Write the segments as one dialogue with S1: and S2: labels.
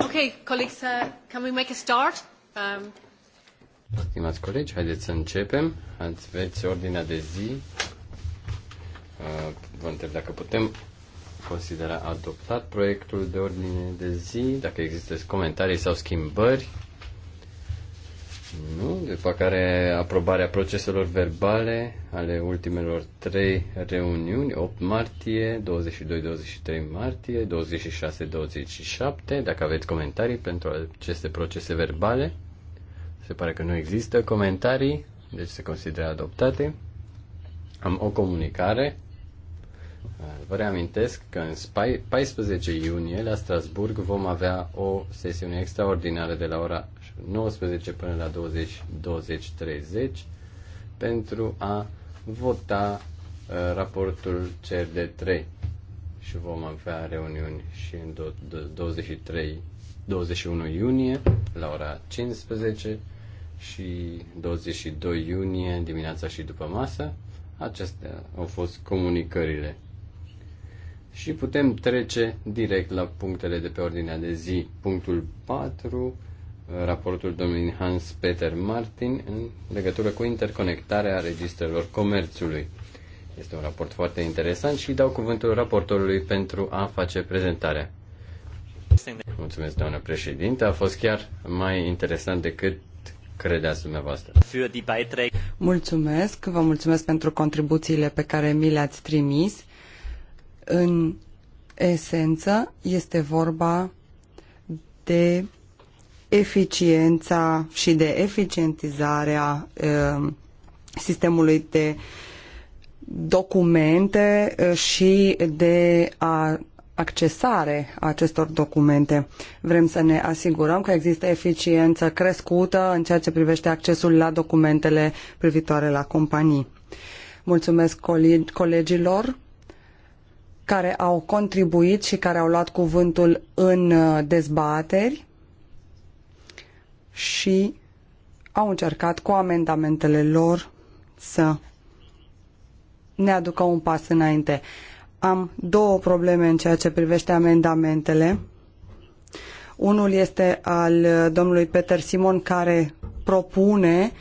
S1: Okay, colleagues, uh, can we make a start? Um... Stimați colegi, haideți să începem. Aveți ordinea de zi. Uh, vă întreb dacă putem considera adoptat proiectul de ordine de zi, dacă există comentarii sau schimbări. Nu, după care aprobarea proceselor verbale ale ultimelor trei reuniuni, 8 martie, 22-23 martie, 26-27. Dacă aveți comentarii pentru aceste procese verbale, se pare că nu există comentarii, deci se consideră adoptate. Am o comunicare. Vă reamintesc că în 14 iunie la Strasburg vom avea o sesiune extraordinară de la ora 19 până la 20, 20 30 pentru a vota uh, raportul CRD3 și vom avea reuniuni și în 23, 21 iunie la ora 15 și 22 iunie dimineața și după masă. Acestea au fost comunicările. Și putem trece direct la punctele de pe ordinea de zi. Punctul 4 raportul domnului Hans Peter Martin în legătură cu interconectarea registrelor comerțului. Este un raport foarte interesant și dau cuvântul raportorului pentru a face prezentarea. Mulțumesc, doamnă președinte. A fost chiar mai interesant decât credeați dumneavoastră.
S2: Mulțumesc, vă mulțumesc pentru contribuțiile pe care mi le-ați trimis. În esență, este vorba de eficiența și de eficientizarea um, sistemului de documente uh, și de a accesare a acestor documente. Vrem să ne asigurăm că există eficiență crescută în ceea ce privește accesul la documentele privitoare la companii. Mulțumesc colegilor care au contribuit și care au luat cuvântul în uh, dezbateri și au încercat cu amendamentele lor să ne aducă un pas înainte. Am două probleme în ceea ce privește amendamentele. Unul este al domnului Peter Simon care propune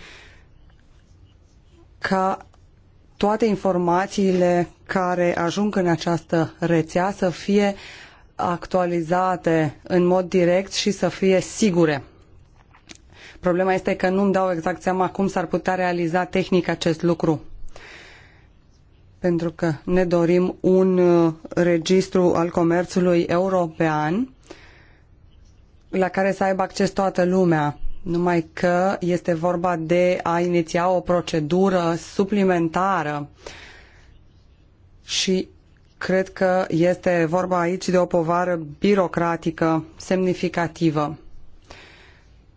S2: ca toate informațiile care ajung în această rețea să fie actualizate în mod direct și să fie sigure. Problema este că nu-mi dau exact seama cum s-ar putea realiza tehnic acest lucru. Pentru că ne dorim un uh, registru al comerțului european la care să aibă acces toată lumea. Numai că este vorba de a iniția o procedură suplimentară și cred că este vorba aici de o povară birocratică semnificativă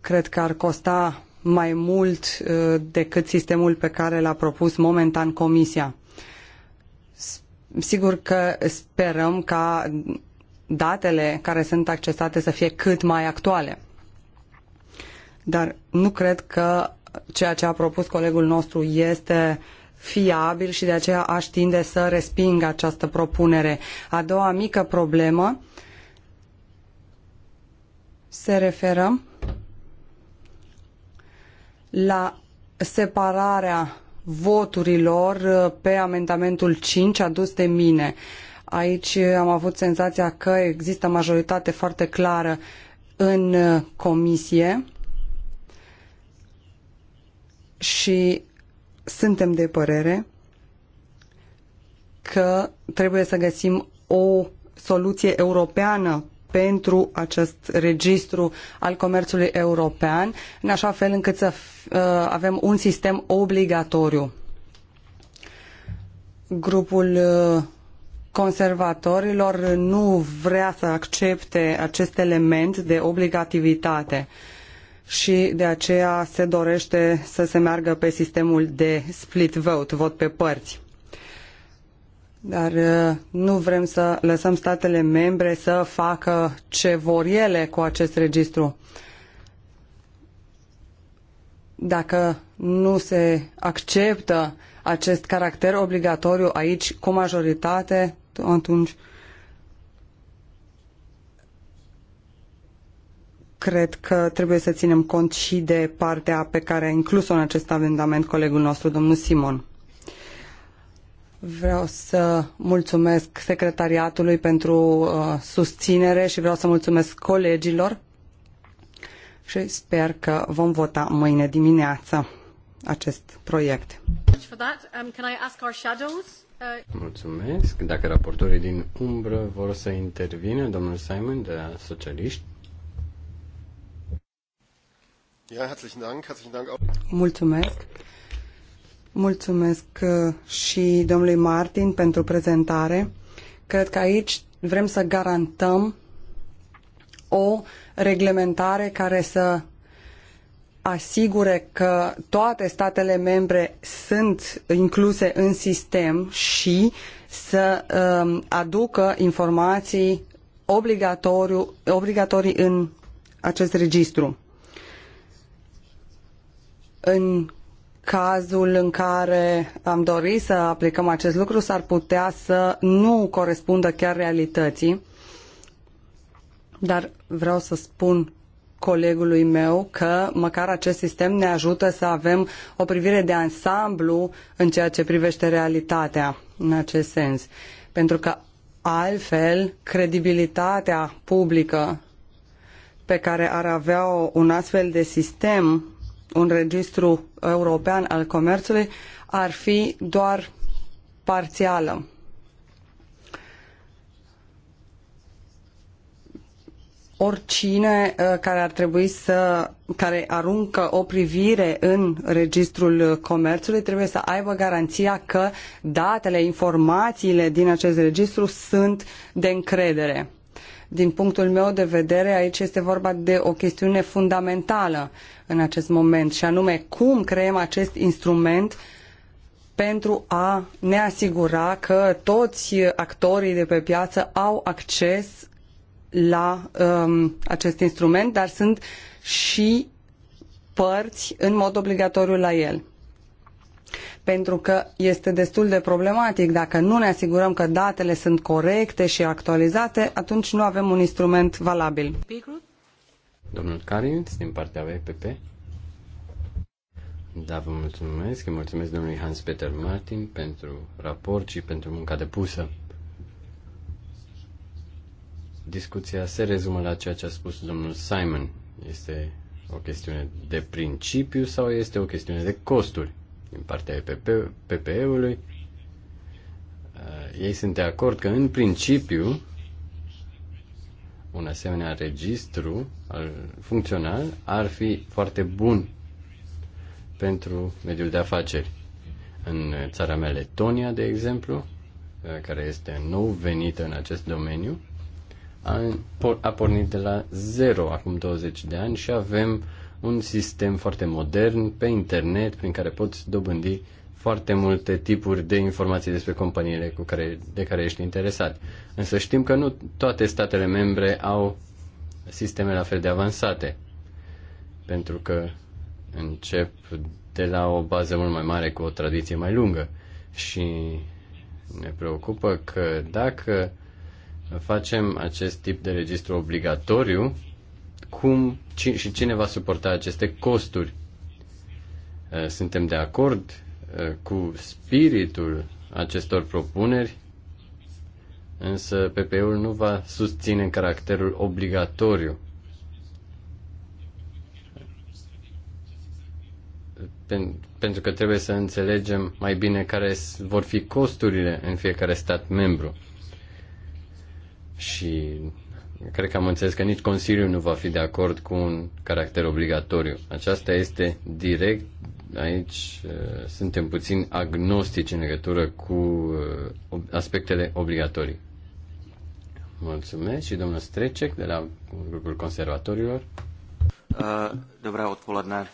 S2: cred că ar costa mai mult uh, decât sistemul pe care l-a propus momentan Comisia. Sigur că sperăm ca datele care sunt accesate să fie cât mai actuale. Dar nu cred că ceea ce a propus colegul nostru este fiabil și de aceea aș tinde să resping această propunere. A doua mică problemă se referă la separarea voturilor uh, pe amendamentul 5 adus de mine. Aici uh, am avut senzația că există majoritate foarte clară în uh, comisie și suntem de părere că trebuie să găsim o soluție europeană pentru acest registru al comerțului european, în așa fel încât să uh, avem un sistem obligatoriu. Grupul uh, conservatorilor nu vrea să accepte acest element de obligativitate și de aceea se dorește să se meargă pe sistemul de split vote, vot pe părți. Dar uh, nu vrem să lăsăm statele membre să facă ce vor ele cu acest registru. Dacă nu se acceptă acest caracter obligatoriu aici cu majoritate, atunci cred că trebuie să ținem cont și de partea pe care a inclus-o în acest amendament colegul nostru, domnul Simon. Vreau să mulțumesc secretariatului pentru uh, susținere și vreau să mulțumesc colegilor și sper că vom vota mâine dimineață acest proiect.
S1: Mulțumesc. Dacă raportorii din umbră vor să intervină, domnul Simon de la Socialiști.
S2: Mulțumesc. Mulțumesc uh, și domnului Martin pentru prezentare. Cred că aici vrem să garantăm o reglementare care să asigure că toate statele membre sunt incluse în sistem și să um, aducă informații obligatoriu, obligatorii în acest registru. În cazul în care am dori să aplicăm acest lucru s-ar putea să nu corespundă chiar realității. Dar vreau să spun colegului meu că măcar acest sistem ne ajută să avem o privire de ansamblu în ceea ce privește realitatea în acest sens. Pentru că altfel credibilitatea publică pe care ar avea un astfel de sistem un registru european al comerțului ar fi doar parțială. oricine uh, care ar trebui să care aruncă o privire în registrul comerțului trebuie să aibă garanția că datele, informațiile din acest registru sunt de încredere. Din punctul meu de vedere, aici este vorba de o chestiune fundamentală în acest moment, și anume cum creăm acest instrument pentru a ne asigura că toți actorii de pe piață au acces la um, acest instrument, dar sunt și părți în mod obligatoriu la el. Pentru că este destul de problematic. Dacă nu ne asigurăm că datele sunt corecte și actualizate, atunci nu avem un instrument valabil.
S1: Domnul Carinț, din partea VPP. Da, vă mulțumesc. Îi mulțumesc domnului Hans-Peter Martin pentru raport și pentru munca depusă. Discuția se rezumă la ceea ce a spus domnul Simon. Este o chestiune de principiu sau este o chestiune de costuri? din partea PP, PPE-ului. Uh, ei sunt de acord că, în principiu, un asemenea registru al, funcțional ar fi foarte bun pentru mediul de afaceri. În țara mea, Letonia, de exemplu, uh, care este nou venită în acest domeniu, a pornit de la zero acum 20 de ani și avem uh, un sistem foarte modern pe internet prin care poți dobândi foarte multe tipuri de informații despre companiile cu care, de care ești interesat. Însă știm că nu toate statele membre au sisteme la fel de avansate, pentru că încep de la o bază mult mai mare cu o tradiție mai lungă și ne preocupă că dacă facem acest tip de registru obligatoriu, cum și cine va suporta aceste costuri. Uh, suntem de acord uh, cu spiritul acestor propuneri, însă PPE-ul nu va susține caracterul obligatoriu. Pentru că trebuie să înțelegem mai bine care vor fi costurile în fiecare stat membru. Și cred că am înțeles că nici Consiliul nu va fi de acord cu un caracter obligatoriu. Aceasta este direct, aici uh, suntem puțin agnostici în legătură cu uh, aspectele obligatorii. Mulțumesc și domnul Strecek de la grupul conservatorilor. Uh, dobré odpoledne,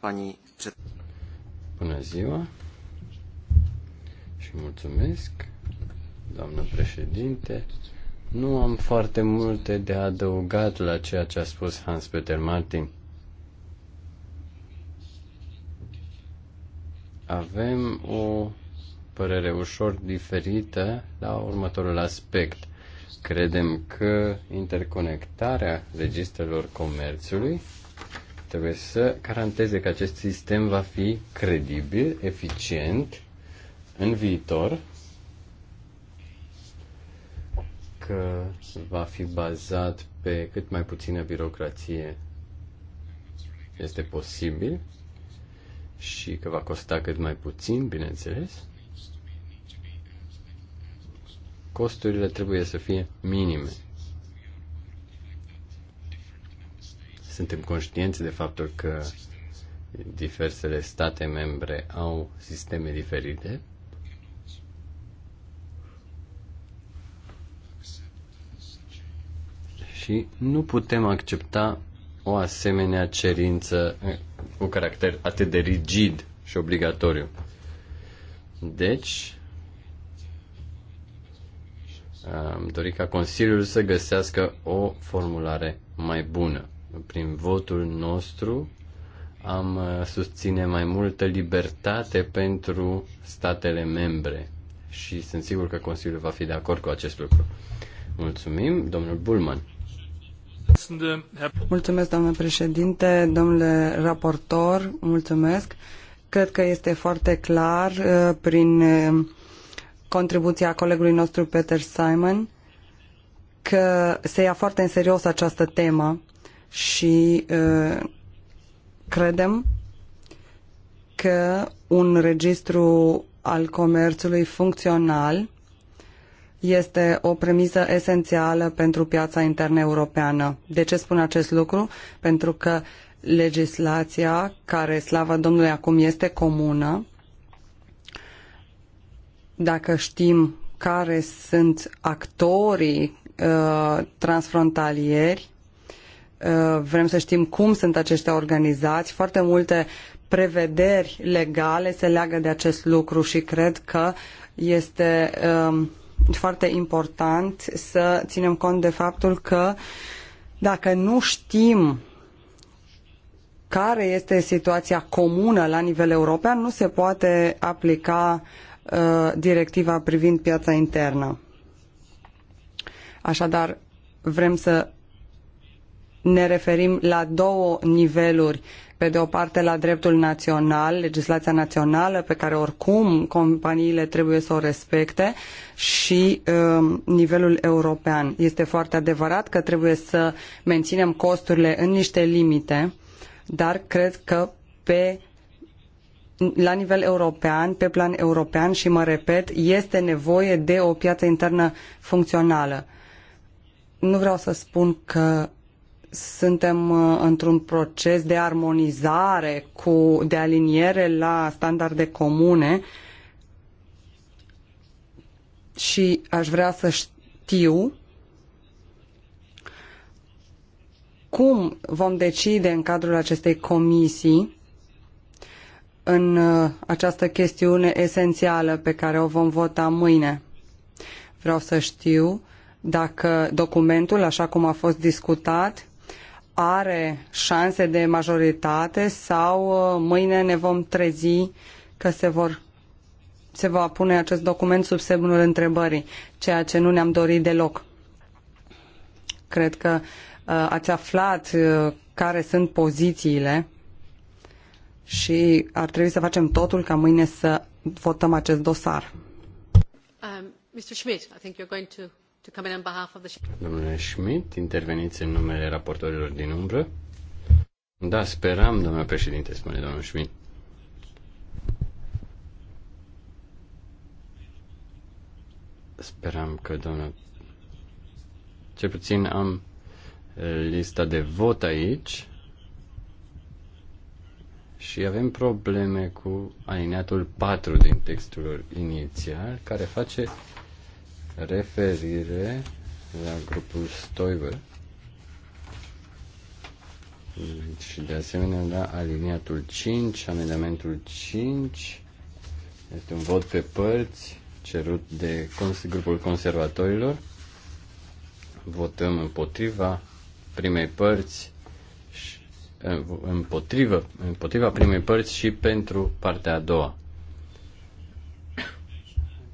S1: paní před... Bună ziua și mulțumesc, doamnă președinte. Nu am foarte multe de adăugat la ceea ce a spus Hans-Peter Martin. Avem o părere ușor diferită la următorul aspect. Credem că interconectarea registrelor comerțului trebuie să garanteze că acest sistem va fi credibil, eficient în viitor că va fi bazat pe cât mai puțină birocrație este posibil și că va costa cât mai puțin, bineînțeles. Costurile trebuie să fie minime. Suntem conștienți de faptul că diversele state membre au sisteme diferite și nu putem accepta o asemenea cerință eh, cu caracter atât de rigid și obligatoriu. Deci, am dorit ca Consiliul să găsească o formulare mai bună. Prin votul nostru am eh, susține mai multă libertate pentru statele membre și sunt sigur că Consiliul va fi de acord cu acest lucru. Mulțumim, domnul Bulman.
S2: Mulțumesc, domnule președinte, domnule raportor, mulțumesc. Cred că este foarte clar uh, prin uh, contribuția colegului nostru Peter Simon că se ia foarte în serios această temă și uh, credem că un registru al comerțului funcțional este o premisă esențială pentru piața internă europeană. De ce spun acest lucru? Pentru că legislația, care, slavă Domnului, acum este comună, dacă știm care sunt actorii uh, transfrontalieri, uh, vrem să știm cum sunt aceștia organizați, foarte multe prevederi legale se leagă de acest lucru și cred că este uh, foarte important să ținem cont de faptul că dacă nu știm care este situația comună la nivel european, nu se poate aplica uh, directiva privind piața internă. Așadar, vrem să ne referim la două niveluri pe de o parte la dreptul național, legislația națională pe care oricum companiile trebuie să o respecte și uh, nivelul european. Este foarte adevărat că trebuie să menținem costurile în niște limite, dar cred că pe la nivel european, pe plan european și mă repet, este nevoie de o piață internă funcțională. Nu vreau să spun că suntem uh, într-un proces de armonizare, cu, de aliniere la standarde comune și aș vrea să știu cum vom decide în cadrul acestei comisii în uh, această chestiune esențială pe care o vom vota mâine. Vreau să știu dacă documentul, așa cum a fost discutat, are șanse de majoritate sau uh, mâine ne vom trezi că se vor se va pune acest document sub semnul întrebării, ceea ce nu ne-am dorit deloc. Cred că uh, ați aflat uh, care sunt pozițiile și ar trebui să facem totul ca mâine să votăm acest dosar.
S1: Um, Mr. Schmidt, I think you're going to to come in on behalf of the... Domnule Schmidt, interveniți în numele raportorilor din umbră. Da, speram, domnule președinte, spune domnul Schmidt. Speram că, domnul... ce puțin am lista de vot aici și avem probleme cu alineatul 4 din textul inițial care face referire la grupul Stoiber și de asemenea la aliniatul 5, amendamentul 5 este un vot pe părți cerut de grupul conservatorilor. Votăm împotriva primei părți și, eh, împotriva, împotriva primei părți și pentru partea a doua.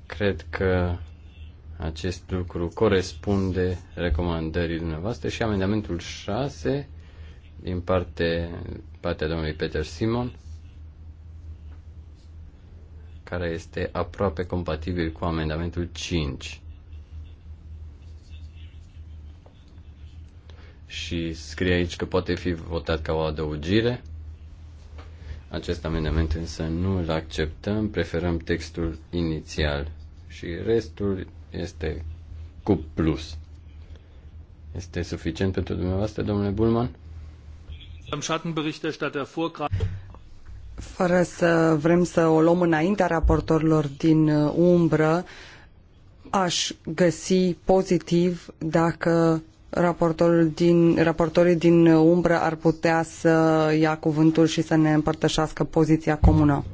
S1: Cred că acest lucru corespunde recomandării dumneavoastră și amendamentul 6 din parte, partea domnului Peter Simon, care este aproape compatibil cu amendamentul 5. Și scrie aici că poate fi votat ca o adăugire. Acest amendament însă nu îl acceptăm, preferăm textul inițial și restul este cu plus. Este suficient pentru dumneavoastră, domnule Bulman?
S2: Fără să vrem să o luăm înaintea raportorilor din uh, umbră, aș găsi pozitiv dacă raportorul din, raportorii din uh, umbră ar putea să ia cuvântul și să ne împărtășească poziția comună.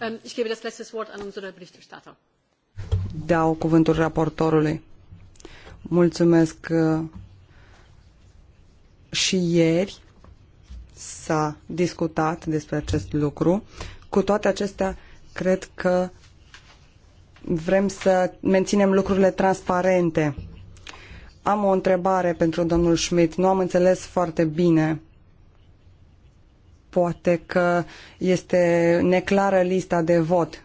S2: Um, dau cuvântul raportorului. Mulțumesc uh, și ieri s-a discutat despre acest lucru. Cu toate acestea, cred că vrem să menținem lucrurile transparente. Am o întrebare pentru domnul Schmidt. Nu am înțeles foarte bine. Poate că este neclară lista de vot.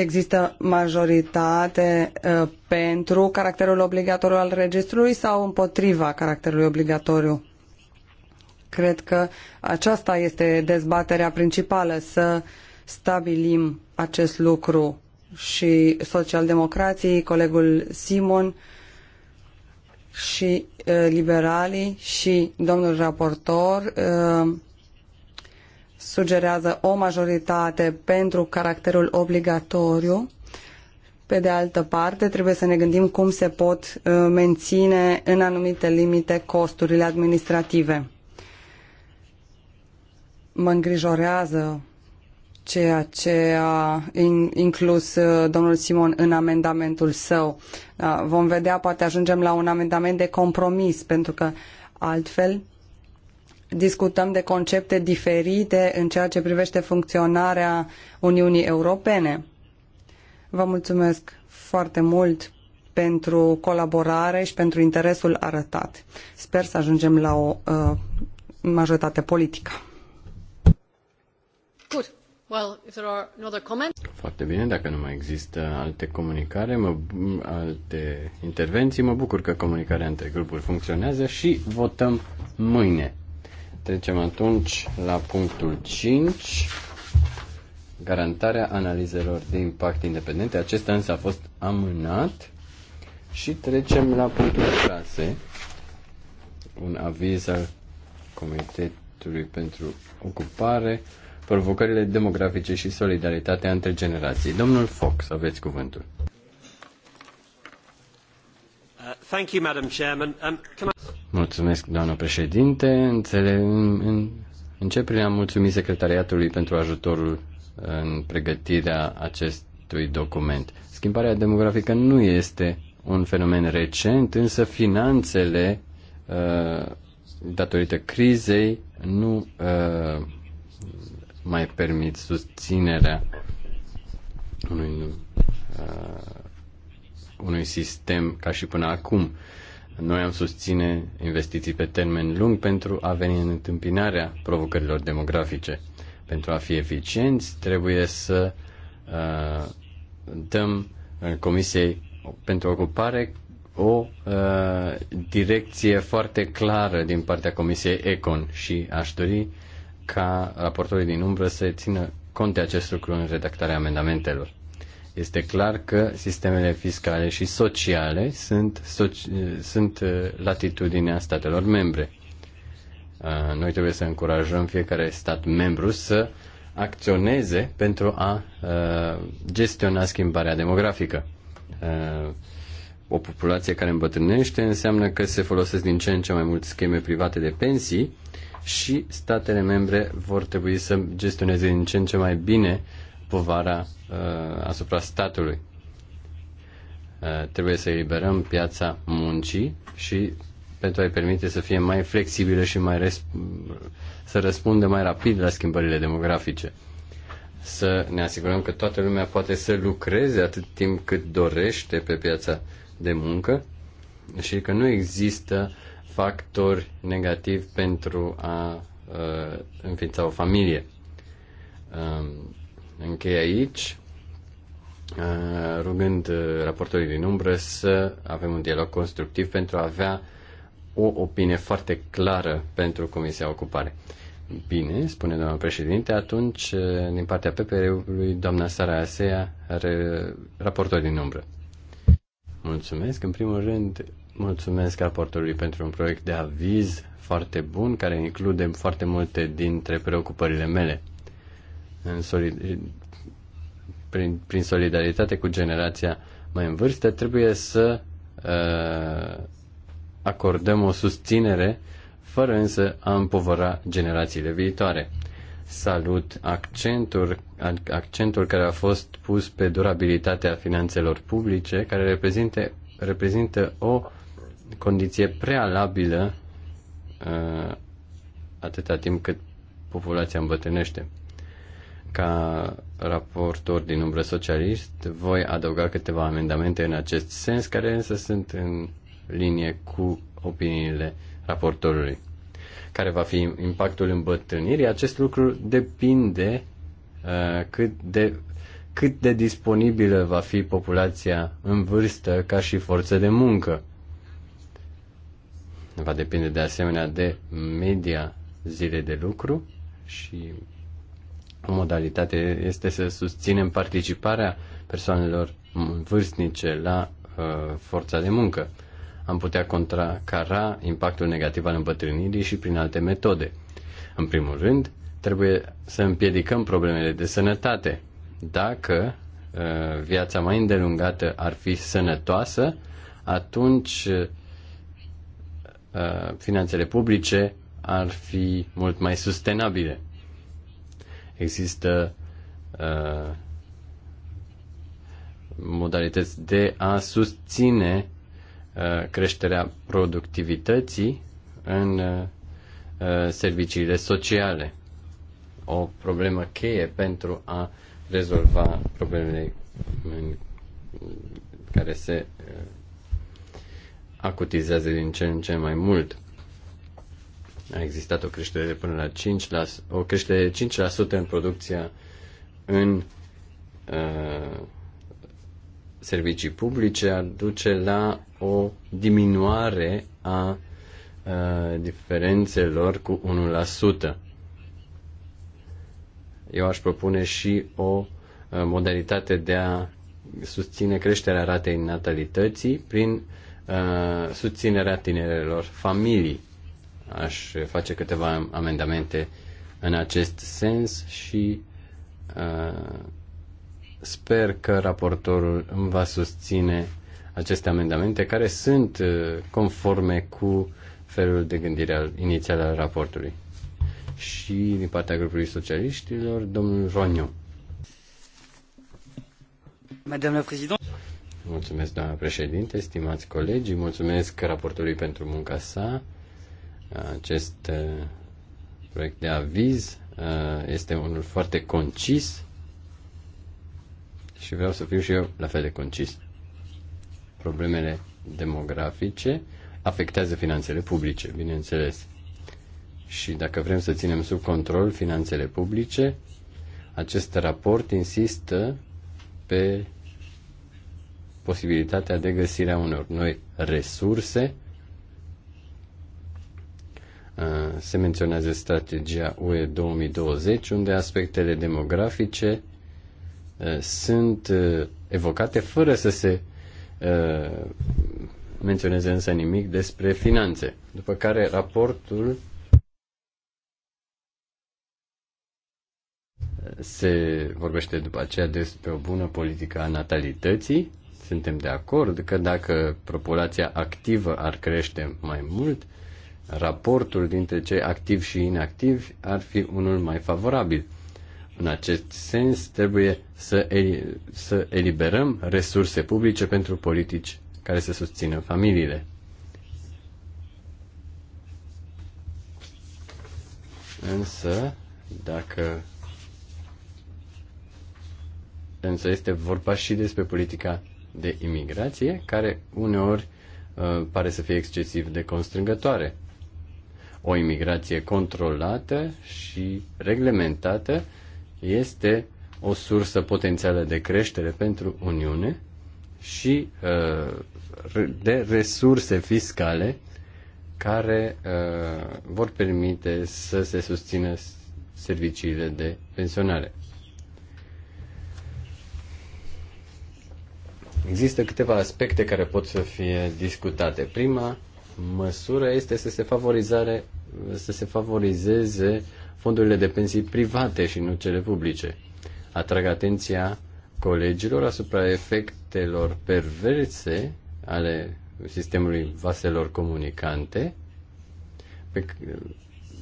S2: există majoritate uh, pentru caracterul obligatoriu al registrului sau împotriva caracterului obligatoriu? Cred că aceasta este dezbaterea principală, să stabilim acest lucru și socialdemocrații, colegul Simon și uh, liberalii și domnul raportor uh, sugerează o majoritate pentru caracterul obligatoriu. Pe de altă parte, trebuie să ne gândim cum se pot uh, menține în anumite limite costurile administrative. Mă îngrijorează ceea ce a inclus uh, domnul Simon în amendamentul său. Uh, vom vedea, poate ajungem la un amendament de compromis, pentru că altfel discutăm de concepte diferite în ceea ce privește funcționarea Uniunii Europene. Vă mulțumesc foarte mult pentru colaborare și pentru interesul arătat. Sper să ajungem la o uh, majoritate politică.
S1: Good. Well, if there are no other comments... Foarte bine, dacă nu mai există alte comunicare, mă, alte intervenții, mă bucur că comunicarea între grupuri funcționează și votăm mâine. Trecem atunci la punctul 5, garantarea analizelor de impact independente. Acesta însă a fost amânat și trecem la punctul 6, un aviz al Comitetului pentru Ocupare, provocările demografice și solidaritatea între generații. Domnul Fox, aveți cuvântul. Um, Mulțumesc, doamnă președinte. Încep prin a mulțumi secretariatului pentru ajutorul în pregătirea acestui document. Schimbarea demografică nu este un fenomen recent, însă finanțele, uh, datorită crizei, nu uh, mai permit susținerea unui uh, unui sistem ca și până acum. Noi am susține investiții pe termen lung pentru a veni în întâmpinarea provocărilor demografice. Pentru a fi eficienți, trebuie să uh, dăm uh, Comisiei pentru Ocupare o uh, direcție foarte clară din partea Comisiei Econ și aș dori ca raportorii din umbră să țină cont de acest lucru în redactarea amendamentelor. Este clar că sistemele fiscale și sociale sunt, soci- sunt uh, latitudinea statelor membre. Uh, noi trebuie să încurajăm fiecare stat membru să acționeze pentru a uh, gestiona schimbarea demografică. O populație care îmbătrânește înseamnă că se folosesc din ce în ce mai mult scheme private de pensii și statele membre vor trebui să gestioneze din ce în ce mai bine povara Uh, asupra statului. Uh, trebuie să eliberăm piața muncii și pentru a-i permite să fie mai flexibilă și mai resp- să răspundă mai rapid la schimbările demografice. Să ne asigurăm că toată lumea poate să lucreze atât timp cât dorește pe piața de muncă și că nu există factori negativi pentru a uh, înființa o familie. Uh, închei aici, uh, rugând uh, raportorii din umbră să avem un dialog constructiv pentru a avea o opinie foarte clară pentru Comisia Ocupare. Bine, spune doamna președinte, atunci, uh, din partea PPR-ului, doamna Sara Asea are raportor din umbră. Mulțumesc. În primul rând, mulțumesc raportorului pentru un proiect de aviz foarte bun, care include foarte multe dintre preocupările mele în solid, prin, prin solidaritate cu generația mai în vârstă, trebuie să uh, acordăm o susținere fără însă a împovăra generațiile viitoare. Salut accentul, accentul care a fost pus pe durabilitatea finanțelor publice, care reprezintă, reprezintă o condiție prealabilă uh, atâta timp cât populația îmbătrânește. Ca raportor din umbră socialist, voi adăuga câteva amendamente în acest sens, care însă sunt în linie cu opiniile raportorului. Care va fi impactul îmbătrânirii? Acest lucru depinde uh, cât de cât de disponibilă va fi populația în vârstă ca și forță de muncă. Va depinde de asemenea de media zile de lucru și o modalitate este să susținem participarea persoanelor vârstnice la uh, forța de muncă. Am putea contracara impactul negativ al îmbătrânirii și prin alte metode. În primul rând, trebuie să împiedicăm problemele de sănătate. Dacă uh, viața mai îndelungată ar fi sănătoasă, atunci uh, finanțele publice ar fi mult mai sustenabile. Există uh, modalități de a susține uh, creșterea productivității în uh, serviciile sociale. O problemă cheie pentru a rezolva problemele în care se acutizează din ce în ce mai mult. A existat o creștere de până la 5%, la, o creștere de 5% în producția în uh, servicii publice ar duce la o diminuare a uh, diferențelor cu 1%. Eu aș propune și o uh, modalitate de a susține creșterea ratei natalității prin uh, susținerea tinerelor familii aș face câteva amendamente în acest sens și uh, sper că raportorul îmi va susține aceste amendamente care sunt uh, conforme cu felul de gândire al, inițial al raportului. Și din partea grupului socialiștilor, domnul Joaniu.
S2: Madame la
S1: Mulțumesc, doamna președinte, stimați colegi, mulțumesc raportului pentru munca sa acest uh, proiect de aviz uh, este unul foarte concis și vreau să fiu și eu la fel de concis. Problemele demografice afectează finanțele publice, bineînțeles. Și dacă vrem să ținem sub control finanțele publice, acest raport insistă pe posibilitatea de găsirea unor noi resurse Uh, se menționează strategia UE 2020, unde aspectele demografice uh, sunt uh, evocate fără să se menționeze însă nimic despre finanțe. După care raportul se vorbește după aceea despre o bună politică a natalității. Suntem de acord că dacă populația activă ar crește mai mult, uh, raportul dintre cei activi și inactivi ar fi unul mai favorabil. În acest sens, trebuie să, el- să eliberăm resurse publice pentru politici care să susțină familiile. Însă, dacă însă este vorba și despre politica de imigrație, care uneori uh, pare să fie excesiv de constrângătoare o imigrație controlată și reglementată este o sursă potențială de creștere pentru Uniune și uh, de resurse fiscale care uh, vor permite să se susțină serviciile de pensionare. Există câteva aspecte care pot să fie discutate. Prima măsură este să se favorizare să se favorizeze fondurile de pensii private și nu cele publice. Atrag atenția colegilor asupra efectelor perverse ale sistemului vaselor comunicante pe,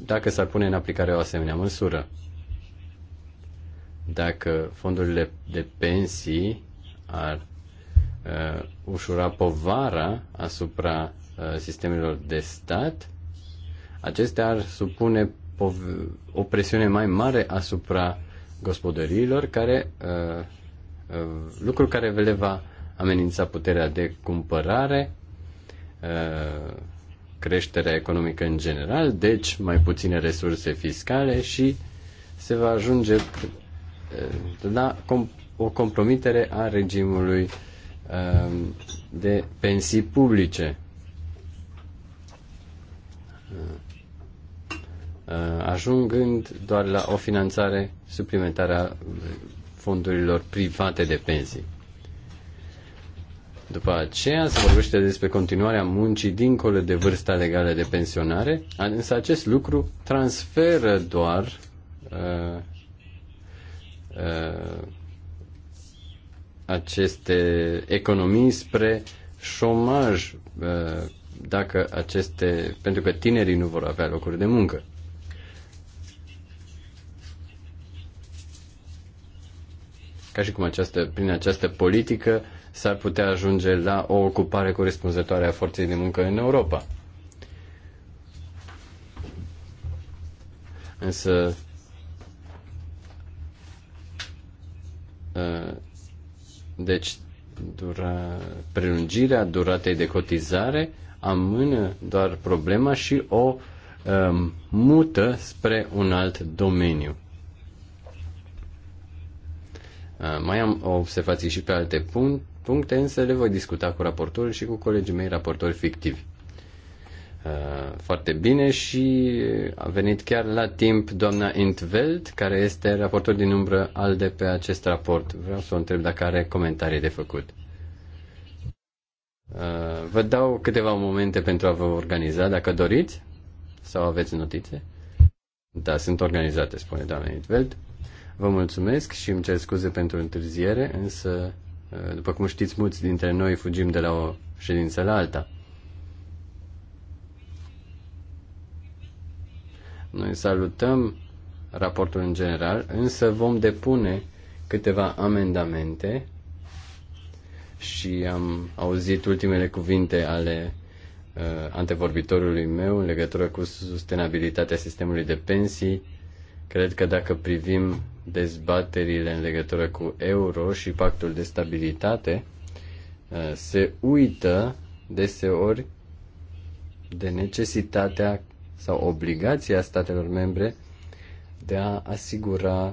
S1: dacă s-ar pune în aplicare o asemenea măsură. Dacă fondurile de pensii ar uh, ușura povara asupra uh, sistemelor de stat, Acestea ar supune o presiune mai mare asupra gospodăriilor, care, uh, uh, lucru care le va amenința puterea de cumpărare, uh, creșterea economică în general, deci mai puține resurse fiscale și se va ajunge uh, la o compromitere a regimului uh, de pensii publice. Uh, Uh, ajungând doar la o finanțare suplimentară a uh, fondurilor private de pensii. După aceea se vorbește despre continuarea muncii dincolo de vârsta legală de pensionare, însă acest lucru transferă doar uh, uh, aceste economii spre șomaj uh, dacă aceste, pentru că tinerii nu vor avea locuri de muncă. Ca și cum această, prin această politică s-ar putea ajunge la o ocupare corespunzătoare a forței de muncă în Europa. Însă ă, deci dura, prelungirea duratei de cotizare amână doar problema și o um, mută spre un alt domeniu. Uh, mai am observații și pe alte puncte, însă le voi discuta cu raportorul și cu colegii mei raportori fictivi. Uh, foarte bine și a venit chiar la timp doamna Intveld, care este raportor din umbră al de pe acest raport. Vreau să o întreb dacă are comentarii de făcut. Uh, vă dau câteva momente pentru a vă organiza, dacă doriți, sau aveți notițe. Da, sunt organizate, spune doamna Intveld. Vă mulțumesc și îmi cer scuze pentru întârziere, însă, ă, după cum știți, mulți dintre noi fugim de la o ședință la alta. Noi salutăm raportul în general, însă vom depune câteva amendamente și am auzit ultimele cuvinte ale uh, antevorbitorului meu în legătură cu sustenabilitatea sistemului de pensii. Cred că dacă privim dezbaterile în legătură cu euro și pactul de stabilitate, uh, se uită deseori de necesitatea sau obligația statelor membre de a asigura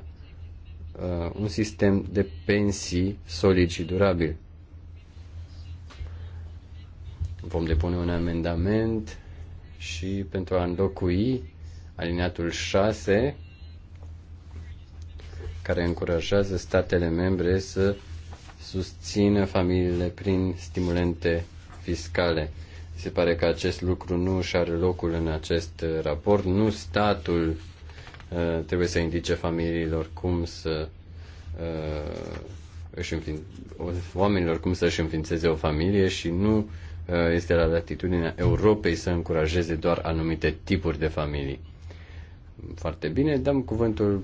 S1: uh, un sistem de pensii solid și durabil. Vom depune un amendament și pentru a înlocui alineatul 6 care încurajează statele membre să susțină familiile prin stimulente fiscale. Se pare că acest lucru nu își are locul în acest uh, raport. Nu statul uh, trebuie să indice familiilor cum să uh, își înfin- oamenilor cum să își înființeze o familie și nu uh, este la latitudinea Europei să încurajeze doar anumite tipuri de familii. Foarte bine, dăm cuvântul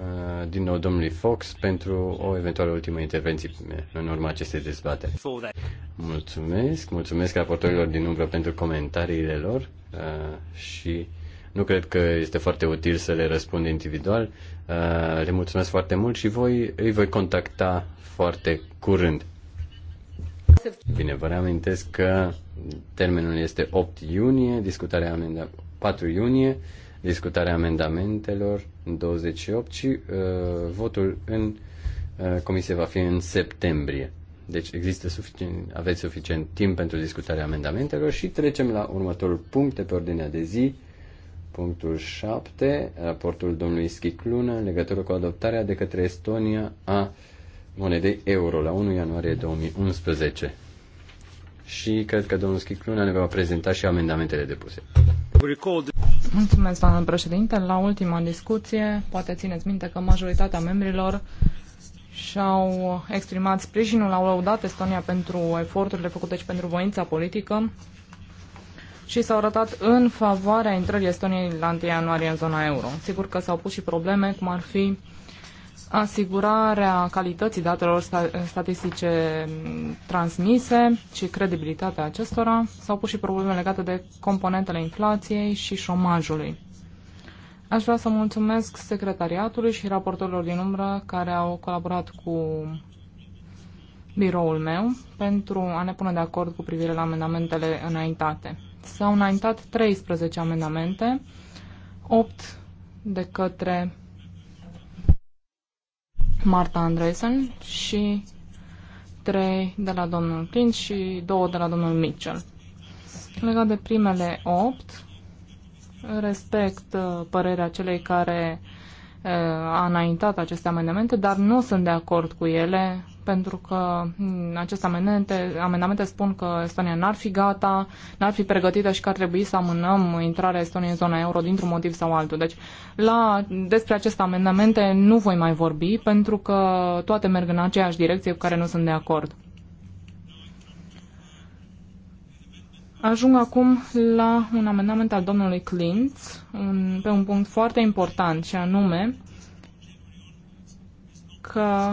S1: Uh, din nou domnului Fox pentru o eventuală ultimă intervenție în urma acestei dezbateri. Mulțumesc, mulțumesc raportorilor din umbră pentru comentariile lor uh, și nu cred că este foarte util să le răspund individual. Uh, le mulțumesc foarte mult și voi, îi voi contacta foarte curând. Bine, vă reamintesc că termenul este 8 iunie, discutarea amenda 4 iunie discutarea amendamentelor în 28 și uh, votul în uh, comisie va fi în septembrie. Deci există suficient, aveți suficient timp pentru discutarea amendamentelor și trecem la următorul punct de pe ordinea de zi, punctul 7, raportul domnului Schicluna în legătură cu adoptarea de către Estonia a monedei euro la 1 ianuarie 2011. Și cred că domnul Schicluna ne va prezenta și amendamentele depuse.
S3: Mulțumesc, doamnă președinte. La ultima discuție, poate țineți minte că majoritatea membrilor și-au exprimat sprijinul, au laudat Estonia pentru eforturile făcute și pentru voința politică și s-au arătat în favoarea intrării Estoniei la 1 ianuarie în zona euro. Sigur că s-au pus și probleme, cum ar fi asigurarea calității datelor statistice mm, transmise și credibilitatea acestora. S-au pus și probleme legate de componentele inflației și șomajului. Aș vrea să mulțumesc secretariatului și raportorilor din umbră care au colaborat cu biroul meu pentru a ne pune de acord cu privire la amendamentele înaintate. S-au înaintat 13 amendamente, 8 de către Marta Andreessen și trei de la domnul Clint și două de la domnul Mitchell. Legat de primele opt, respect uh, părerea celei care uh, a înaintat aceste amendamente, dar nu sunt de acord cu ele pentru că hmm, aceste amendamente, amendamente spun că Estonia n-ar fi gata, n-ar fi pregătită și că ar trebui să amânăm intrarea Estoniei în zona euro dintr-un motiv sau altul. Deci, la, despre aceste amendamente nu voi mai vorbi pentru că toate merg în aceeași direcție cu care nu sunt de acord. Ajung acum la un amendament al domnului Clint, un, pe un punct foarte important, și anume că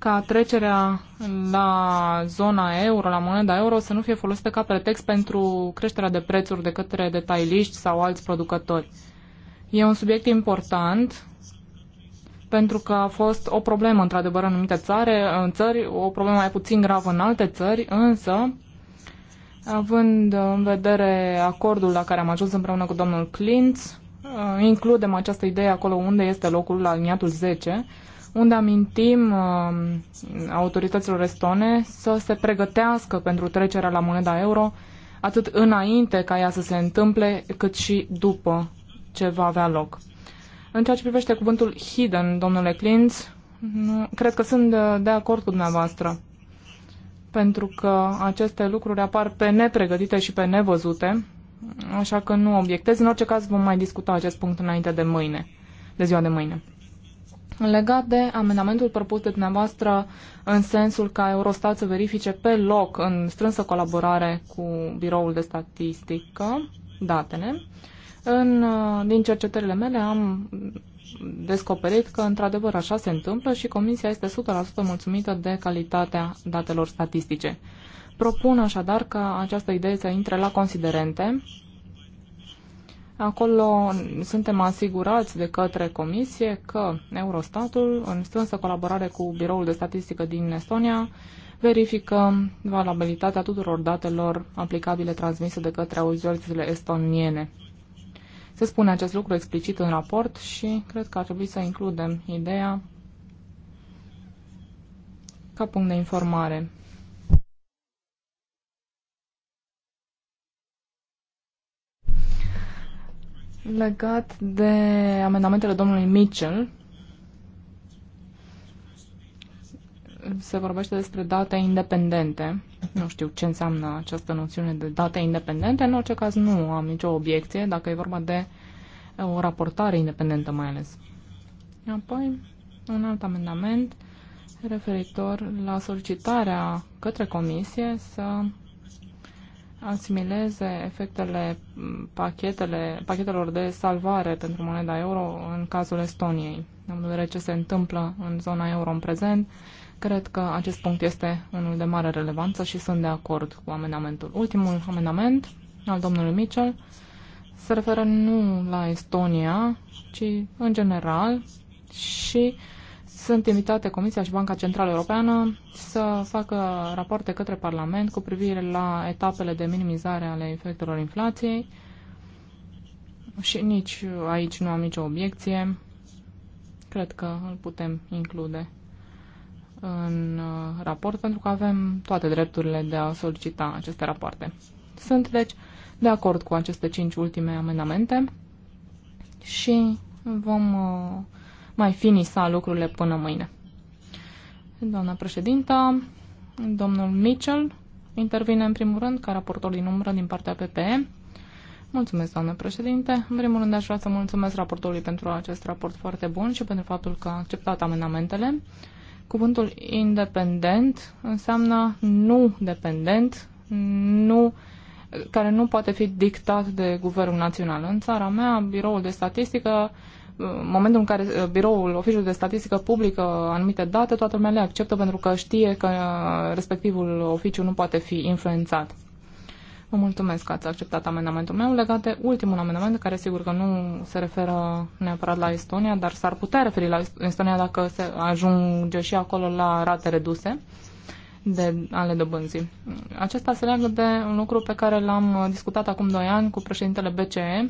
S3: ca trecerea la zona euro, la moneda euro, să nu fie folosită ca pretext pentru creșterea de prețuri de către detailiști sau alți producători. E un subiect important pentru că a fost o problemă, într-adevăr, în anumite țare, în țări, o problemă mai puțin gravă în alte țări, însă, având în vedere acordul la care am ajuns împreună cu domnul Clint, includem această idee acolo unde este locul la liniatul 10, unde amintim uh, autorităților estone să se pregătească pentru trecerea la moneda euro, atât înainte ca ea să se întâmple, cât și după ce va avea loc. În ceea ce privește cuvântul hidden, domnule Clintz, nu, cred că sunt de, uh, de acord cu dumneavoastră, pentru că aceste lucruri apar pe nepregătite și pe nevăzute, așa că nu obiectez. În orice caz vom mai discuta acest punct înainte de mâine, de ziua de mâine. Legat de amendamentul propus de dumneavoastră în sensul ca Eurostat să verifice pe loc, în strânsă colaborare cu Biroul de Statistică, datele, în, din cercetările mele am descoperit că într-adevăr așa se întâmplă și Comisia este 100% mulțumită de calitatea datelor statistice. Propun așadar ca această idee să intre la considerente Acolo suntem asigurați de către Comisie că Eurostatul, în strânsă colaborare cu Biroul de Statistică din Estonia, verifică valabilitatea tuturor datelor aplicabile transmise de către autoritățile estoniene. Se spune acest lucru explicit în raport și cred că ar trebui să includem ideea ca punct de informare. Legat de amendamentele domnului Mitchell, se vorbește despre date independente. Nu știu ce înseamnă această noțiune de date independente. În orice caz, nu am nicio obiecție dacă e vorba de o raportare independentă mai ales. Apoi, un alt amendament referitor la solicitarea către comisie să asimileze efectele pachetele, pachetelor de salvare pentru moneda euro în cazul Estoniei. În vedere ce se întâmplă în zona euro în prezent, cred că acest punct este unul de mare relevanță și sunt de acord cu amendamentul. Ultimul amendament al domnului Mitchell se referă nu la Estonia, ci în general și uh, sunt invitate Comisia și Banca Centrală Europeană să facă rapoarte către Parlament cu privire la etapele de minimizare ale efectelor inflației și nici aici nu am nicio obiecție. Cred că îl putem include în uh, raport pentru că avem toate drepturile de a solicita aceste rapoarte. Sunt, deci, de acord cu aceste cinci ultime amendamente și vom uh, mai finisa lucrurile până mâine. Doamna președintă, domnul Mitchell intervine în primul rând ca raportor din umbră din partea PPE. Mulțumesc, doamnă președinte. În primul rând aș vrea să mulțumesc raportorului pentru acest raport foarte bun și pentru faptul că a acceptat amendamentele. Cuvântul independent înseamnă nu dependent, nu, care nu poate fi dictat de guvernul național. În țara mea, biroul de statistică momentul în care uh, biroul, oficiul de statistică publică anumite date, toată lumea le acceptă pentru că știe că uh, respectivul oficiu nu poate fi influențat. Vă mulțumesc că ați acceptat amendamentul meu legat de ultimul amendament, care sigur că nu se referă neapărat la Estonia, dar s-ar putea referi la Estonia dacă se ajunge și acolo la rate reduse de ale dobânzii. Acesta se leagă de un lucru pe care l-am uh, discutat acum 2 ani cu președintele BCE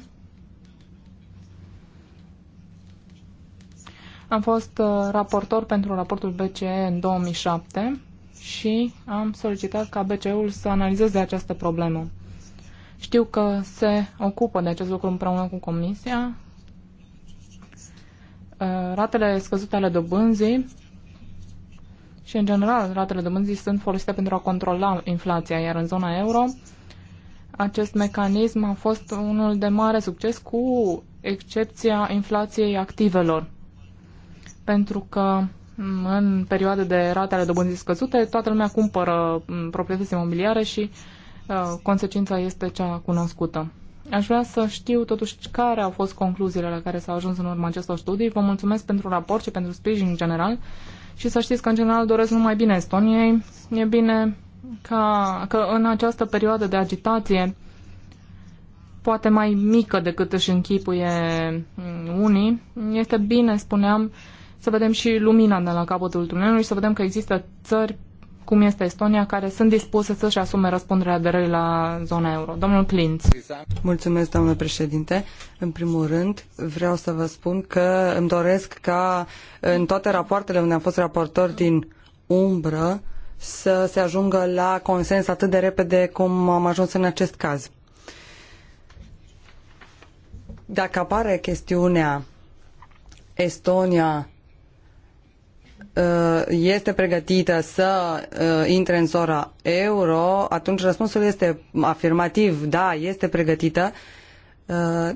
S3: Am fost uh, raportor pentru raportul BCE în 2007 și am solicitat ca BCE-ul să analizeze această problemă. Știu că se ocupă de acest lucru împreună cu Comisia. Uh, ratele scăzute ale dobânzii și, în general, ratele dobânzii sunt folosite pentru a controla inflația, iar în zona euro acest mecanism a fost unul de mare succes cu excepția inflației activelor pentru că mm, în perioade de rate ale dobânzii scăzute, toată lumea cumpără mm, proprietăți imobiliare și uh, consecința este cea cunoscută. Aș vrea să știu totuși care au fost concluziile la care s-au ajuns în urma acestor studii. Vă mulțumesc pentru raport și pentru sprijin în general și să știți că în general doresc numai bine Estoniei. E bine ca, că în această perioadă de agitație poate mai mică decât își închipuie mm, unii. Este bine, spuneam, să vedem și lumina de la capătul tunelului să vedem că există țări cum este Estonia, care sunt dispuse să-și asume răspunderea răi la zona euro. Domnul Clint.
S2: Mulțumesc, doamnă președinte. În primul rând, vreau să vă spun că îmi doresc ca în toate rapoartele unde am fost raportor din umbră să se ajungă la consens atât de repede cum am ajuns în acest caz. Dacă apare chestiunea Estonia Uh, este pregătită să uh, intre în zona euro, atunci răspunsul este afirmativ, da, este pregătită, uh,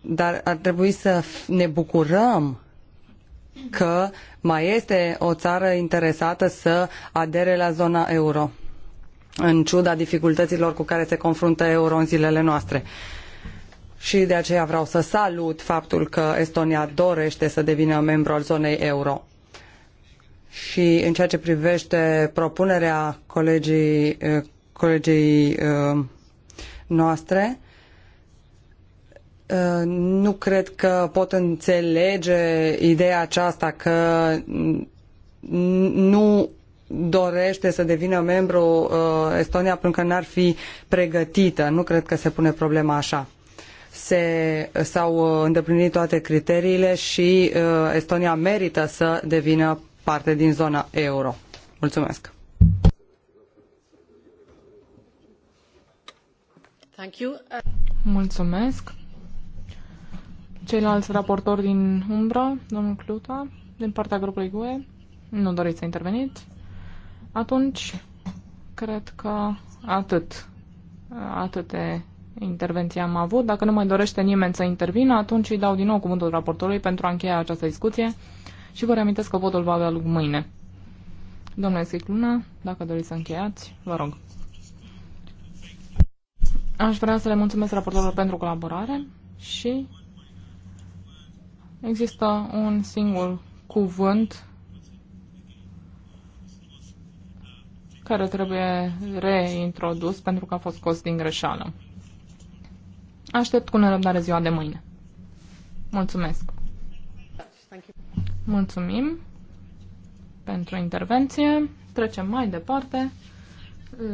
S2: dar ar trebui să ne bucurăm că mai este o țară interesată să adere la zona euro, în ciuda dificultăților cu care se confruntă euro în zilele noastre și de aceea vreau să salut faptul că Estonia dorește să devină membru al zonei euro și în ceea ce privește propunerea colegii, eh, colegii eh, noastre, eh, nu cred că pot înțelege ideea aceasta că nu dorește să devină membru Estonia pentru că n-ar fi pregătită. Nu cred că se pune problema așa se, s-au îndeplinit toate criteriile și uh, Estonia merită să devină parte din zona euro. Mulțumesc!
S3: Mulțumesc! Ceilalți raportori din umbră, domnul Cluta, din partea grupului GUE, nu doriți să interveniți? Atunci, cred că atât. Atâte intervenții am avut. Dacă nu mai dorește nimeni să intervină, atunci îi dau din nou cuvântul raportorului pentru a încheia această discuție și vă reamintesc că votul va avea loc mâine. Domnule Schicluna, dacă doriți să încheiați, vă rog. Aș vrea să le mulțumesc raportorilor pentru colaborare și există un singur cuvânt care trebuie reintrodus pentru că a fost scos din greșeală. Aștept cu nerăbdare ziua de mâine. Mulțumesc! Mulțumim pentru intervenție. Trecem mai departe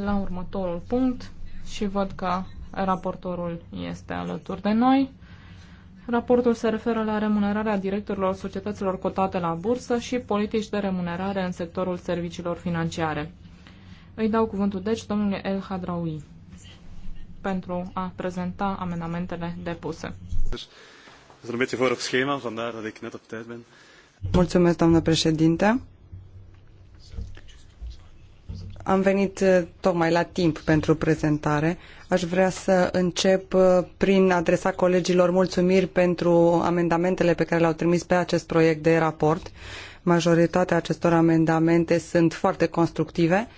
S3: la următorul punct și văd că raportorul este alături de noi. Raportul se referă la remunerarea directorilor societăților cotate la bursă și politici de remunerare în sectorul serviciilor financiare. Îi dau cuvântul deci domnului El Hadraoui pentru a prezenta amendamentele depuse.
S1: Sunt un beetje voor op schema, vandaar dat ik net op tijd ben.
S2: Mulțumesc, doamnă președinte. Am venit eh, tocmai la timp pentru prezentare. Aș vrea să încep eh, prin adresa colegilor mulțumiri pentru amendamentele pe care le-au trimis pe acest proiect de raport. Majoritatea acestor amendamente sunt foarte constructive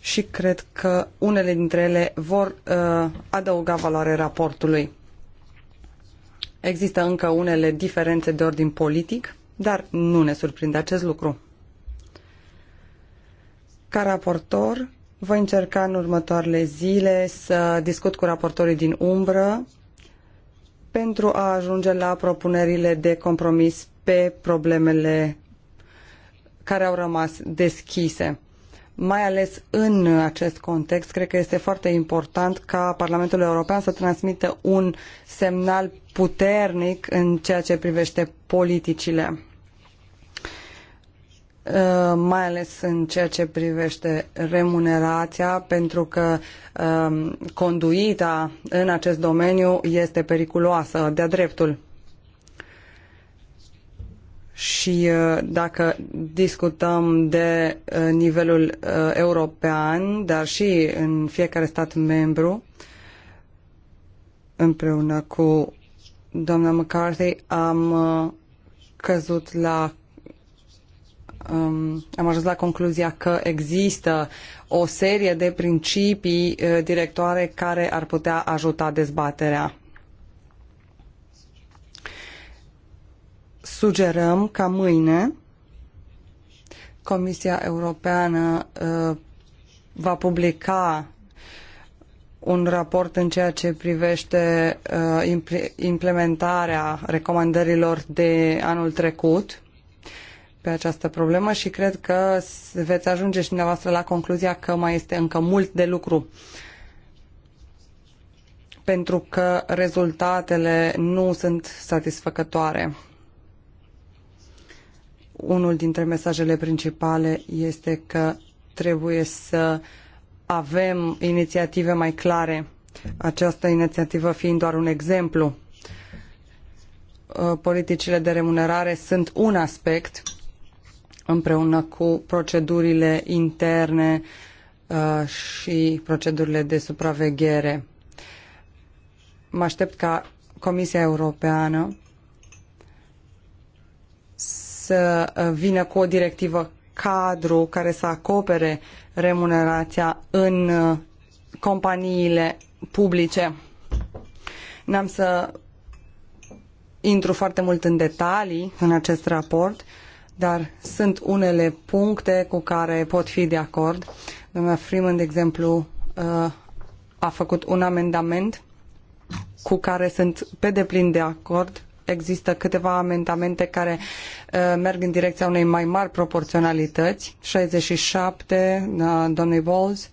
S2: și cred că unele dintre ele vor uh, adăuga valoare raportului. Există încă unele diferențe de ordin politic, dar nu ne surprinde acest lucru. Ca raportor, voi încerca în următoarele zile să discut cu raportorii din umbră pentru a ajunge la propunerile de compromis pe problemele care au rămas deschise mai ales în acest context, cred că este foarte important ca Parlamentul European să transmită un semnal puternic în ceea ce privește politicile, uh, mai ales în ceea ce privește remunerația, pentru că um, conduita în acest domeniu este periculoasă de-a dreptul și uh, dacă discutăm de uh, nivelul uh, european, dar și în fiecare stat membru, împreună cu doamna McCarthy, am căzut la um, am ajuns la concluzia că există o serie de principii directoare care ar putea ajuta dezbaterea. sugerăm ca mâine Comisia Europeană uh, va publica un raport în ceea ce privește uh, implementarea recomandărilor de anul trecut pe această problemă și cred că veți ajunge și dumneavoastră la concluzia că mai este încă mult de lucru pentru că rezultatele nu sunt satisfăcătoare unul dintre mesajele principale este că trebuie să avem inițiative mai clare, această inițiativă fiind doar un exemplu. Uh, politicile de remunerare sunt un aspect împreună cu procedurile interne uh, și procedurile de supraveghere. Mă aștept ca Comisia Europeană să uh, vină cu o directivă cadru care să acopere remunerația în uh, companiile publice. N-am să intru foarte mult în detalii în acest raport, dar sunt unele puncte cu care pot fi de acord. Doamna Freeman, de exemplu, uh, a făcut un amendament cu care sunt pe deplin de acord există câteva amendamente care uh, merg în direcția unei mai mari proporționalități. 67, uh, doamnei Bowles,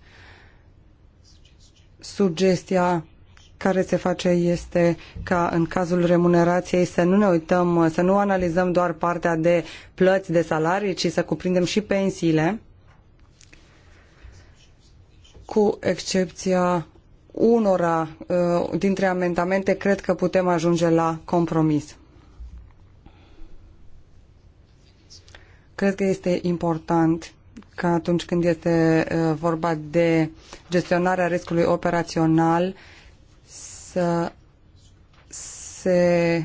S2: sugestia care se face este ca în cazul remunerației să nu ne uităm, uh, să nu analizăm doar partea de plăți de salarii, ci să cuprindem și pensiile, cu excepția unora uh, dintre amendamente cred că putem ajunge la compromis. Cred că este important că atunci când este uh, vorba de gestionarea riscului operațional să se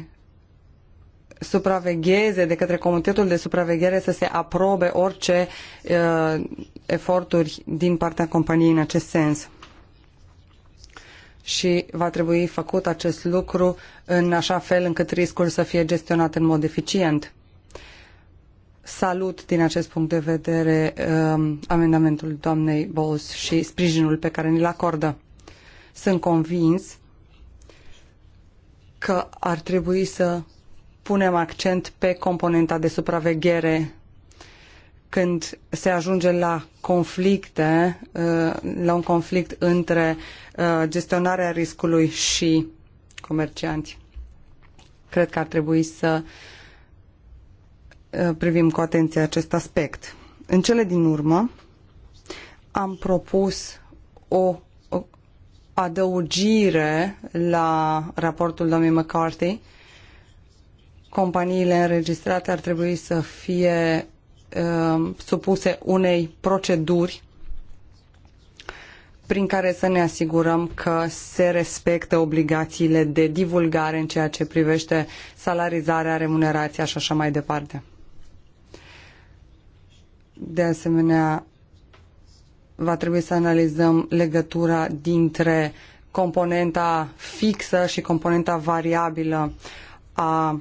S2: supravegheze de către Comitetul de Supraveghere să se aprobe orice uh, eforturi din partea companiei în acest sens și va trebui făcut acest lucru în așa fel încât riscul să fie gestionat în mod eficient. Salut din acest punct de vedere um, amendamentul doamnei Bowles și sprijinul pe care ni-l acordă. Sunt convins că ar trebui să punem accent pe componenta de supraveghere când se ajunge la conflicte, uh, la un conflict între uh, gestionarea riscului și comercianți. Cred că ar trebui să uh, privim cu atenție acest aspect. În cele din urmă, am propus o, adăugire la raportul domnului McCarthy. Companiile înregistrate ar trebui să fie Um, supuse unei proceduri prin care să ne asigurăm că se respectă obligațiile de divulgare în ceea ce privește salarizarea, remunerația și așa mai departe. De asemenea, va trebui să analizăm legătura dintre componenta fixă și componenta variabilă a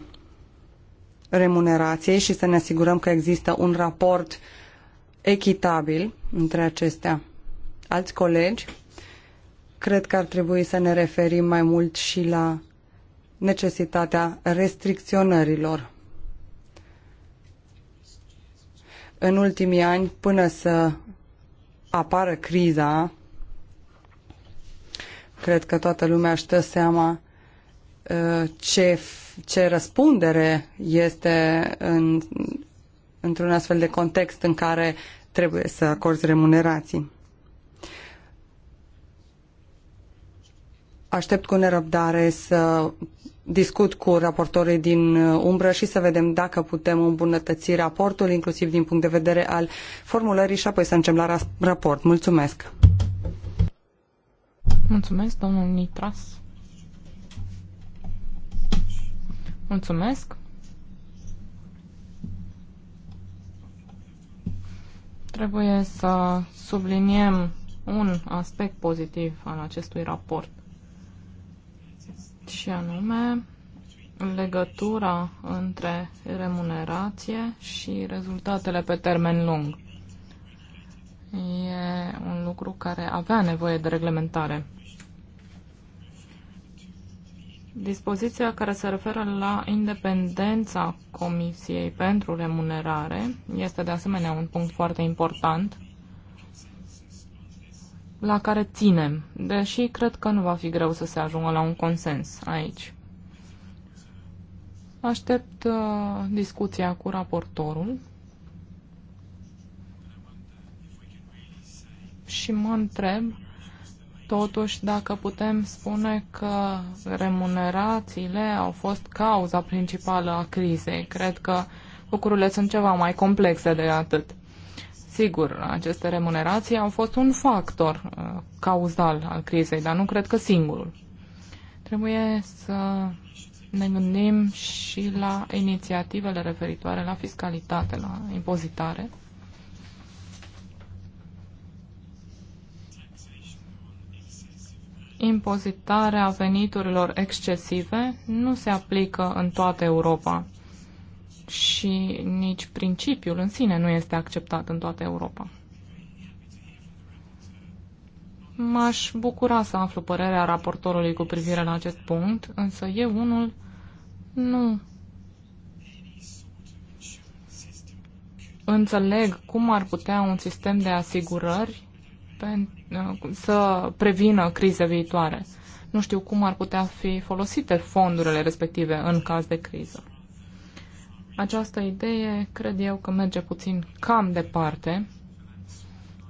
S2: remunerației și să ne asigurăm că există un raport echitabil între acestea. Alți colegi, cred că ar trebui să ne referim mai mult și la necesitatea restricționărilor. În ultimii ani, până să apară criza, cred că toată lumea își dă seama ce, ce răspundere este în, într-un astfel de context în care trebuie să acorzi remunerații. Aștept cu nerăbdare să discut cu raportorii din umbră și să vedem dacă putem îmbunătăți raportul, inclusiv din punct de vedere al formulării și apoi să începem la raport. Mulțumesc!
S3: Mulțumesc, domnul Nitras! Mulțumesc. Trebuie să subliniem un aspect pozitiv al acestui raport și anume legătura între remunerație și rezultatele pe termen lung. E un lucru care avea nevoie de reglementare. Dispoziția care se referă la independența Comisiei pentru remunerare este de asemenea un punct foarte important la care ținem, deși cred că nu va fi greu să se ajungă la un consens aici. Aștept uh, discuția cu raportorul și mă întreb Totuși, dacă putem spune că remunerațiile au fost cauza principală a crizei, cred că lucrurile sunt ceva mai complexe de atât. Sigur, aceste remunerații au fost un factor uh, cauzal al crizei, dar nu cred că singurul. Trebuie să ne gândim și la inițiativele referitoare la fiscalitate, la impozitare. impozitarea veniturilor excesive nu se aplică în toată Europa și nici principiul în sine nu este acceptat în toată Europa. M-aș bucura să aflu părerea raportorului cu privire la acest punct, însă eu unul nu înțeleg cum ar putea un sistem de asigurări Uh, să prevină crize viitoare. Nu știu cum ar putea fi folosite fondurile respective în caz de criză. Această idee cred eu că merge puțin cam departe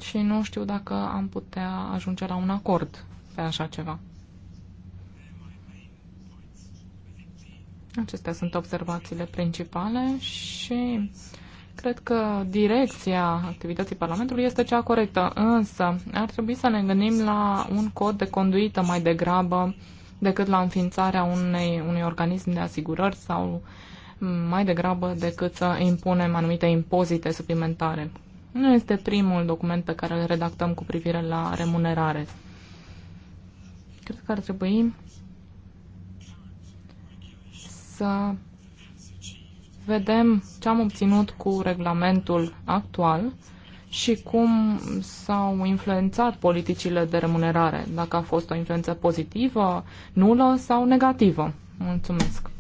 S3: și nu știu dacă am putea ajunge la un acord pe așa ceva. Acestea sunt observațiile principale și uh, Cred că direcția activității Parlamentului este cea corectă, însă ar trebui să ne gândim la un cod de conduită mai degrabă decât la înființarea unei, unui organism de asigurări sau mai degrabă decât să impunem anumite impozite suplimentare. Nu este primul document pe care îl redactăm cu privire la remunerare. Cred că ar trebui să vedem ce am obținut cu regulamentul actual și cum s-au influențat politicile de remunerare, dacă a fost o influență pozitivă, nulă sau negativă. Mulțumesc.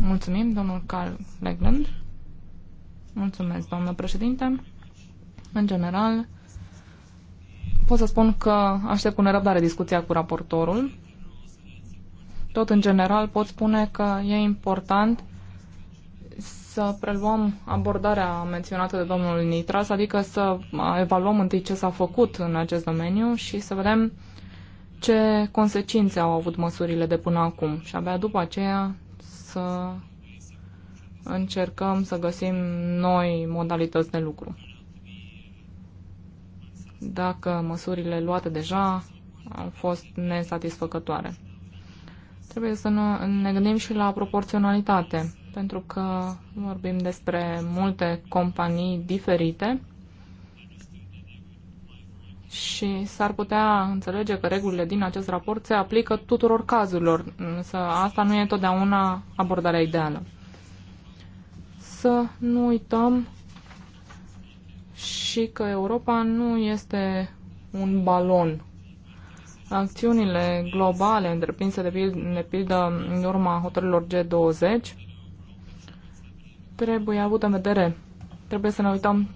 S3: Mulțumim, domnul Carl Legland. Mulțumesc, doamnă președinte. În general, pot să spun că aștept cu nerăbdare discuția cu raportorul. Tot în general pot spune că e important să preluăm abordarea menționată de domnul Nitras, adică să evaluăm întâi ce s-a făcut în acest domeniu și să vedem ce consecințe au avut măsurile de până acum și abia după aceea să încercăm să găsim noi modalități de lucru. Dacă măsurile luate deja au fost nesatisfăcătoare. Trebuie să ne gândim și la proporționalitate, pentru că vorbim despre multe companii diferite și s-ar putea înțelege că regulile din acest raport se aplică tuturor cazurilor, însă asta nu e totdeauna abordarea ideală. Să nu uităm și că Europa nu este un balon acțiunile globale întreprinse de pildă în urma hotărârilor G20 trebuie avut în vedere. Trebuie să ne uităm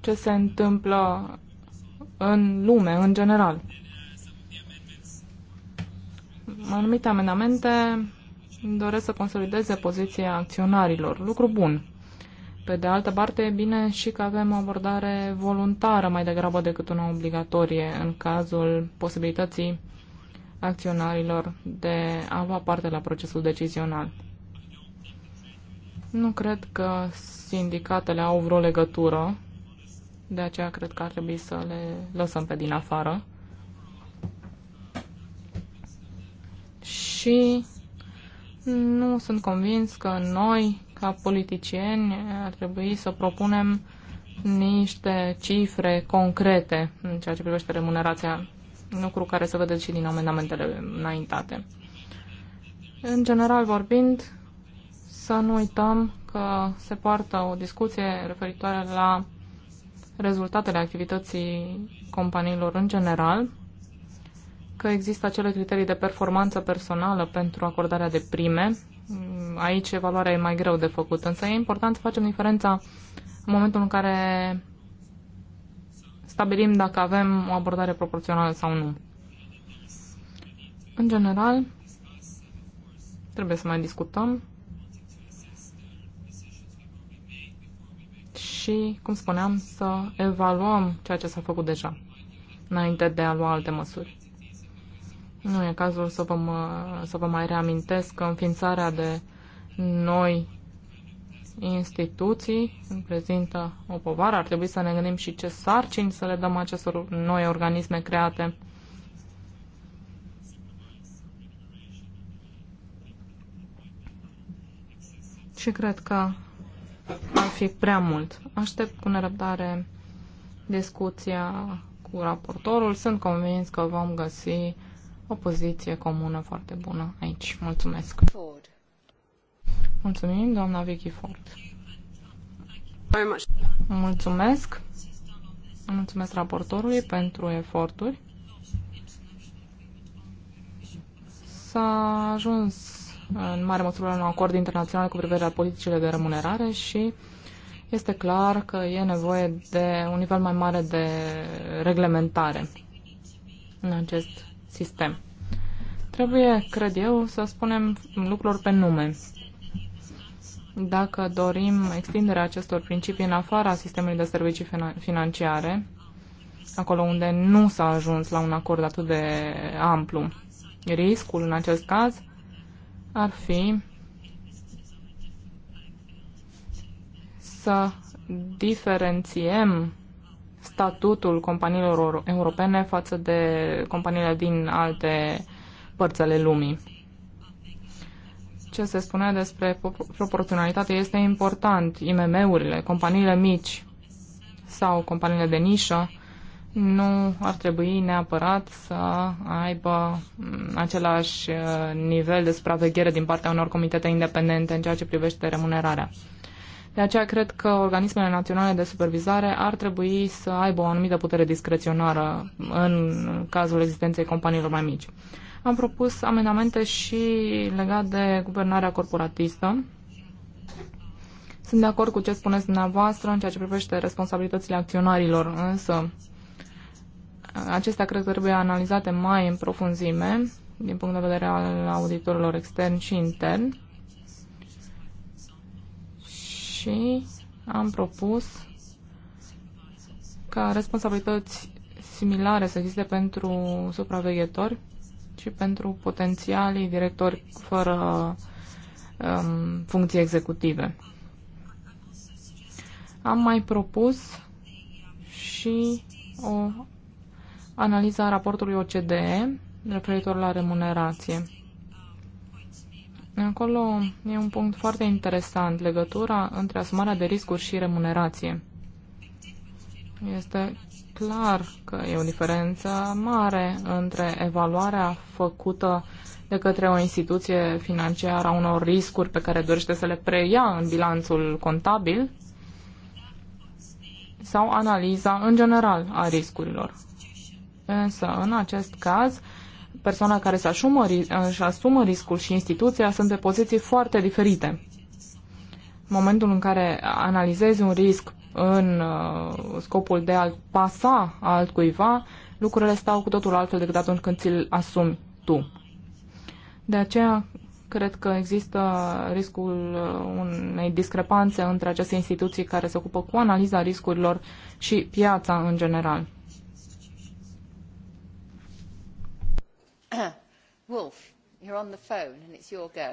S3: ce se întâmplă în lume, în general. Anumite amendamente doresc să consolideze poziția acționarilor. Lucru bun. Pe de altă parte, e bine și că avem o abordare voluntară mai degrabă decât una obligatorie în cazul posibilității acționarilor de a lua parte la procesul decizional. Nu cred că sindicatele au vreo legătură, de aceea cred că ar trebui să le lăsăm pe din afară. Și nu sunt convins că noi, ca politicieni ar trebui să propunem niște cifre concrete în ceea ce privește remunerația, lucru care se vede și din amendamentele înaintate. În general vorbind, să nu uităm că se poartă o discuție referitoare la rezultatele activității companiilor în general, că există acele criterii de performanță personală pentru acordarea de prime, Mm, aici evaluarea e mai greu de făcut, însă e important să facem diferența în momentul în care stabilim dacă avem o abordare proporțională sau nu. În general, trebuie să mai discutăm și, cum spuneam, să evaluăm ceea ce s-a făcut deja, înainte de a lua alte măsuri. Nu e cazul să vă, mă, să vă mai reamintesc că înființarea de noi instituții reprezintă o povară. Ar trebui să ne gândim și ce sarcini să le dăm acestor noi organisme create. Și cred că ar fi prea mult. Aștept cu nerăbdare discuția cu raportorul. Sunt convins că vom găsi o poziție comună foarte bună aici. Mulțumesc! Ford. Mulțumim, doamna Vicky Ford. Mulțumesc! Mulțumesc raportorului pentru eforturi. S-a ajuns în mare măsură la un acord internațional cu privire la politicile de remunerare și este clar că e nevoie de un nivel mai mare de reglementare în acest sistem. Trebuie, cred eu, să spunem lucruri pe nume. Dacă dorim extinderea acestor principii în afara sistemului de servicii financiare, acolo unde nu s-a ajuns la un acord atât de amplu, riscul în acest caz ar fi să diferențiem statutul companiilor europene față de companiile din alte părți ale lumii. Ce se spune despre proporționalitate este important. IMM-urile, companiile mici sau companiile de nișă nu ar trebui neapărat să aibă mm, același uh, nivel de supraveghere din partea unor comitete independente în ceea ce privește remunerarea. De aceea cred că organismele naționale de supervizare ar trebui să aibă o anumită putere discreționară în cazul existenței companiilor mai mici. Am propus amendamente și legat de guvernarea corporatistă. Sunt de acord cu ce spuneți dumneavoastră în ceea ce privește responsabilitățile acționarilor, însă acestea cred că trebuie analizate mai în profunzime din punct de vedere al auditorilor externi și interni și am propus ca responsabilități similare să existe pentru supraveghetori și pentru potențialii directori fără um, funcții executive. Am mai propus și o analiză a raportului OCDE referitor la remunerație. Acolo e un punct foarte interesant, legătura între asumarea de riscuri și remunerație. Este clar că e o diferență mare între evaluarea făcută de către o instituție financiară a unor riscuri pe care dorește să le preia în bilanțul contabil sau analiza în general a riscurilor. Însă, în acest caz, persoana care își asumă, își asumă riscul și instituția sunt pe poziții foarte diferite. În momentul în care analizezi un risc în uh, scopul de a-l pasa altcuiva, lucrurile stau cu totul altfel decât atunci când ți-l asumi tu. De aceea, cred că există riscul uh, unei discrepanțe între aceste instituții care se ocupă cu analiza riscurilor și piața în general.
S1: Wolf, you're on the phone and it's your go.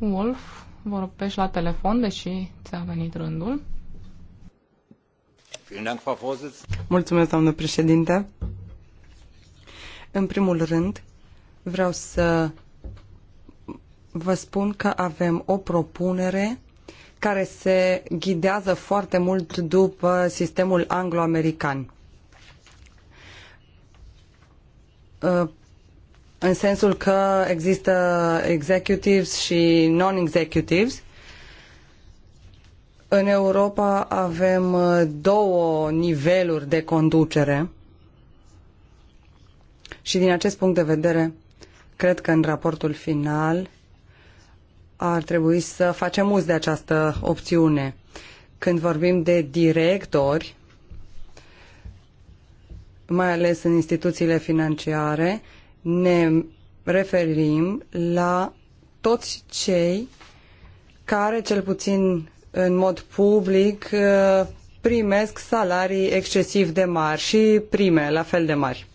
S3: Wolf, vorbești la telefon, deși ți-a venit rândul. Mulțumesc, doamnă
S2: președinte. În primul rând, vreau să vă spun că avem o propunere care se ghidează foarte mult după sistemul anglo-american în sensul că există executives și non-executives. În Europa avem uh, două niveluri de conducere și din acest punct de vedere cred că în raportul final ar trebui să facem uz de această opțiune. Când vorbim de directori, mai ales în instituțiile financiare, ne referim la toți cei care, cel puțin în mod public, uh, primesc salarii excesiv de mari și prime la fel de mari.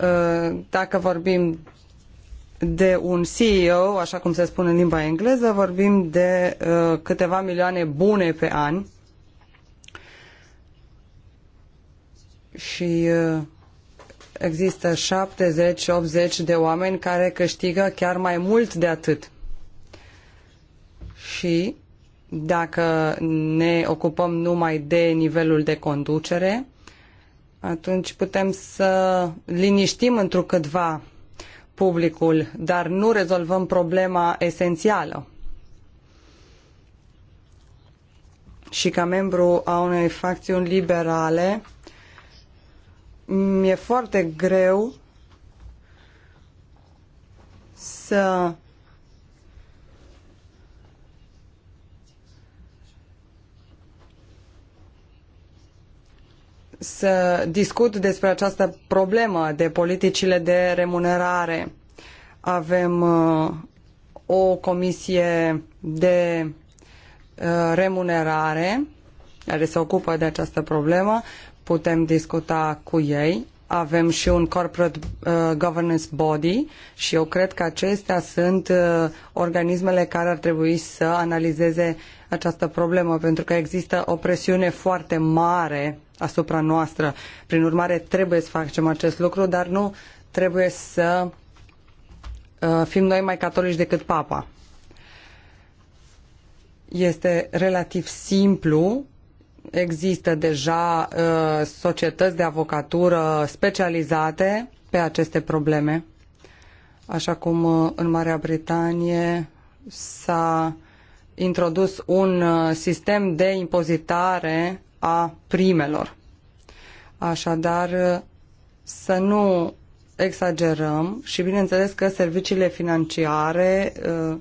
S2: Uh, dacă vorbim de un CEO, așa cum se spune în limba engleză, vorbim de uh, câteva milioane bune pe an. Și există 70-80 de oameni care câștigă chiar mai mult de atât. Și dacă ne ocupăm numai de nivelul de conducere, atunci putem să liniștim întrucâtva publicul, dar nu rezolvăm problema esențială. Și ca membru a unei facțiuni liberale, mi-e foarte greu să să discut despre această problemă de politicile de remunerare. Avem uh, o comisie de uh, remunerare care se ocupă de această problemă putem discuta cu ei. Avem și un corporate uh, governance body și eu cred că acestea sunt uh, organismele care ar trebui să analizeze această problemă, pentru că există o presiune foarte mare asupra noastră. Prin urmare, trebuie să facem acest lucru, dar nu trebuie să uh, fim noi mai catolici decât papa. Este relativ simplu există deja uh, societăți de avocatură specializate pe aceste probleme, așa cum uh, în Marea Britanie s-a introdus un uh, sistem de impozitare a primelor. Așadar, uh, să nu exagerăm și bineînțeles că serviciile financiare uh,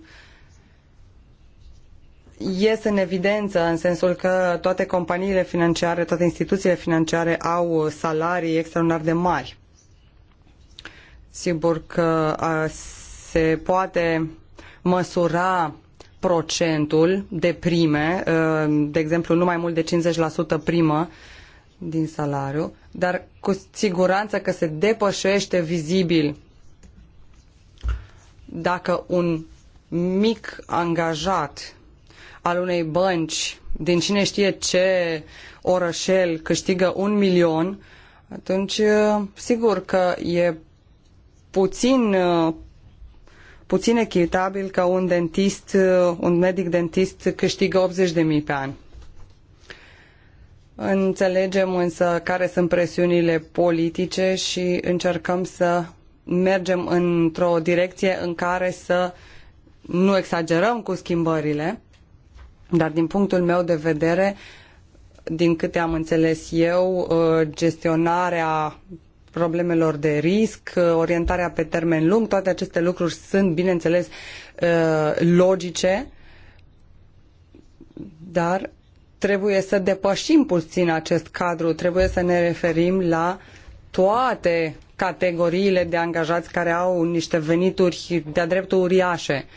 S2: ies în evidență în sensul că toate companiile financiare, toate instituțiile financiare au salarii extraordinar de mari. Sigur că se poate măsura procentul de prime, de exemplu nu mai mult de 50% primă din salariu, dar cu siguranță că se depășește vizibil dacă un mic angajat al unei bănci din cine știe ce orășel câștigă un milion, atunci uh, sigur că e puțin, uh, puțin echitabil ca un dentist, uh, un medic dentist câștigă 80 de mii pe an. Înțelegem însă care sunt presiunile politice și încercăm să mergem într-o direcție în care să nu exagerăm cu schimbările, dar din punctul meu de vedere, din câte am înțeles eu, ă, gestionarea problemelor de risc, ă, orientarea pe termen lung, toate aceste lucruri sunt, bineînțeles, ă, logice, dar trebuie să depășim puțin acest cadru, trebuie să ne referim la toate categoriile de angajați care au niște venituri de-a dreptul uriașe. Uh,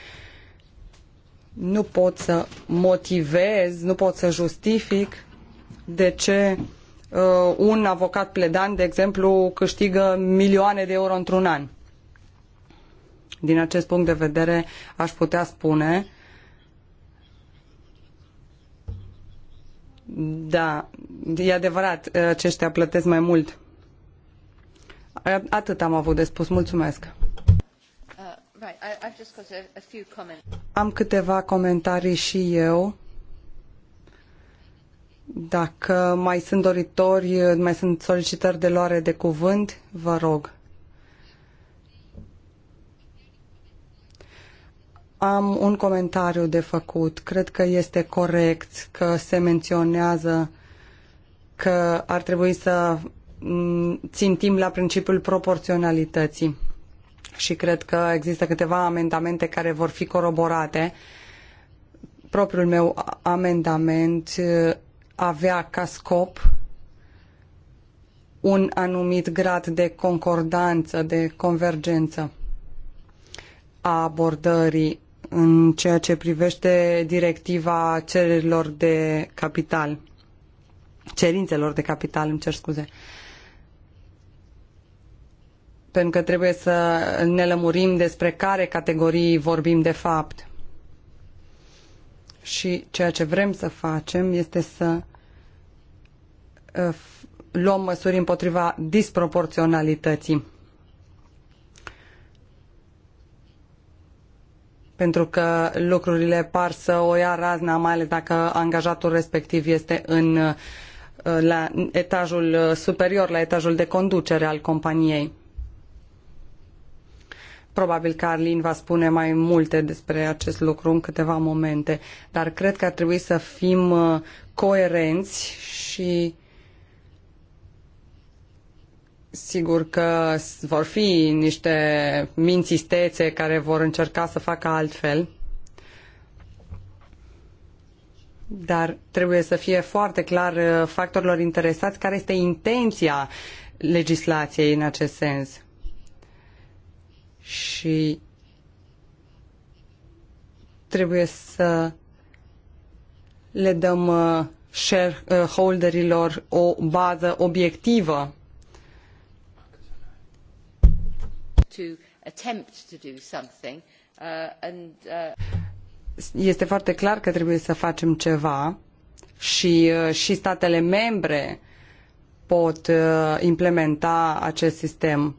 S2: nu pot să motivez, nu pot să justific de ce uh, un avocat pledant, de exemplu, câștigă milioane de euro într-un an. Din acest punct de vedere, aș putea spune, da, e adevărat, uh, aceștia plătesc mai mult. Atât am avut de spus. Mulțumesc. Am câteva comentarii și eu. Dacă mai sunt doritori, mai sunt solicitări de luare de cuvânt, vă rog. Am un comentariu de făcut. Cred că este corect că se menționează că ar trebui să țintim la principiul proporționalității și cred că există câteva amendamente care vor fi coroborate. Propriul meu amendament uh, avea ca scop un anumit grad de concordanță, de convergență a abordării în ceea ce privește directiva cererilor de capital, cerințelor de capital, îmi cer scuze. Uh, pentru că trebuie să ne lămurim despre care categorii vorbim de fapt. Și ceea ce vrem să facem este să uh, luăm măsuri împotriva disproporționalității. Pentru că lucrurile par să o ia razna, mai ales dacă angajatul respectiv este în, uh, la etajul uh, superior, la etajul de conducere al companiei. Probabil că Arlin va spune mai multe despre acest lucru în câteva momente, dar cred că ar trebui să fim uh, coerenți și sigur că vor fi niște mințistețe care vor încerca să facă altfel, dar trebuie să fie foarte clar uh, factorilor interesați care este intenția legislației în acest sens și trebuie să le dăm uh, shareholderilor uh, o bază obiectivă.
S3: Uh,
S2: este foarte clar că trebuie să facem ceva și, și statele membre pot implementa acest sistem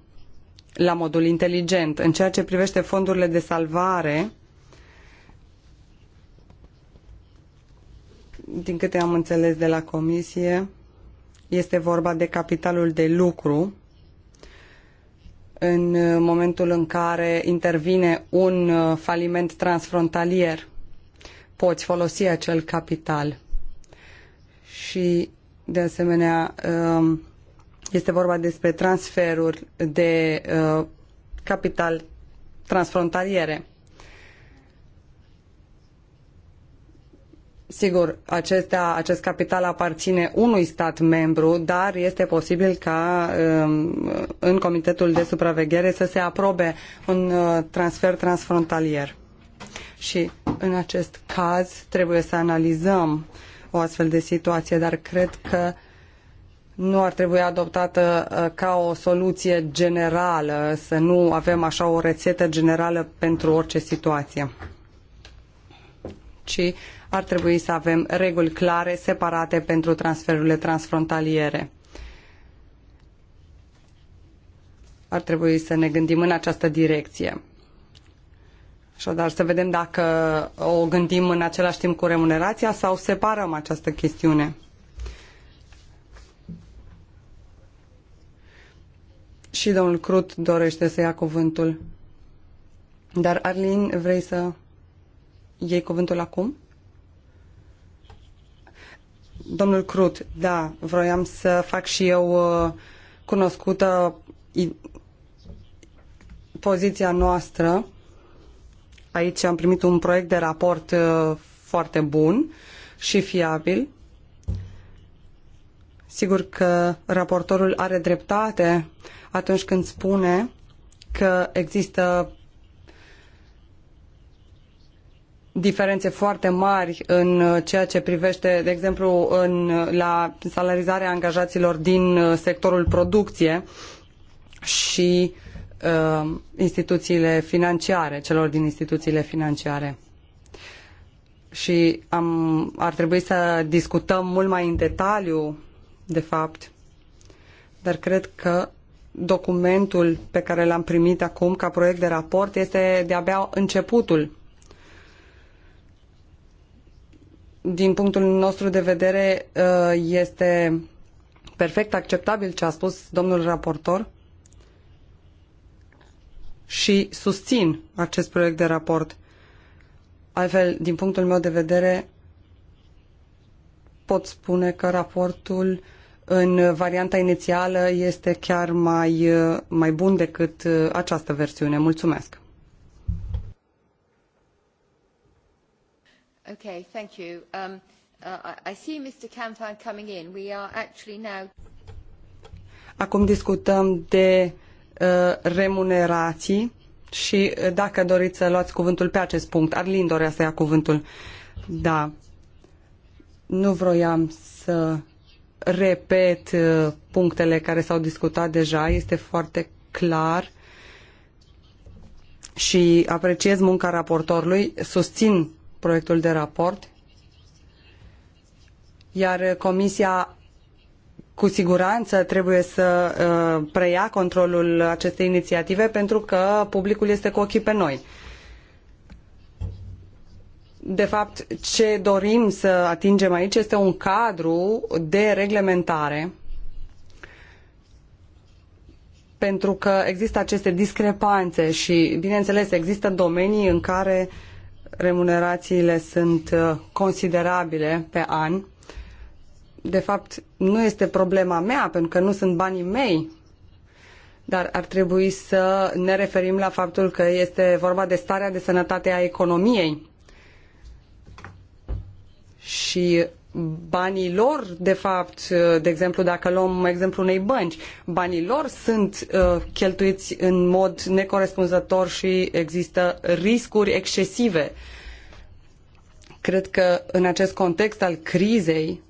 S2: la modul inteligent. În ceea ce privește fondurile de salvare, din câte am înțeles de la comisie, este vorba de capitalul de lucru în momentul în care intervine un uh, faliment transfrontalier. Poți folosi acel capital. Și, de asemenea, um, este vorba despre transferuri de uh, capital transfrontaliere. Sigur, acestea, acest capital aparține unui stat membru, dar este posibil ca um, în Comitetul de Supraveghere să se aprobe un uh, transfer transfrontalier. Și în acest caz trebuie să analizăm o astfel de situație, dar cred că nu ar trebui adoptată uh, ca o soluție generală, să nu avem așa o rețetă generală pentru orice situație, ci ar trebui să avem reguli clare, separate pentru transferurile transfrontaliere. Ar trebui să ne gândim în această direcție. Așadar, să vedem dacă o gândim în același timp cu remunerația sau separăm această chestiune. Și domnul Crut dorește să ia cuvântul. Dar, Arlin, vrei să iei cuvântul acum? Domnul Crut, da, vroiam să fac și eu uh, cunoscută poziția noastră. Aici am primit un proiect de raport uh, foarte bun și fiabil. Sigur că raportorul are dreptate atunci când spune că există diferențe foarte mari în ceea ce privește, de exemplu, în, la salarizarea angajaților din sectorul producție și uh, instituțiile financiare, celor din instituțiile financiare. Și am, ar trebui să discutăm mult mai în detaliu, de fapt, dar cred că documentul pe care l-am primit acum ca proiect de raport este de-abia începutul. Din punctul nostru de vedere, uh, este perfect acceptabil ce a spus domnul raportor și susțin acest proiect de raport. Altfel, din punctul meu de vedere, pot spune că raportul în varianta inițială este chiar mai, mai bun decât uh, această versiune. Mulțumesc!
S1: thank you. Um, uh, I see Mr. Campan coming in. We are actually now...
S2: Acum discutăm de uh, remunerații și uh, dacă doriți să luați cuvântul pe acest punct, Arlin dorea să ia cuvântul. Da, nu vroiam să repet uh, punctele care s-au discutat deja, este foarte clar și apreciez munca raportorului, susțin proiectul de raport, iar Comisia cu siguranță trebuie să uh, preia controlul acestei inițiative pentru că publicul este cu ochii pe noi de fapt, ce dorim să atingem aici este un cadru de reglementare pentru că există aceste discrepanțe și, bineînțeles, există domenii în care remunerațiile sunt uh, considerabile pe an. De fapt, nu este problema mea, pentru că nu sunt banii mei, dar ar trebui să ne referim la faptul că este vorba de starea de sănătate a economiei și banii lor, de fapt, de exemplu, dacă luăm exemplu unei bănci, banii lor sunt uh, cheltuiți în mod necorespunzător și există riscuri excesive. Cred că în acest context al crizei,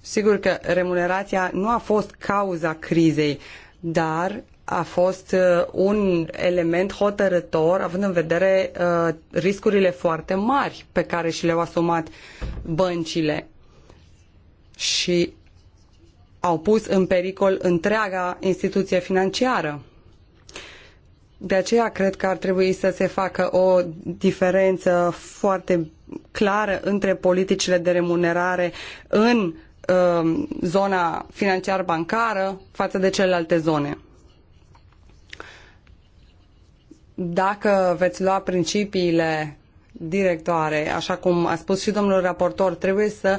S2: sigur că remunerația nu a fost cauza crizei, dar a fost uh, un element hotărător, având în vedere uh, riscurile foarte mari pe care și le-au asumat băncile și au pus în pericol întreaga instituție financiară. De aceea cred că ar trebui să se facă o diferență foarte clară între politicile de remunerare în uh, zona financiar-bancară față de celelalte zone. Dacă veți lua principiile directoare, așa cum a spus și domnul raportor, trebuie să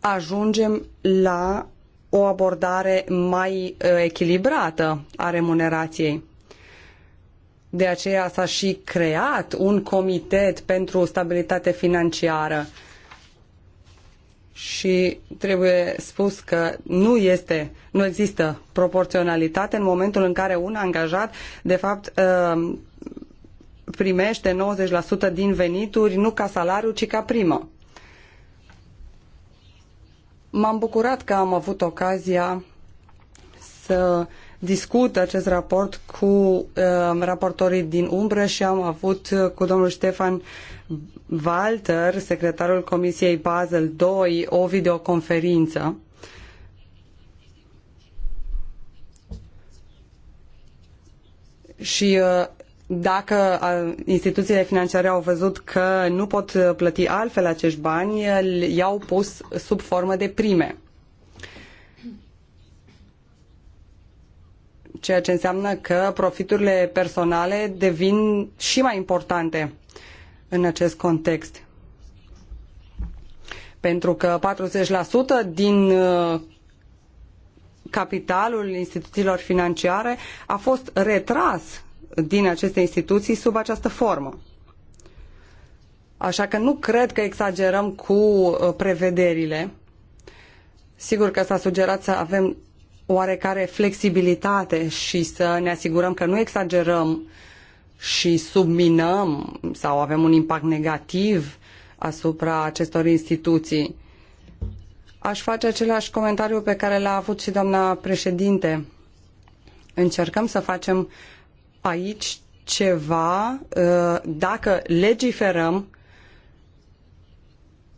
S2: ajungem la o abordare mai uh, echilibrată a remunerației. De aceea s-a și creat un comitet pentru stabilitate financiară și trebuie spus că nu este, nu există proporționalitate în momentul în care un angajat, de fapt, uh, primește 90% din venituri nu ca salariu, ci ca primă. M-am bucurat că am avut ocazia să discut acest raport cu uh, raportorii din umbră și am avut uh, cu domnul Ștefan Walter, secretarul Comisiei Basel II, o videoconferință. Și uh, dacă uh, instituțiile financiare au văzut că nu pot uh, plăti altfel acești bani, i-au pus sub formă de prime. ceea ce înseamnă că profiturile personale devin și mai importante în acest context. Pentru că 40% din uh, capitalul instituțiilor financiare a fost retras din aceste instituții sub această formă. Așa că nu cred că exagerăm cu uh, prevederile. Sigur că s-a sugerat să avem oarecare flexibilitate și să ne asigurăm că nu exagerăm și subminăm sau avem un impact negativ asupra acestor instituții. Aș face același comentariu pe care l-a avut și doamna președinte. Încercăm să facem aici ceva, ă, dacă legiferăm,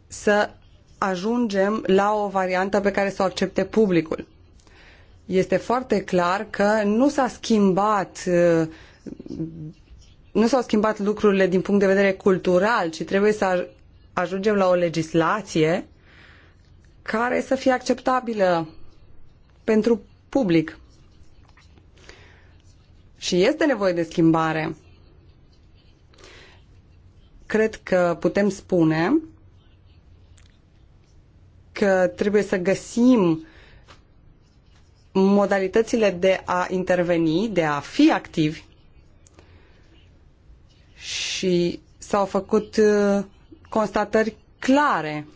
S2: să ajungem la o variantă pe care să o accepte publicul. Este foarte clar că nu s-a schimbat ă, nu s-au schimbat lucrurile din punct de vedere cultural, ci trebuie să ajungem la o legislație care să fie acceptabilă pentru public. Și este nevoie de schimbare. Cred că putem spune că trebuie să găsim modalitățile de a interveni, de a fi activi și s-au făcut uh, constatări clare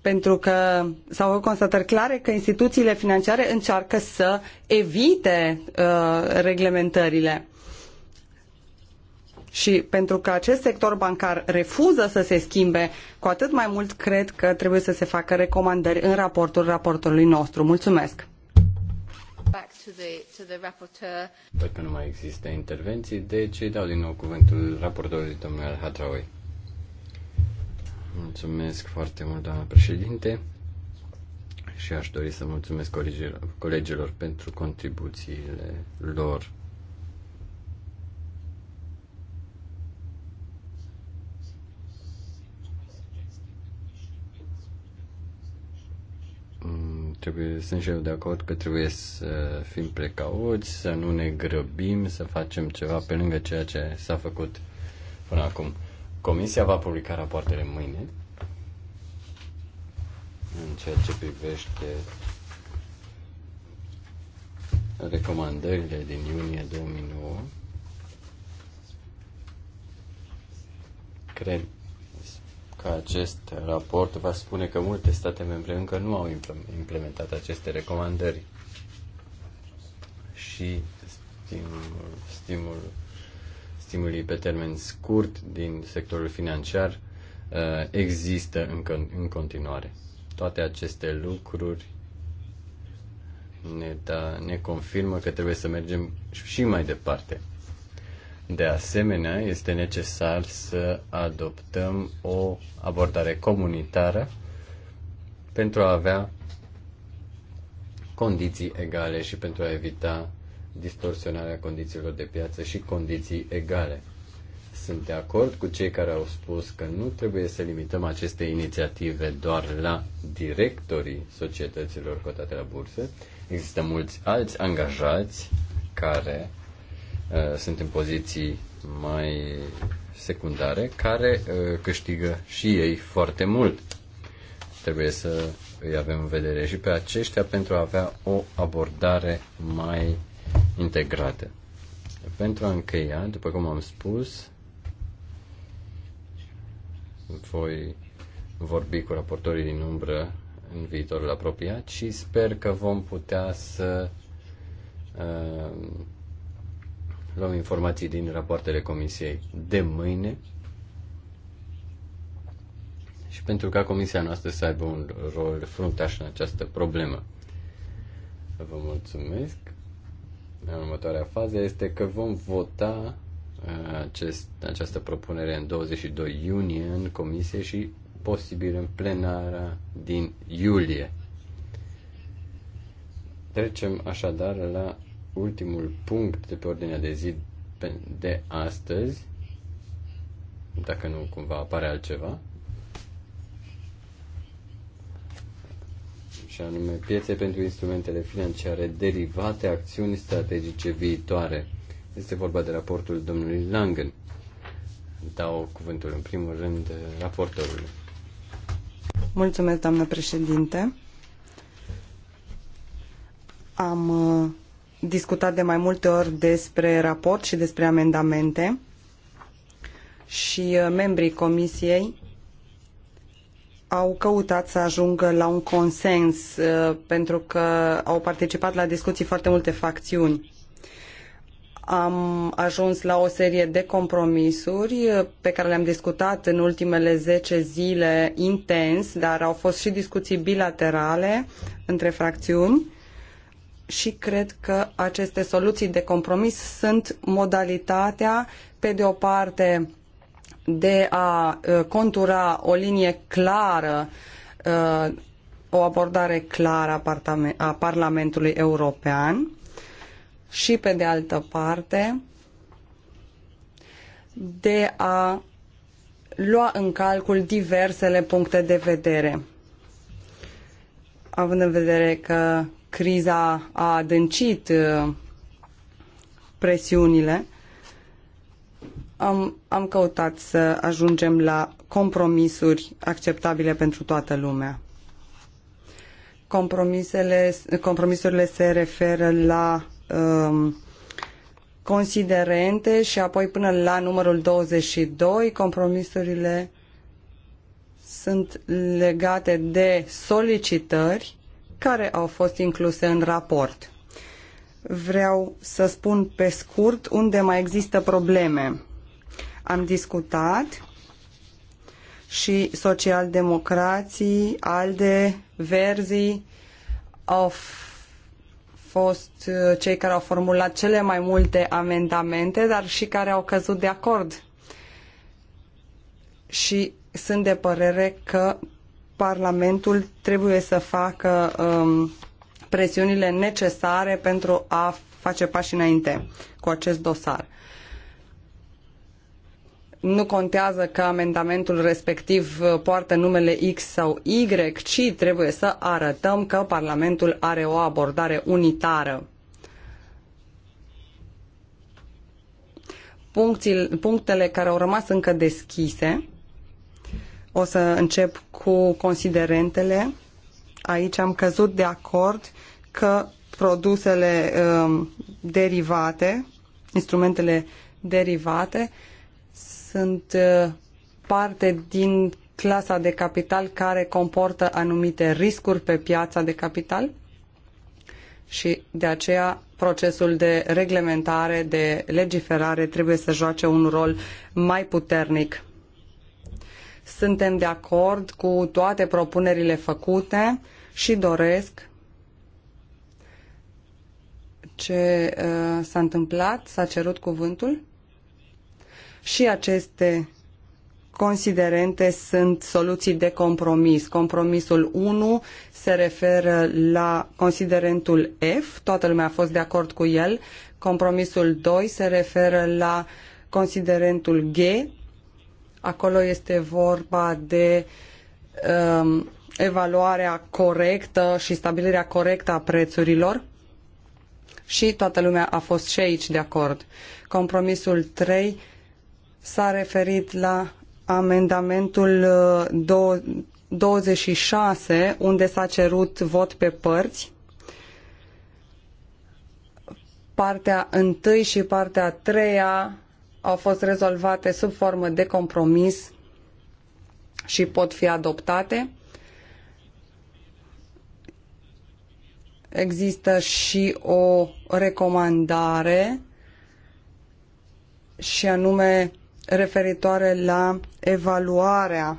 S2: pentru că s-au făcut constatări clare că instituțiile financiare încearcă să evite uh, reglementările. Și pentru că acest sector bancar refuză să se schimbe, cu atât mai mult cred că trebuie să se facă recomandări în raportul raportului nostru. Mulțumesc!
S1: Pentru că nu mai există intervenții, deci dau din nou cuvântul raportorului domnul al Hadraui. Mulțumesc foarte mult, doamna președinte, și aș dori să mulțumesc colegilor, colegilor pentru contribuțiile lor trebuie, sunt și eu de acord că trebuie să fim precauți, să nu ne grăbim, să facem ceva pe lângă ceea ce s-a făcut până acum. Comisia va publica rapoartele mâine în ceea ce privește recomandările din iunie 2009. Cred că acest raport va spune că multe state membre încă nu au implementat aceste recomandări și stimul, stimul, stimulii pe termen scurt din sectorul financiar uh, există încă în continuare. Toate aceste lucruri ne, da, ne confirmă că trebuie să mergem și mai departe. De asemenea, este necesar să adoptăm o abordare comunitară pentru a avea condiții egale și pentru a evita distorsionarea condițiilor de piață și condiții egale. Sunt de acord cu cei care au spus că nu trebuie să limităm aceste inițiative doar la directorii societăților cotate la bursă. Există mulți alți angajați care Uh, sunt în poziții mai secundare, care uh, câștigă și ei foarte mult. Trebuie să îi avem în vedere și pe aceștia pentru a avea o abordare mai integrată. Pentru a încheia, după cum am spus, voi vorbi cu raportorii din umbră în viitorul apropiat și sper că vom putea să uh, luăm informații din rapoartele comisiei de mâine și pentru ca comisia noastră să aibă un rol fruntaș în această problemă. Vă mulțumesc. În următoarea fază este că vom vota uh, acest, această propunere în 22 iunie în comisie și posibil în plenara din iulie. Trecem așadar la ultimul punct de pe ordinea de zi de astăzi, dacă nu cumva apare altceva, și anume piețe pentru instrumentele financiare derivate, acțiuni strategice viitoare. Este vorba de raportul domnului Langen. Dau cuvântul în primul rând raportorului.
S2: Mulțumesc, doamnă președinte. Am uh, discutat de mai multe ori despre raport și despre amendamente și uh, membrii comisiei au căutat să ajungă la un consens uh, pentru că au participat la discuții foarte multe facțiuni. Am ajuns la o serie de compromisuri uh, pe care le-am discutat în ultimele zece zile intens, dar au fost și discuții bilaterale între fracțiuni și cred că aceste soluții de compromis sunt modalitatea, pe de o parte, de a uh, contura o linie clară, uh, o abordare clară a Parlamentului European și, pe de altă parte, de a lua în calcul diversele puncte de vedere. Având în vedere că criza a adâncit uh, presiunile, am, am căutat să ajungem la compromisuri acceptabile pentru toată lumea. Compromisele, compromisurile se referă la um, considerente și apoi până la numărul 22, compromisurile sunt legate de solicitări care au fost incluse în raport. Vreau să spun pe scurt unde mai există probleme. Am discutat și socialdemocrații, ALDE, Verzii au fost uh, cei care au formulat cele mai multe amendamente, dar și care au căzut de acord. Și sunt de părere că Parlamentul trebuie să facă um, presiunile necesare pentru a face pași înainte cu acest dosar. Nu contează că amendamentul respectiv uh, poartă numele X sau Y, ci trebuie să arătăm că Parlamentul are o abordare unitară. Punctile, punctele care au rămas încă deschise o să încep cu considerentele. Aici am căzut de acord că produsele um, derivate, instrumentele derivate, sunt uh, parte din clasa de capital care comportă anumite riscuri pe piața de capital și de aceea procesul de reglementare, de legiferare trebuie să joace un rol mai puternic. Suntem de acord cu toate propunerile făcute și doresc ce uh, s-a întâmplat, s-a cerut cuvântul și aceste considerente sunt soluții de compromis. Compromisul 1 se referă la considerentul F, toată lumea a fost de acord cu el. Compromisul 2 se referă la considerentul G, Acolo este vorba de um, evaluarea corectă și stabilirea corectă a prețurilor și toată lumea a fost și aici de acord. Compromisul 3 s-a referit la amendamentul 26, uh, unde s-a cerut vot pe părți. Partea 1 și partea 3 au fost rezolvate sub formă de compromis și pot fi adoptate. Există și o recomandare și anume referitoare la evaluarea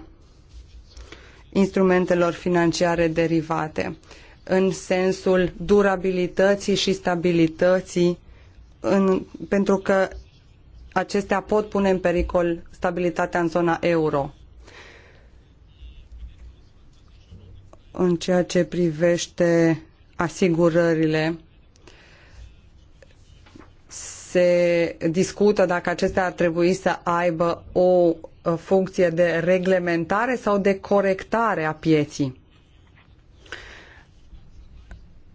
S2: instrumentelor financiare derivate în sensul durabilității și stabilității în, pentru că acestea pot pune în pericol stabilitatea în zona euro. În ceea ce privește asigurările, se discută dacă acestea ar trebui să aibă o funcție de reglementare sau de corectare a pieții.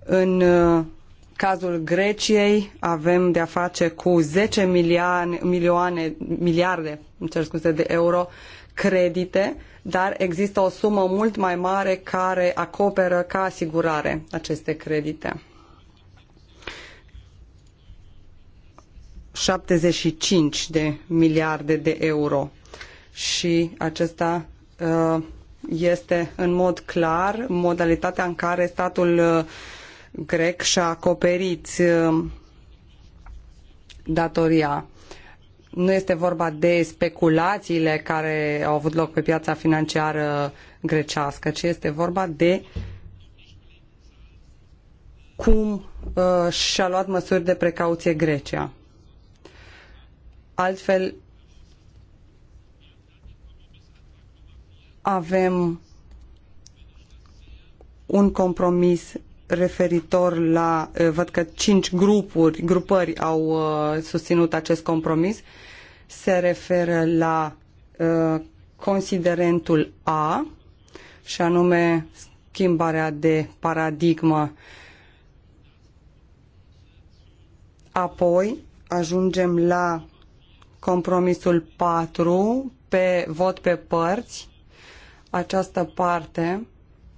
S2: În cazul Greciei avem de-a face cu 10 milioane, milioane, miliarde cer scuze, de euro credite, dar există o sumă mult mai mare care acoperă ca asigurare aceste credite. 75 de miliarde de euro și acesta uh, este în mod clar modalitatea în care statul uh, grec și-a acoperit uh, datoria. Nu este vorba de speculațiile care au avut loc pe piața financiară grecească, ci este vorba de cum uh, și-a luat măsuri de precauție Grecia. Altfel, avem un compromis referitor la, eh, văd că cinci grupuri, grupări au eh, susținut acest compromis, se referă la eh, considerentul A, și anume schimbarea de paradigmă. Apoi ajungem la compromisul 4 pe vot pe părți. Această parte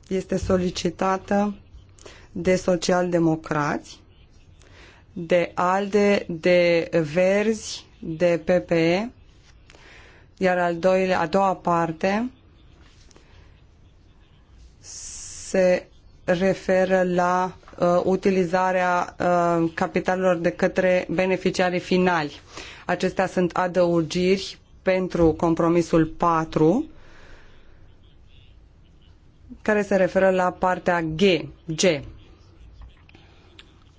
S2: este solicitată de socialdemocrați, de ALDE, de Verzi, de PPE, iar al doilea, a doua parte se referă la uh, utilizarea uh, capitalelor de către beneficiarii finali. Acestea sunt adăugiri pentru compromisul 4, care se referă la partea G, G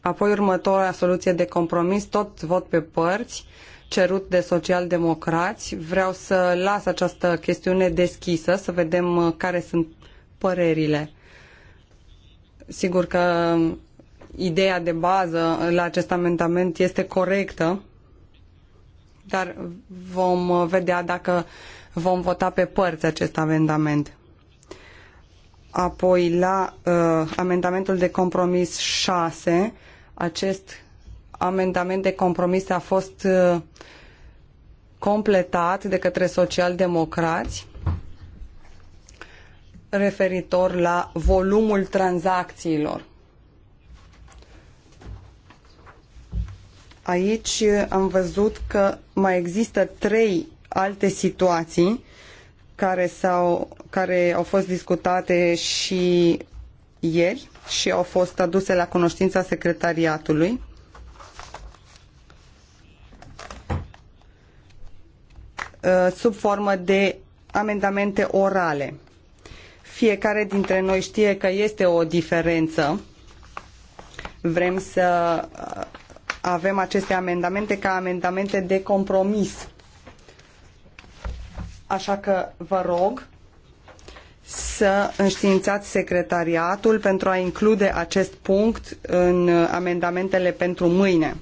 S2: Apoi următoarea soluție de compromis, tot vot pe părți, cerut de socialdemocrați. Vreau să las această chestiune deschisă, să vedem uh, care sunt părerile. Sigur că ideea de bază la acest amendament este corectă, dar vom uh, vedea dacă vom vota pe părți acest amendament. Apoi la uh, amendamentul de compromis 6, acest amendament de compromis a fost uh, completat de către socialdemocrați referitor la volumul tranzacțiilor. Aici am văzut că mai există trei alte situații care, au care au fost discutate și ieri și au fost aduse la cunoștința secretariatului. Uh, sub formă de amendamente orale. Fiecare dintre noi știe că este o diferență. Vrem să uh, avem aceste amendamente ca amendamente de compromis. Așa că vă rog să înștiințați secretariatul pentru a include acest punct în amendamentele pentru mâine.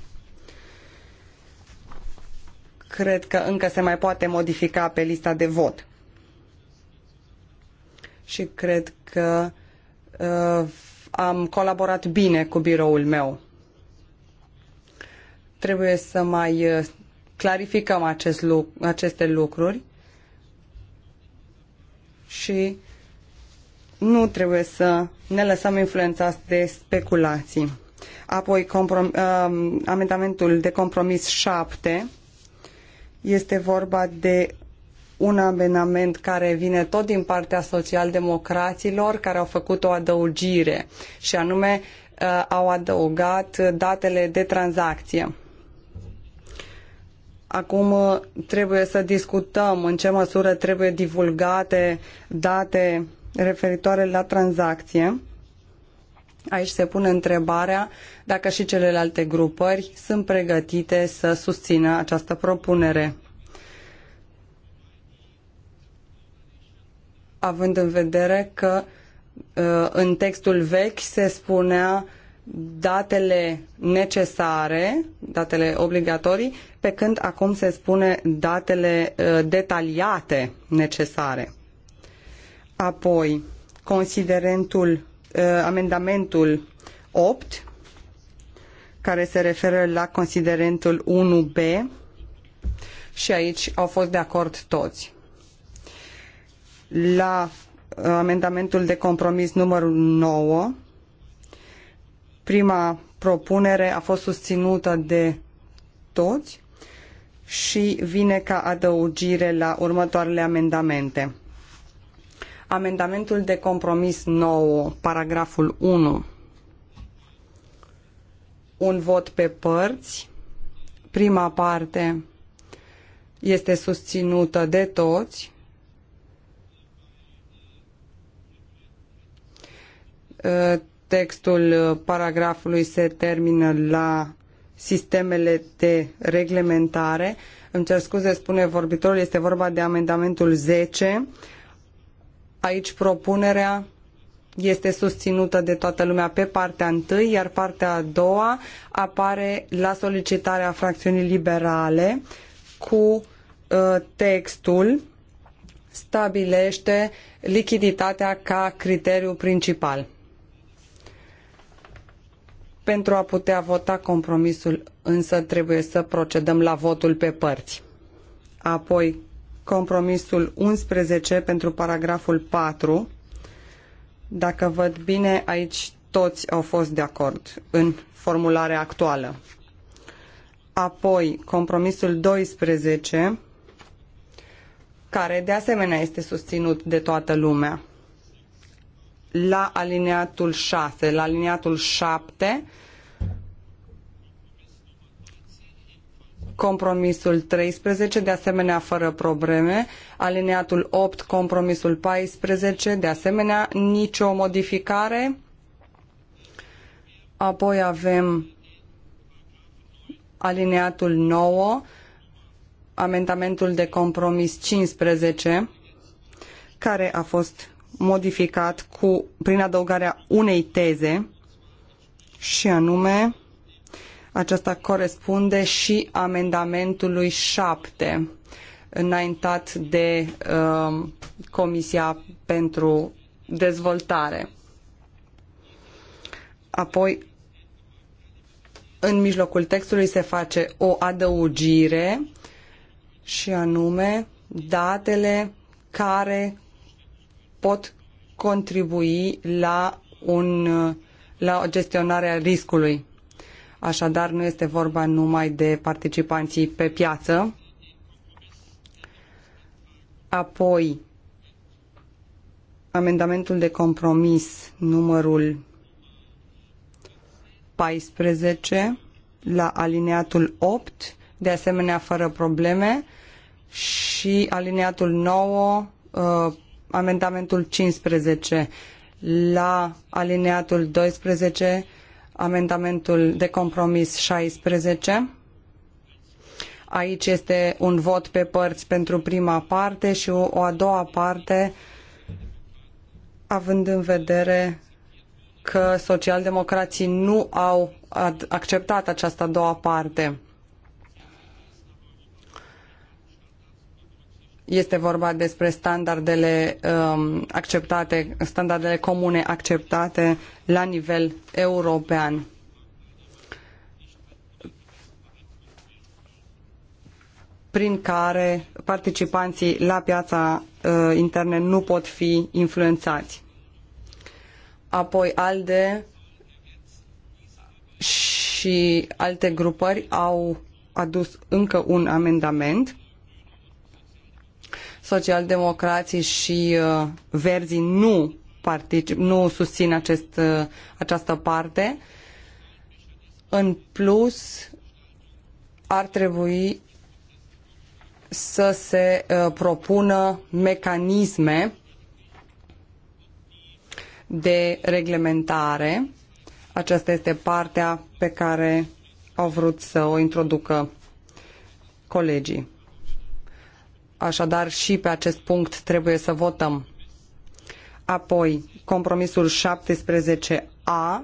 S2: Cred că încă se mai poate modifica pe lista de vot. Și cred că uh, am colaborat bine cu biroul meu. Trebuie să mai uh, clarificăm acest lucru, aceste lucruri și nu trebuie să ne lăsăm influențați de speculații. Apoi, um, amendamentul de compromis 7 este vorba de un amendament care vine tot din partea socialdemocraților care au făcut o adăugire și anume uh, au adăugat datele de tranzacție. Acum uh, trebuie să discutăm în ce măsură trebuie divulgate date referitoare la tranzacție. Aici se pune întrebarea dacă și celelalte grupări sunt pregătite să susțină această propunere. Având în vedere că uh, în textul vechi se spunea datele necesare, datele obligatorii, pe când acum se spune datele uh, detaliate necesare. Apoi, considerentul, uh, amendamentul 8, care se referă la considerentul 1B și aici au fost de acord toți. La uh, amendamentul de compromis numărul 9, prima propunere a fost susținută de toți și vine ca adăugire la următoarele amendamente amendamentul de compromis nou, paragraful 1. Un vot pe părți. Prima parte este susținută de toți. Ă, textul paragrafului se termină la sistemele de reglementare. Îmi cer scuze, spune vorbitorul, este vorba de amendamentul 10 Aici propunerea este susținută de toată lumea pe partea întâi, iar partea a doua apare la solicitarea fracțiunii liberale cu uh, textul stabilește lichiditatea ca criteriu principal. Pentru a putea vota compromisul, însă trebuie să procedăm la votul pe părți. Apoi, compromisul 11 pentru paragraful 4. Dacă văd bine, aici toți au fost de acord în formularea actuală. Apoi, compromisul 12, care de asemenea este susținut de toată lumea. La alineatul 6, la alineatul 7, compromisul 13, de asemenea fără probleme, alineatul 8, compromisul 14, de asemenea nicio modificare. Apoi avem alineatul 9, amendamentul de compromis 15, care a fost modificat cu, prin adăugarea unei teze și anume aceasta corespunde și amendamentului 7 înaintat de uh, Comisia pentru Dezvoltare. Apoi, în mijlocul textului se face o adăugire și anume datele care pot contribui la, un, la o gestionare a riscului. Așadar, nu este vorba numai de participanții pe piață. Apoi, amendamentul de compromis numărul 14 la alineatul 8, de asemenea fără probleme, și alineatul 9, uh, amendamentul 15 la alineatul 12 amendamentul de compromis 16. Aici este un vot pe părți pentru prima parte și o a doua parte, având în vedere că socialdemocrații nu au acceptat această a doua parte. Este vorba despre standardele um, acceptate, standardele comune acceptate la nivel european. prin care participanții la piața uh, interne nu pot fi influențați. Apoi ALDE și alte grupări au adus încă un amendament socialdemocrații și uh, verzii nu, particip, nu susțin acest, uh, această parte. În plus, ar trebui să se uh, propună mecanisme de reglementare. Aceasta este partea pe care au vrut să o introducă colegii. Așadar, și pe acest punct trebuie să votăm. Apoi, compromisul 17A,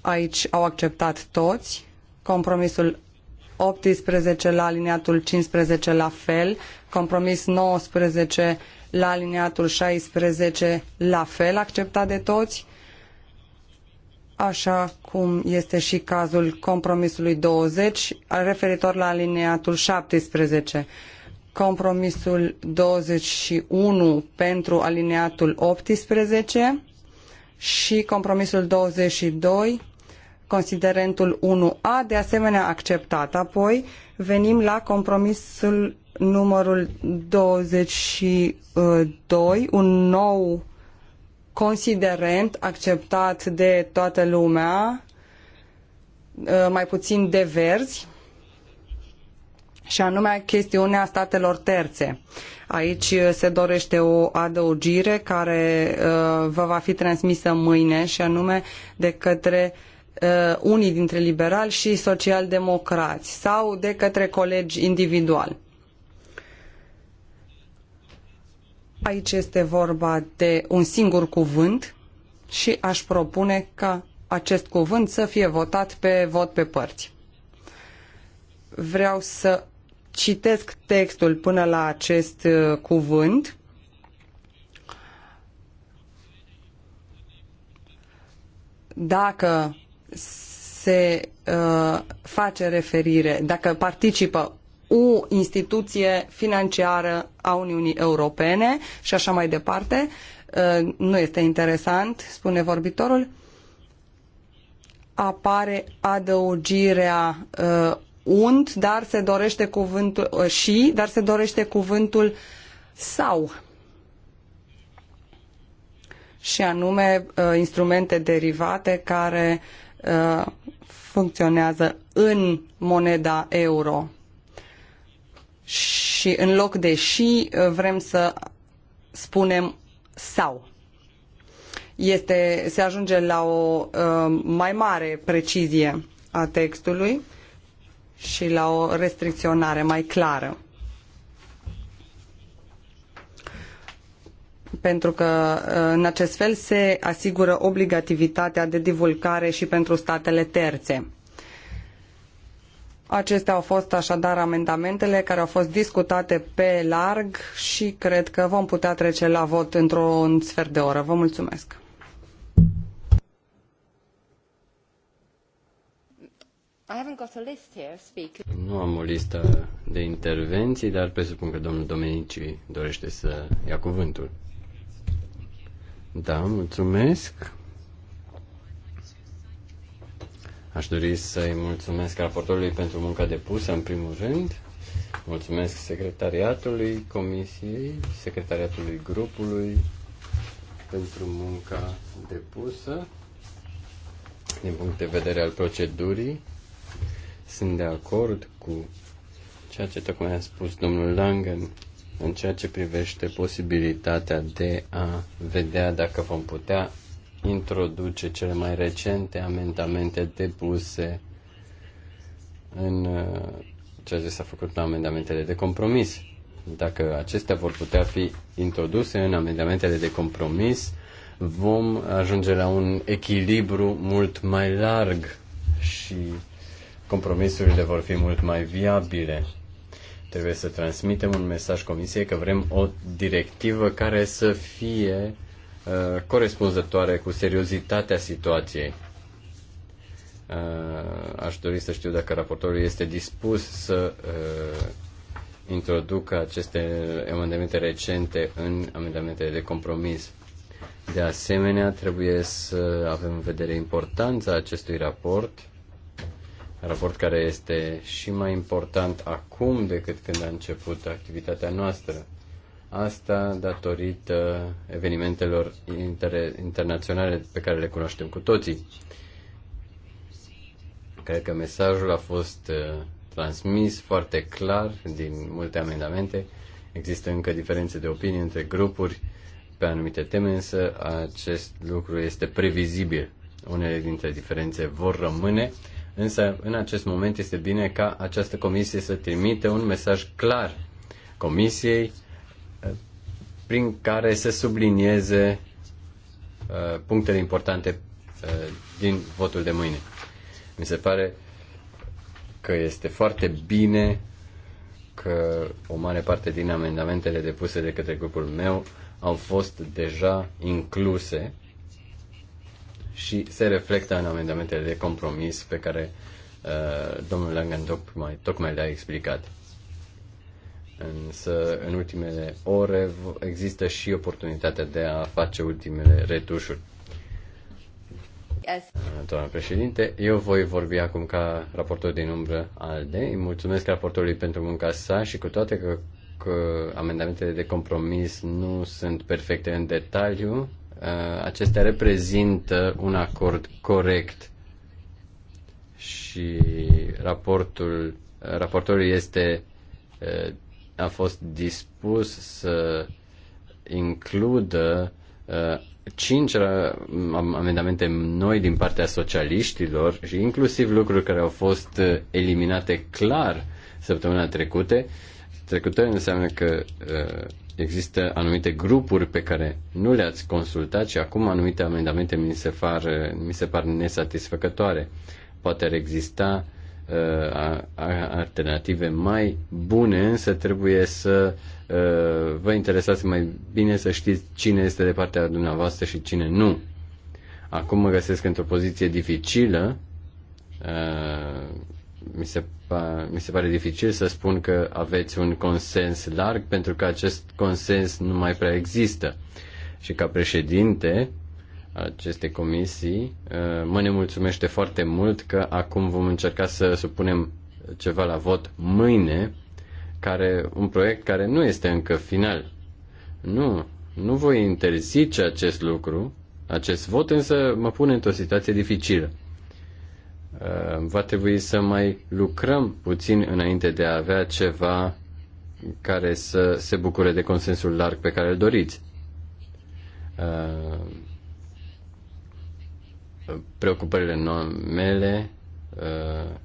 S2: aici au acceptat toți. Compromisul 18 la aliniatul 15 la fel, compromis 19 la aliniatul 16 la fel, acceptat de toți, așa cum este și cazul compromisului 20 referitor la aliniatul 17 compromisul 21 pentru alineatul 18 și compromisul 22 considerentul 1A, de asemenea acceptat. Apoi venim la compromisul numărul 22, un nou considerent acceptat de toată lumea, mai puțin de verzi și anume chestiunea statelor terțe. Aici se dorește o adăugire care uh, vă va fi transmisă mâine și anume de către uh, unii dintre liberali și socialdemocrați sau de către colegi individual. Aici este vorba de un singur cuvânt și aș propune ca acest cuvânt să fie votat pe vot pe părți vreau să citesc textul până la acest uh, cuvânt. Dacă se uh, face referire, dacă participă o instituție financiară a Uniunii Europene și așa mai departe, uh, nu este interesant, spune vorbitorul, apare adăugirea uh, und, dar se dorește cuvântul uh, și, dar se dorește cuvântul sau. Și anume uh, instrumente derivate care uh, funcționează în moneda euro. Și în loc de și vrem să spunem sau. Este, se ajunge la o mai mare precizie a textului și la o restricționare mai clară. pentru că uh, în acest fel se asigură obligativitatea de divulgare și pentru statele terțe. Acestea au fost așadar amendamentele care au fost discutate pe larg și cred că vom putea trece la vot într-un sfert de oră. Vă mulțumesc!
S1: Nu am o listă de intervenții, dar presupun că domnul Domenici dorește să ia cuvântul. Da, mulțumesc. Aș dori să-i mulțumesc raportorului pentru munca depusă, în primul rând. Mulțumesc secretariatului comisiei, secretariatului grupului pentru munca depusă din punct de vedere al procedurii. Sunt de acord cu ceea ce tocmai a spus domnul Langen în ceea ce privește posibilitatea de a vedea dacă vom putea introduce cele mai recente amendamente depuse în uh, ceea ce s-a făcut la amendamentele de compromis. Dacă acestea vor putea fi introduse în amendamentele de compromis, vom ajunge la un echilibru mult mai larg și compromisurile vor fi mult mai viabile. Trebuie să transmitem un mesaj Comisiei că vrem o directivă care să fie uh, corespunzătoare cu seriozitatea situației. Uh, aș dori să știu dacă raportorul este dispus să uh, introducă aceste amendamente recente în amendamentele de compromis. De asemenea, trebuie să avem în vedere importanța acestui raport raport care este și mai important acum decât când a început activitatea noastră. Asta datorită evenimentelor inter- internaționale pe care le cunoaștem cu toții. Cred că mesajul a fost uh, transmis foarte clar din multe amendamente. Există încă diferențe de opinie între grupuri pe anumite teme, însă acest lucru este previzibil. Unele dintre diferențe vor rămâne, Însă, în acest moment este bine ca această comisie să trimite un mesaj clar comisiei uh, prin care să sublinieze uh, punctele importante uh, din votul de mâine. Mi se pare că este foarte bine că o mare parte din amendamentele depuse de către grupul meu au fost deja incluse și se reflectă în amendamentele de compromis pe care uh, domnul Langan tocmai, tocmai le-a explicat. Însă, în ultimele ore există și oportunitatea de a face ultimele retușuri. Yes. Doamna președinte, eu voi vorbi acum ca raportor din umbră ALDE. Îi mulțumesc raportorului pentru munca sa și cu toate că, că amendamentele de compromis nu sunt perfecte în detaliu, Uh, acestea reprezintă un acord corect și raportul, uh, raportorul este uh, a fost dispus să includă cinci amendamente noi din partea socialiștilor și inclusiv lucruri care au fost eliminate clar săptămâna trecute. Trecută înseamnă că există anumite grupuri pe care nu le-ați consultat și acum anumite amendamente mi se, far, mi se par nesatisfăcătoare. Poate ar exista uh, alternative mai bune, însă trebuie să uh, vă interesați mai bine să știți cine este de partea dumneavoastră și cine nu. Acum mă găsesc într-o poziție dificilă. Uh, mi se, mi se pare dificil să spun că aveți un consens larg, pentru că acest consens nu mai prea există. Și ca președinte aceste comisii, uh, mă ne mulțumește foarte mult că acum vom încerca să supunem ceva la vot mâine, care, un proiect care nu este încă final. Nu, nu voi interzice acest lucru, acest vot, însă mă pune într-o situație dificilă. Ehm, va trebui să mai lucrăm puțin înainte de a avea ceva care să se bucure de consensul larg pe care îl doriți. Ehm, preocupările mele ehm,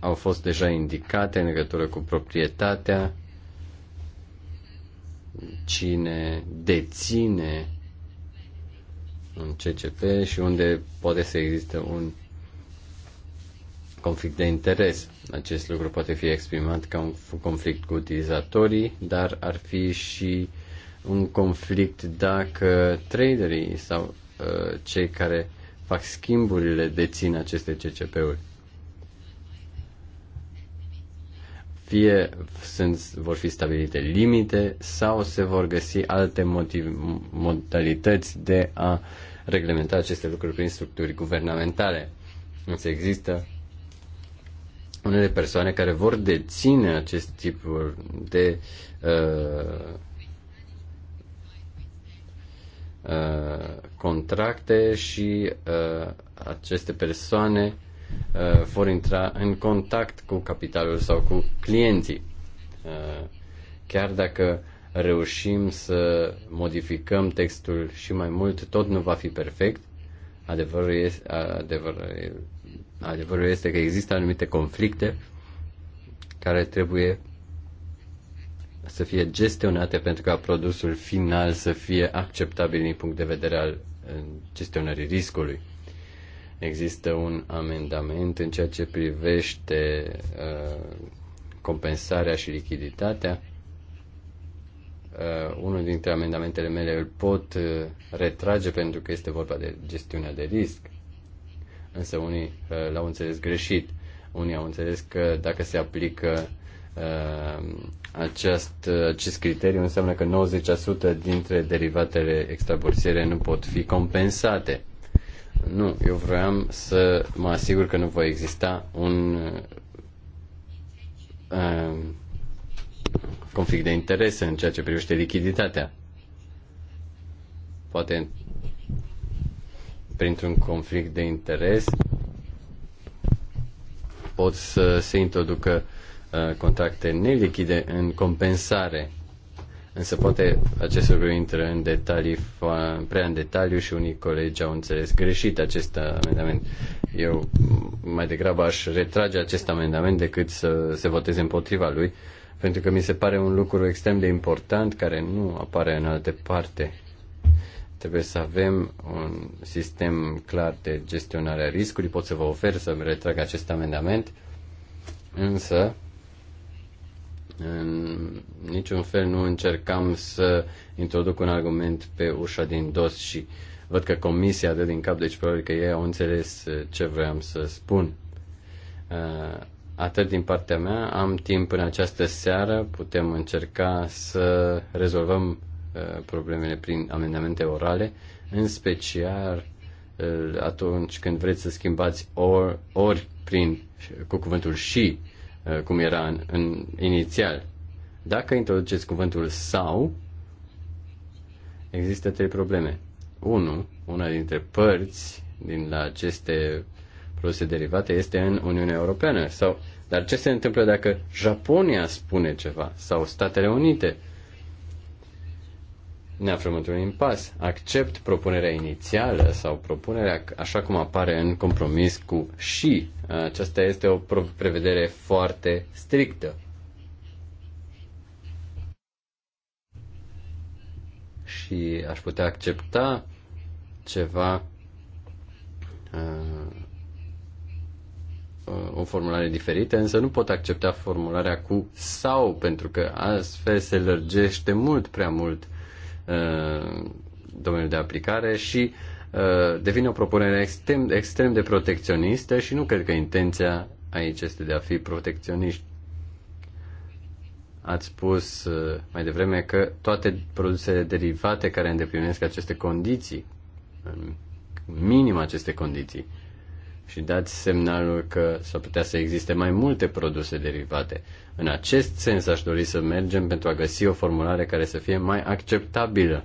S1: au fost deja indicate în legătură cu proprietatea, cine deține în CCP și unde poate să existe un conflict de interes. Acest lucru poate fi exprimat ca un conflict cu utilizatorii, dar ar fi și un conflict dacă traderii sau uh, cei care fac schimburile dețin aceste CCP-uri. Fie sunt, vor fi stabilite limite sau se vor găsi alte motiv, modalități de a uh, reglementa aceste lucruri prin structuri guvernamentale. Însă există unele persoane care vor deține acest tip de uh, uh, contracte și uh, aceste persoane uh, vor intra în contact cu capitalul sau cu clienții. Uh, chiar dacă uh, reușim să modificăm textul și mai mult, tot nu va fi perfect. Adevărul este, adevărul, adevărul este că există anumite conflicte care trebuie să fie gestionate pentru ca produsul final să fie acceptabil din punct de vedere al gestionării riscului. Există un amendament în ceea ce privește uh, compensarea și lichiditatea uh, unul dintre amendamentele mele îl pot uh, retrage pentru că este vorba de gestiunea de risc. Însă unii uh, l-au înțeles greșit. Unii au înțeles că dacă se aplică uh, acest, uh, acest criteriu, înseamnă că 90% dintre derivatele extrabursiere nu pot fi compensate. Nu, eu vroiam să mă asigur că nu va exista un uh, conflict de interese în ceea ce privește lichiditatea. Poate printr-un conflict de interes pot să se introducă uh, contracte nelichide în compensare. Însă poate acest lucru intră în detalii, prea în detaliu și unii colegi au înțeles greșit acest amendament. Eu mai degrabă aș retrage acest amendament decât să se voteze împotriva lui, pentru că mi se pare un lucru extrem de important care nu apare în alte parte. Trebuie să avem un sistem clar de gestionare a riscului. Pot să vă ofer să-mi retrag acest amendament, însă în niciun fel nu încercam să introduc un argument pe ușa din dos și văd că comisia dă din cap, deci probabil că ei au înțeles ce vreau să spun. Uh, Atât din partea mea, am timp în această seară, putem încerca să rezolvăm uh, problemele prin amendamente orale, în special uh, atunci când vreți să schimbați ori, ori prin, cu cuvântul și, uh, cum era în, în inițial. Dacă introduceți cuvântul sau, există trei probleme. 1. Una dintre părți din la aceste produse derivate este în Uniunea Europeană. Sau, dar ce se întâmplă dacă Japonia spune ceva sau Statele Unite? Ne aflăm într-un impas. Accept propunerea inițială sau propunerea așa cum apare în compromis cu și. Aceasta este o prevedere foarte strictă. și aș putea accepta ceva uh, Uh, o formulare diferită, însă nu pot accepta formularea cu sau, pentru că astfel se lărgește mult prea mult uh, domeniul de aplicare și uh, devine o propunere extrem, extrem de protecționistă și nu cred că intenția aici este de a fi protecționiști. Ați spus uh, mai devreme că toate produsele derivate care îndeplinesc aceste condiții, minim aceste condiții, și dați semnalul că s-ar putea să existe mai multe produse derivate. În acest sens aș dori să mergem pentru a găsi o formulare care să fie mai acceptabilă.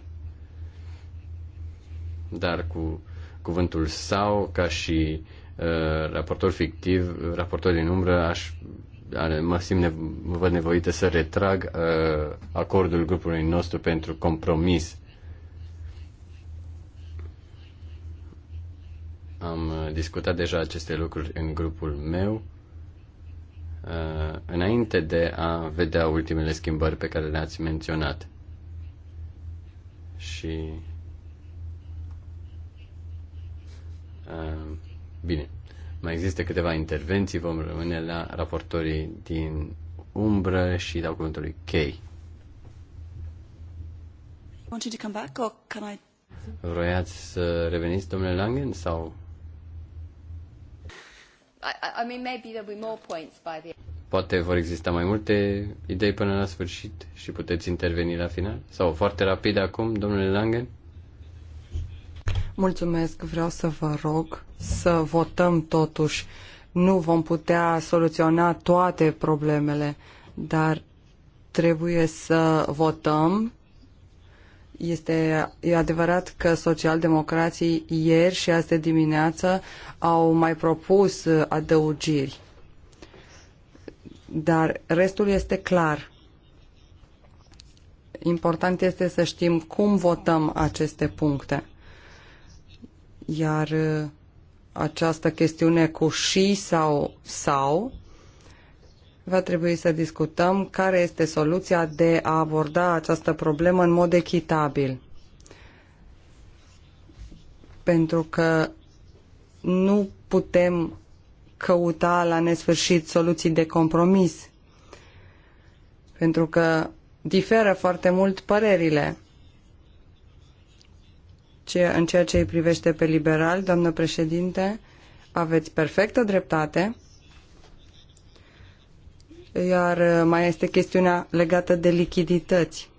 S1: Dar cu cuvântul sau, ca și uh, raportor fictiv, raportor din umbră, aș, are, mă simt nevo- văd nevoită să retrag uh, acordul grupului nostru pentru compromis. Am uh, discutat deja aceste lucruri în grupul meu. Uh, înainte de a vedea ultimele schimbări pe care le-ați menționat. Și. Uh, bine. Mai există câteva intervenții, vom rămâne la raportorii din umbră și dau cuvântul lui Kay. Vroiați să reveniți, domnule Langen, sau I, I mean, maybe there'll be more points by the... Poate vor exista mai multe idei până la sfârșit și puteți interveni la final? Sau foarte rapid acum, domnule Langen?
S2: Mulțumesc, vreau să vă rog să votăm totuși. Nu vom putea soluționa toate problemele, dar trebuie să votăm este e adevărat că socialdemocrații ieri și azi de dimineață au mai propus adăugiri. Dar restul este clar. Important este să știm cum votăm aceste puncte. Iar uh, această chestiune cu și sau sau va trebui să discutăm care este soluția de a aborda această problemă în mod echitabil. Pentru că nu putem căuta la nesfârșit soluții de compromis. Pentru că diferă foarte mult părerile. Ce, în ceea ce îi privește pe liberal, doamnă președinte, aveți perfectă dreptate. Iar uh, mai este chestiunea legată de lichidități,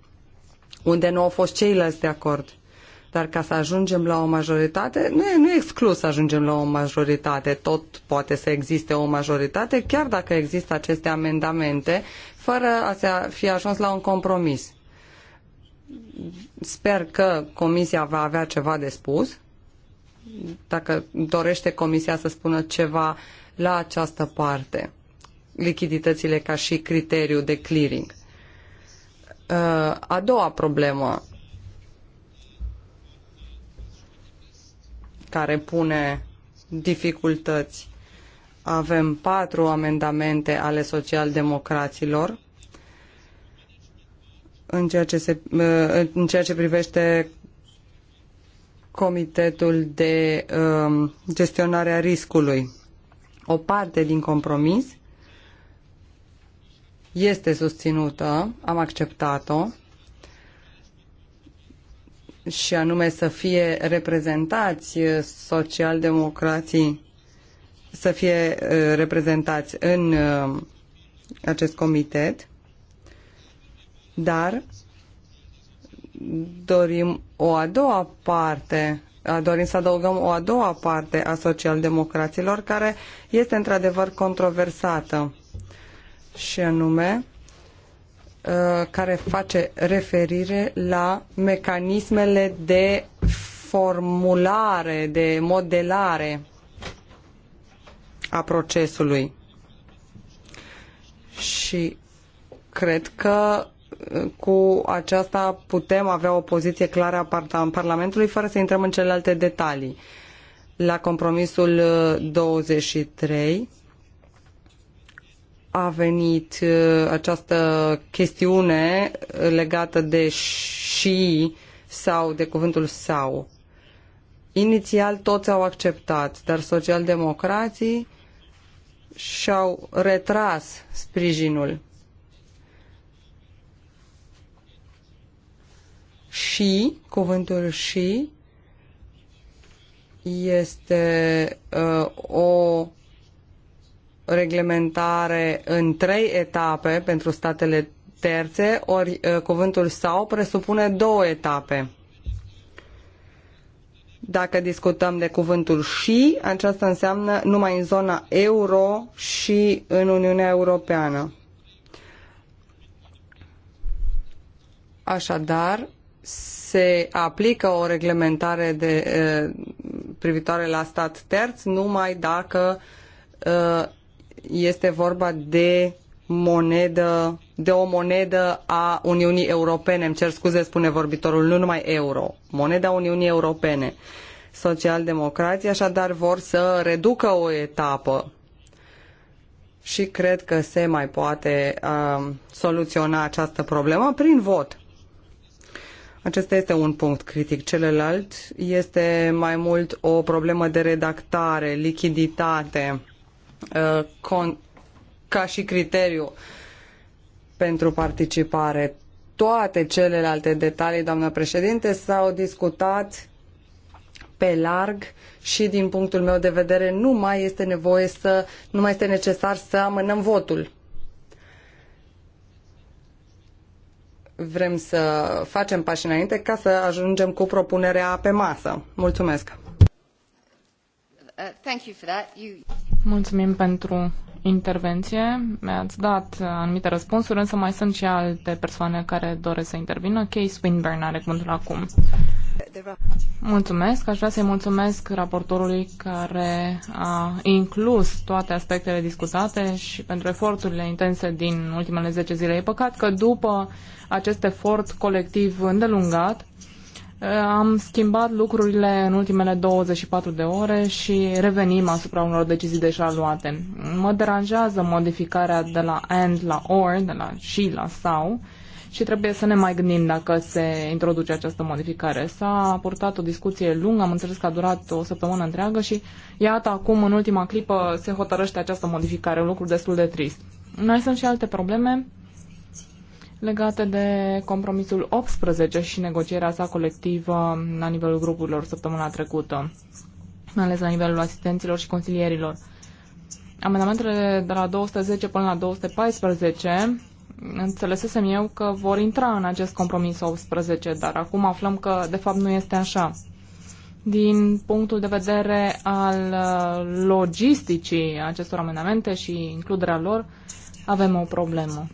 S2: unde nu au fost ceilalți de acord. Dar ca să ajungem la o majoritate, nu e, nu e exclus să ajungem la o majoritate. Tot poate să existe o majoritate, chiar dacă există aceste amendamente, fără a se fi ajuns la un compromis. Sper că Comisia va avea ceva de spus. Dacă dorește Comisia să spună ceva la această parte lichiditățile ca și criteriu de clearing. Uh, a doua problemă care pune dificultăți. Avem patru amendamente ale socialdemocraților în ceea ce, se, uh, în ceea ce privește Comitetul de um, Gestionare a Riscului. O parte din compromis este susținută, am acceptat-o, și anume să fie reprezentați socialdemocrații, să fie uh, reprezentați în uh, acest comitet, dar dorim o a doua parte, dorim să adăugăm o a doua parte a socialdemocraților care este într-adevăr controversată și anume uh, care face referire la mecanismele de formulare, de modelare a procesului. Și cred că uh, cu aceasta putem avea o poziție clară a Parlamentului fără să intrăm în celelalte detalii. La compromisul 23 uh, a venit uh, această chestiune legată de și sau de cuvântul sau. Inițial toți au acceptat, dar socialdemocrații și-au retras sprijinul. Și, cuvântul și, este uh, o reglementare în trei etape pentru statele terțe, ori cuvântul sau presupune două etape. Dacă discutăm de cuvântul și, aceasta înseamnă numai în zona euro și în Uniunea Europeană. Așadar, se aplică o reglementare de, privitoare la stat terț numai dacă este vorba de monedă, de o monedă a Uniunii Europene, îmi cer scuze, spune vorbitorul, nu numai euro, moneda Uniunii Europene. Socialdemocrații așadar vor să reducă o etapă și cred că se mai poate uh, soluționa această problemă prin vot. Acesta este un punct critic. Celălalt este mai mult o problemă de redactare, lichiditate Uh, ca și criteriu pentru participare. Toate celelalte detalii, doamnă președinte, s-au discutat pe larg și din punctul meu de vedere nu mai este nevoie să, nu mai este necesar să amânăm votul. Vrem să facem pași înainte ca să ajungem cu propunerea pe masă. Mulțumesc!
S1: Uh,
S3: Mulțumim pentru intervenție. Mi-ați dat uh, anumite răspunsuri, însă mai sunt și alte persoane care doresc să intervină. Case Swinburne are cuvântul acum. Mulțumesc. Aș vrea să-i mulțumesc raportorului care a inclus toate aspectele discutate și pentru eforturile intense din ultimele 10 zile. E păcat că după acest efort colectiv îndelungat, Uh, am schimbat lucrurile în ultimele 24 de ore și revenim asupra unor decizii deja luate. Mă deranjează modificarea de la and la or, de la și la sau, și trebuie să ne mai gândim dacă se introduce această modificare. S-a purtat o discuție lungă, am înțeles că a durat o săptămână întreagă și iată acum, în ultima clipă, se hotărăște această modificare, un lucru destul de trist. Mai sunt și alte probleme legate de compromisul 18 și negocierea sa colectivă la nivelul grupurilor săptămâna trecută, mai ales la nivelul asistenților și consilierilor. Amendamentele de la 210 până la 214 înțelesesem eu că vor intra în acest compromis 18, dar acum aflăm că de fapt nu este așa. Din punctul de vedere al uh, logisticii acestor amendamente și includerea lor, avem o problemă.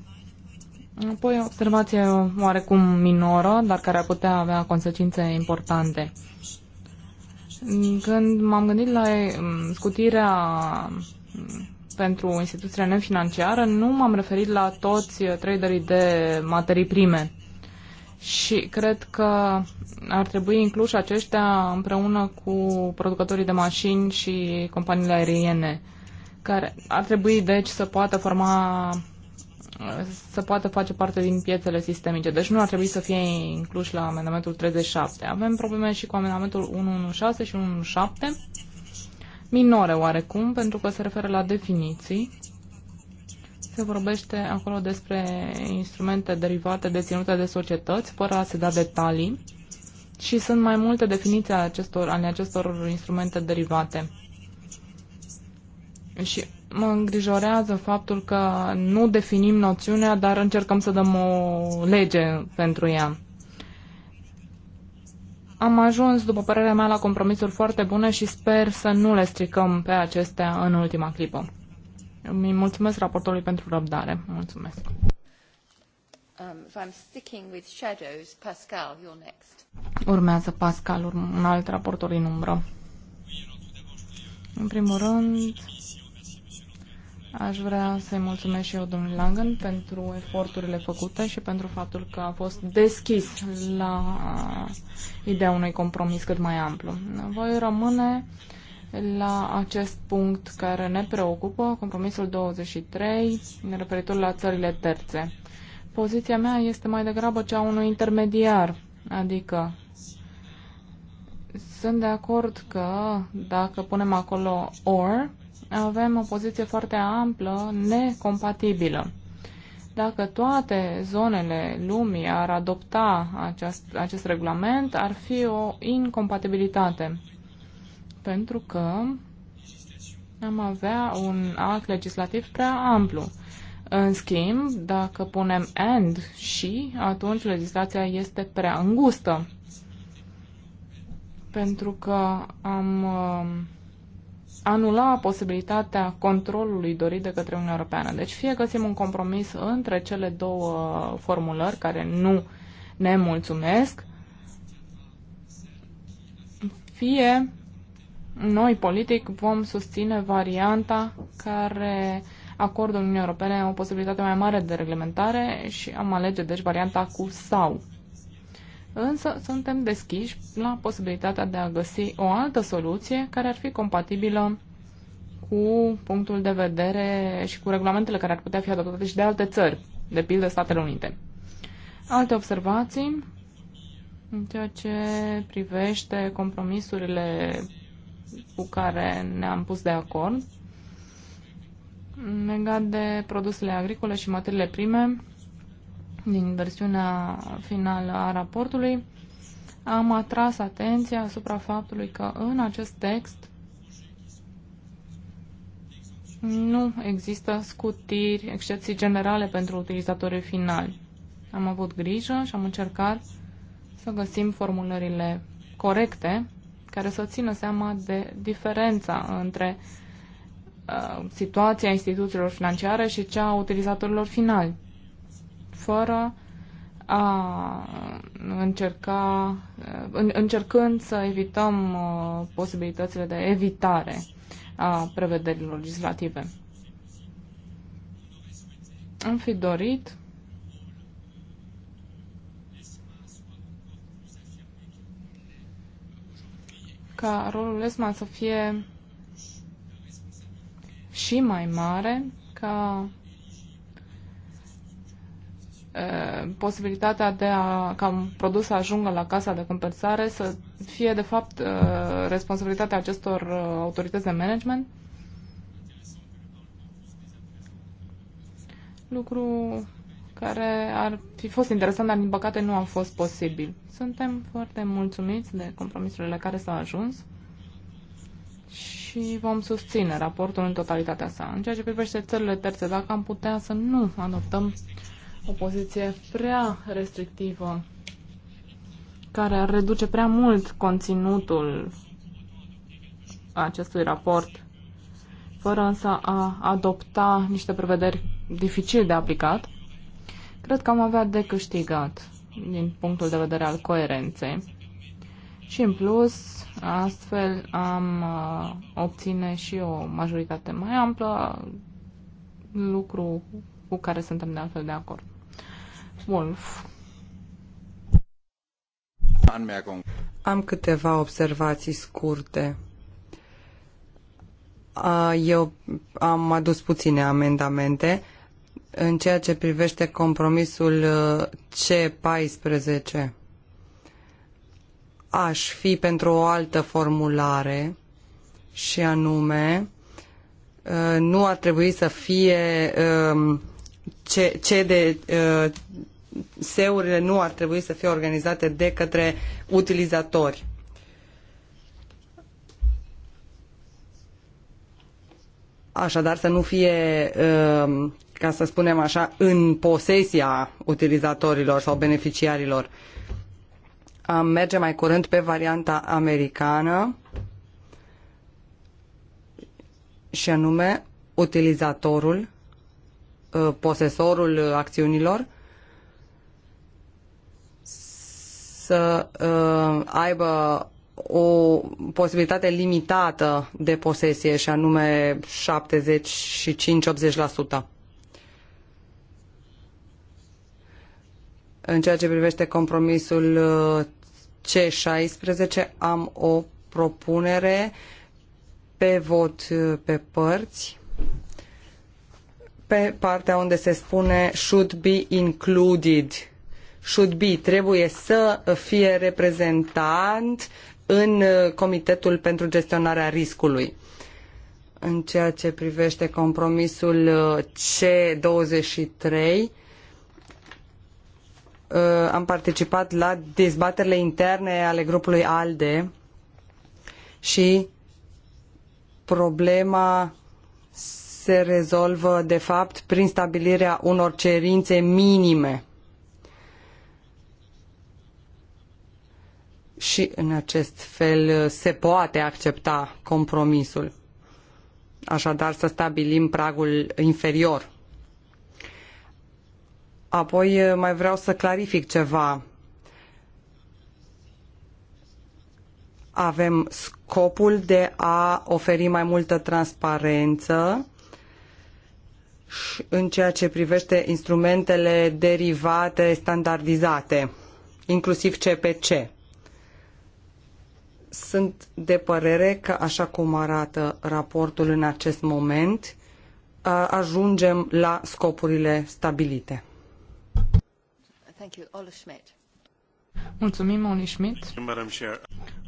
S3: Apoi o observație oarecum minoră, dar care ar putea avea consecințe importante. Când m-am gândit la mm, scutirea mm, pentru instituția nefinanciară, nu m-am referit la toți traderii de materii prime. Și cred că ar trebui incluși aceștia împreună cu producătorii de mașini și companiile aeriene, care ar trebui, deci, să poată forma să poată face parte din piețele sistemice. Deci nu ar trebui să fie inclus la amendamentul 37. Avem probleme și cu amendamentul 116 și 117, minore oarecum, pentru că se referă la definiții. Se vorbește acolo despre instrumente derivate deținute de societăți, fără a se da detalii, și sunt mai multe definiții ale acestor, ale acestor instrumente derivate. Și mă îngrijorează faptul că nu definim noțiunea, dar încercăm să dăm o lege pentru ea. Am ajuns, după părerea mea, la compromisuri foarte bune și sper să nu le stricăm pe acestea în ultima clipă. Îmi mulțumesc raportului pentru răbdare. Mulțumesc.
S1: Um, shadows, Pascal,
S3: Urmează Pascal, un alt raportor în umbră. În primul rând, Aș vrea să-i mulțumesc și eu, domnul Langen, pentru eforturile făcute și pentru faptul că a fost deschis la uh, ideea unui compromis cât mai amplu. Voi rămâne la acest punct care ne preocupă, compromisul 23, referitor la țările terțe. Poziția mea este mai degrabă cea unui intermediar, adică sunt de acord că dacă punem acolo or, avem o poziție foarte amplă, necompatibilă. Dacă toate zonele lumii ar adopta acest, acest regulament, ar fi o incompatibilitate, pentru că am avea un act legislativ prea amplu. În schimb, dacă punem and și, atunci legislația este prea îngustă. Pentru că am uh, anula posibilitatea controlului dorit de către Uniunea Europeană. Deci fie găsim un compromis între cele două formulări care nu ne mulțumesc, fie noi politic vom susține varianta care acordă Uniunii Europene o posibilitate mai mare de reglementare și am alege deci varianta cu sau însă suntem deschiși la posibilitatea de a găsi o altă soluție care ar fi compatibilă cu punctul de vedere și cu regulamentele care ar putea fi adoptate și de alte țări, de pildă Statele Unite. Alte observații în ceea ce privește compromisurile cu care ne-am pus de acord legat de produsele agricole și materiile prime, din versiunea finală a raportului, am atras atenția asupra faptului că în acest text nu există scutiri, excepții generale pentru utilizatorii finali. Am avut grijă și am încercat să găsim formulările corecte care să țină seama de diferența între uh, situația instituțiilor financiare și cea a utilizatorilor finali fără a încerca, în, încercând să evităm uh, posibilitățile de evitare a prevederilor legislative. Am fi dorit ca rolul ESMA să fie și mai mare, ca posibilitatea de a, ca un produs să ajungă la casa de compensare să fie, de fapt, responsabilitatea acestor autorități de management? Lucru care ar fi fost interesant, dar din păcate nu a fost posibil. Suntem foarte mulțumiți de compromisurile la care s au ajuns și vom susține raportul în totalitatea sa. În ceea ce privește țările terțe, dacă am putea să nu adoptăm uh, o poziție prea restrictivă care ar reduce prea mult conținutul acestui raport, fără însă a adopta niște prevederi dificil de aplicat, cred că am avea de câștigat din punctul de vedere al coerenței. Și în plus, astfel am uh, obține și o majoritate mai amplă, lucru cu care suntem de altfel de acord. Wolf.
S2: Am câteva observații scurte. Eu am adus puține amendamente în ceea ce privește compromisul uh, C14. Aș fi pentru o altă formulare și anume uh, nu ar trebui să fie ce, um, ce de uh, SEU-urile nu ar trebui să fie organizate de către utilizatori. Așadar să nu fie, um, ca să spunem așa, în posesia utilizatorilor sau beneficiarilor. Am merge mai curând pe varianta americană și anume utilizatorul, uh, posesorul acțiunilor să uh, aibă o posibilitate limitată de posesie, și anume 75-80%. În ceea ce privește compromisul uh, C16, am o propunere pe vot uh, pe părți, pe partea unde se spune should be included should be, trebuie să fie reprezentant în uh, Comitetul pentru gestionarea riscului. În ceea ce privește compromisul uh, C23, uh, am participat la dezbaterile interne ale grupului ALDE și problema se rezolvă, de fapt, prin stabilirea unor cerințe minime și în acest fel se poate accepta compromisul. Așadar să stabilim pragul inferior. Apoi mai vreau să clarific ceva. Avem scopul de a oferi mai multă transparență în ceea ce privește instrumentele derivate standardizate, inclusiv CPC sunt de părere că, așa cum arată raportul în acest moment, ajungem
S3: la scopurile stabilite. Mulțumim, Oli Schmidt.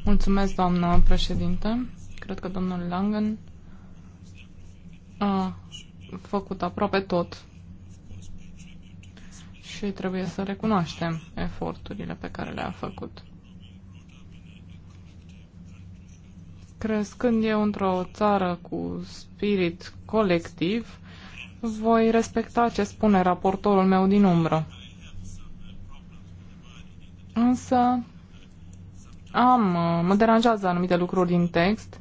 S3: Mulțumesc, doamnă președinte. Cred că domnul Langen a făcut aproape tot și trebuie să recunoaștem eforturile pe care le-a făcut. Crescând eu într-o țară cu spirit colectiv, voi respecta ce spune raportorul meu din umbră. Însă am, mă deranjează anumite lucruri din text,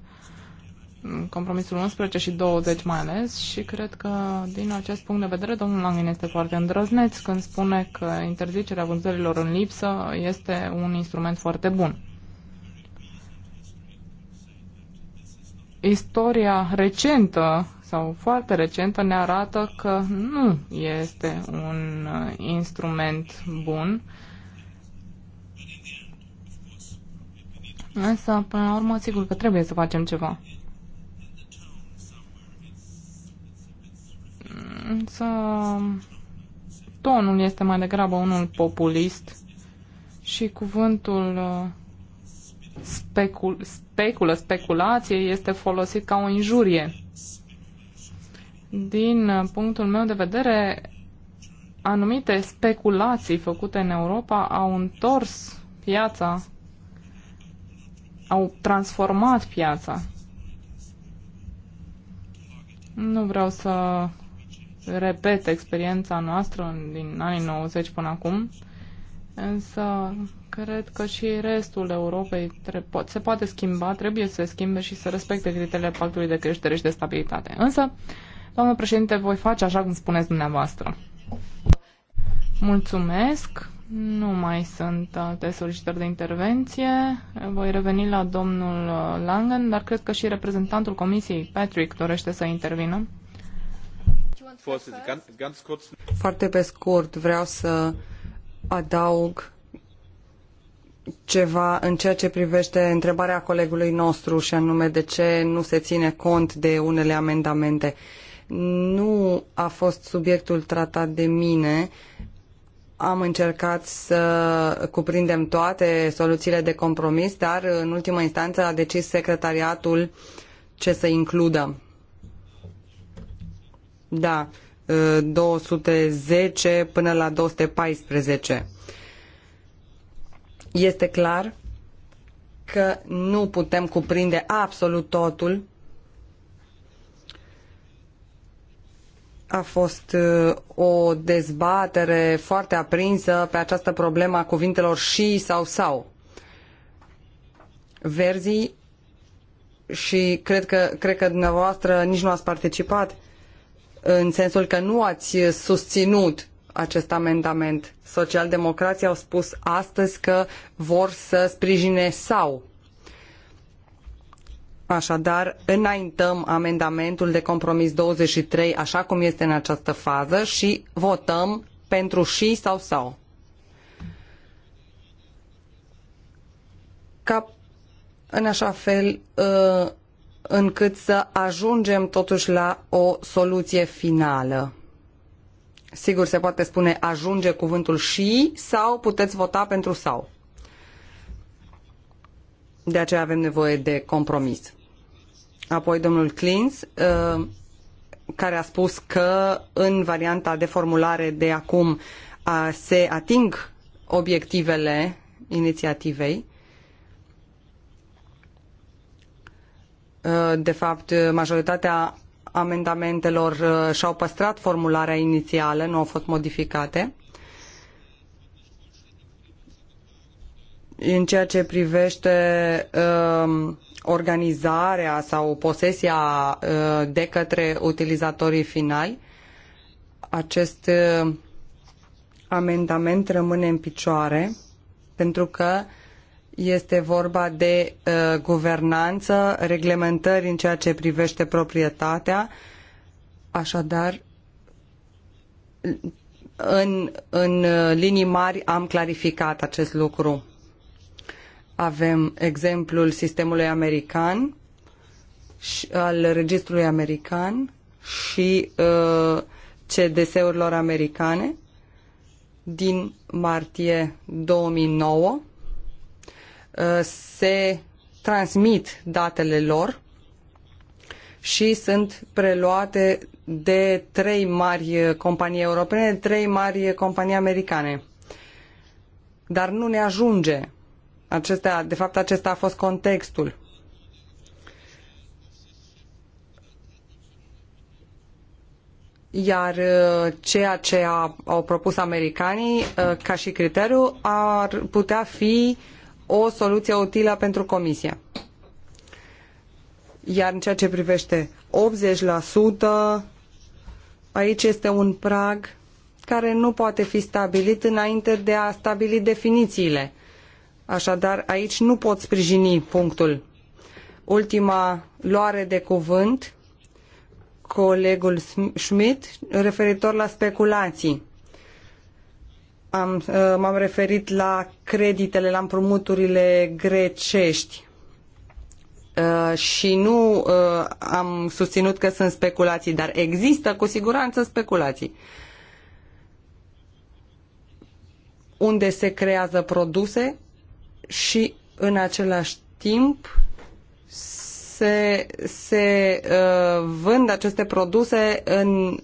S3: compromisul 11 și 20 mai ales, și cred că din acest punct de vedere domnul Langin este foarte îndrăzneț când spune că interzicerea vânzărilor în lipsă este un instrument foarte bun. istoria recentă sau foarte recentă ne arată că nu este un uh, instrument bun. Însă, până la urmă, sigur că trebuie să facem ceva. Însă, tonul este mai degrabă unul populist și cuvântul uh, specul, specul speculă, speculație, este folosit ca o injurie. Din punctul meu de vedere, anumite speculații făcute în Europa au întors piața, au transformat piața. Nu vreau să repet experiența noastră din anii 90 până acum, însă Cred că și restul Europei se poate schimba, trebuie să se schimbe și să respecte criteriile Pactului de Creștere și de Stabilitate. Însă, doamnă președinte, voi face așa cum spuneți dumneavoastră. Mulțumesc. Nu mai sunt alte solicitări de intervenție. Voi reveni la domnul Langen, dar cred că și reprezentantul Comisiei, Patrick, dorește să intervină. Foarte pe scurt, vreau să adaug
S2: ceva în ceea ce privește întrebarea colegului nostru și anume de ce nu se ține cont de unele amendamente. Nu a fost subiectul tratat de mine. Am încercat să cuprindem toate soluțiile de compromis, dar în ultima instanță a decis secretariatul ce să includă. Da, 210 până la 214 este clar că nu putem cuprinde absolut totul. A fost uh, o dezbatere foarte aprinsă pe această problemă a cuvintelor și sau sau. Verzii și cred că, cred că dumneavoastră nici nu ați participat în sensul că nu ați susținut acest amendament. Socialdemocrații au spus astăzi că vor să sprijine sau. Așadar, înaintăm amendamentul de compromis 23 așa cum este în această fază și votăm pentru și sau sau. Ca în așa fel ă, încât să ajungem totuși la o soluție finală. Sigur, se poate spune ajunge cuvântul și sau puteți vota pentru sau. De aceea avem nevoie de compromis. Apoi domnul Clins, uh, care a spus că în varianta de formulare de acum se ating obiectivele inițiativei. Uh, de fapt, majoritatea amendamentelor uh, și-au păstrat formularea inițială, nu au fost modificate. În ceea ce privește uh, organizarea sau posesia uh, de către utilizatorii finali, acest uh, amendament rămâne în picioare pentru că este vorba de uh, guvernanță, reglementări în ceea ce privește proprietatea. Așadar, în, în uh, linii mari am clarificat acest lucru. Avem exemplul sistemului american, al registrului american și uh, CDS-urilor americane din martie 2009 Uh, se transmit datele lor și sunt preluate de trei mari companii europene, trei mari companii americane. Dar nu ne ajunge. Acestea, de fapt, acesta a fost contextul. Iar uh, ceea ce a, au propus americanii uh, ca și criteriu ar putea fi uh, o soluție utilă pentru Comisie. Iar în ceea ce privește 80%, aici este un prag care nu poate fi stabilit înainte de a stabili definițiile. Așadar, aici nu pot sprijini punctul. Ultima luare de cuvânt, colegul Schmidt, referitor la speculații. Am, uh, m-am referit la creditele, la împrumuturile grecești uh, și nu uh, am susținut că sunt speculații, dar există cu siguranță speculații. Unde se creează produse și în același timp se, se vând aceste produse în,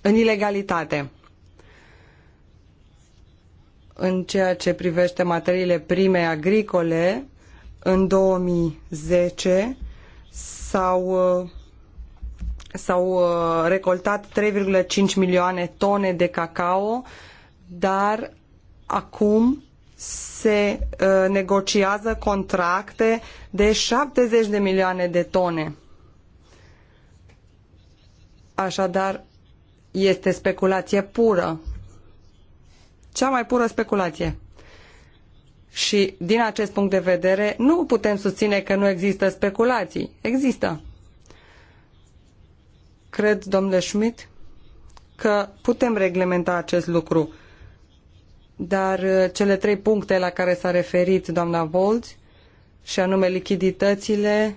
S2: în ilegalitate în ceea ce privește materiile prime agricole, în 2010 s-au, uh, s-au uh, recoltat 3,5 milioane tone de cacao, dar acum se uh, negociază contracte de 70 de milioane de tone. Așadar, este speculație pură cea mai pură speculație. Și din acest punct de vedere nu putem susține că nu există speculații. Există. Cred, domnule Schmidt, că putem reglementa acest lucru. Dar uh, cele trei puncte la care s-a referit doamna Volz și anume lichiditățile,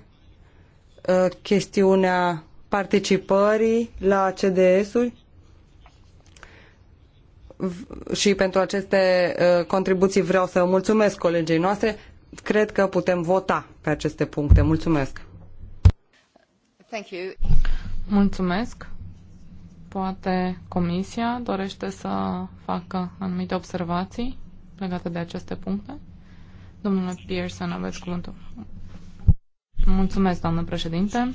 S2: uh, chestiunea participării la CDS-uri, și pentru aceste uh, contribuții vreau să mulțumesc colegii noastre. Cred că putem vota pe aceste puncte. Mulțumesc!
S3: Thank you. Mulțumesc! Poate Comisia dorește să facă anumite observații legate de aceste puncte? Domnule Pearson, aveți cuvântul. Mulțumesc, doamnă președinte.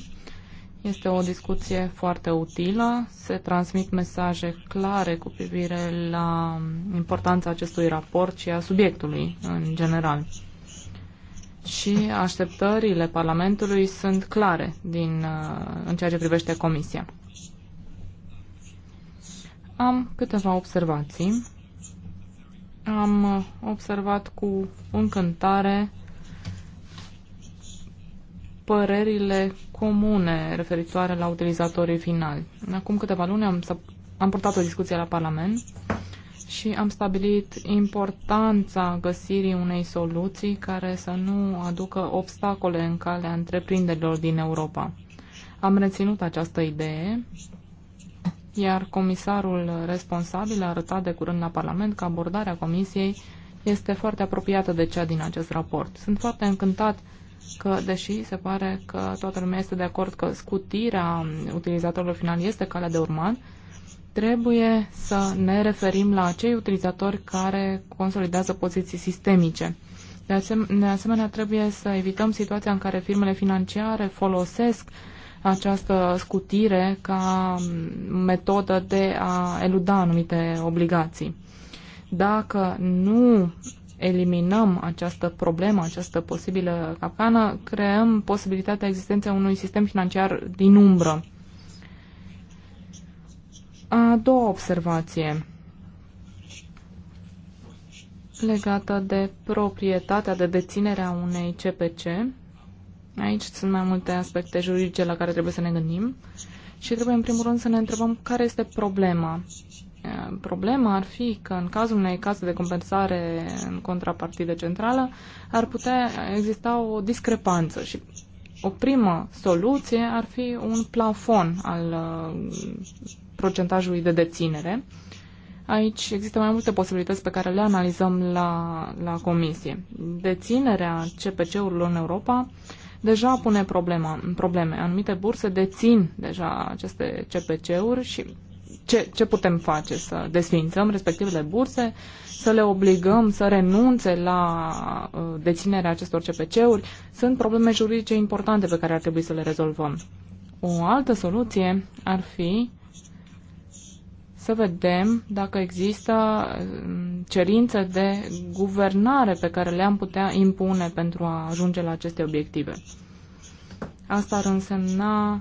S3: Este o discuție foarte utilă, se transmit mesaje clare cu privire la importanța acestui raport și a subiectului în general. Și așteptările Parlamentului sunt clare din, uh, în ceea ce privește Comisia. Am câteva observații. Am observat cu încântare părerile comune referitoare la utilizatorii finali. Acum câteva luni am, am purtat o discuție la Parlament și am stabilit importanța găsirii unei soluții care să nu aducă obstacole în calea întreprinderilor din Europa. Am reținut această idee, iar comisarul responsabil a arătat de curând la Parlament că abordarea Comisiei este foarte apropiată de cea din acest raport. Sunt foarte încântat că, deși se pare că toată lumea este de acord că scutirea utilizatorilor final este calea de urmat, trebuie să ne referim la acei utilizatori care consolidează poziții sistemice. De, asem- de asemenea, trebuie să evităm situația în care firmele financiare folosesc această scutire ca metodă de a eluda anumite obligații. Dacă nu eliminăm această problemă, această posibilă capcană, creăm posibilitatea existenței unui sistem financiar din umbră. A doua observație legată de proprietatea de deținerea unei CPC. Aici sunt mai multe aspecte juridice la care trebuie să ne gândim și trebuie în primul rând să ne întrebăm care este problema. Problema ar fi că în cazul unei case de compensare în contrapartidă centrală ar putea exista o discrepanță și o primă soluție ar fi un plafon al uh, procentajului de deținere. Aici există mai multe posibilități pe care le analizăm la, la comisie. Deținerea CPC-urilor în Europa deja pune problema, probleme. Anumite burse dețin deja aceste CPC-uri și ce, ce putem face? Să desfințăm respectivele burse? Să le obligăm să renunțe la uh, deținerea acestor CPC-uri? Sunt probleme juridice importante pe care ar trebui să le rezolvăm. O altă soluție ar fi să vedem dacă există uh, cerințe de guvernare pe care le-am putea impune pentru a ajunge la aceste obiective. Asta ar însemna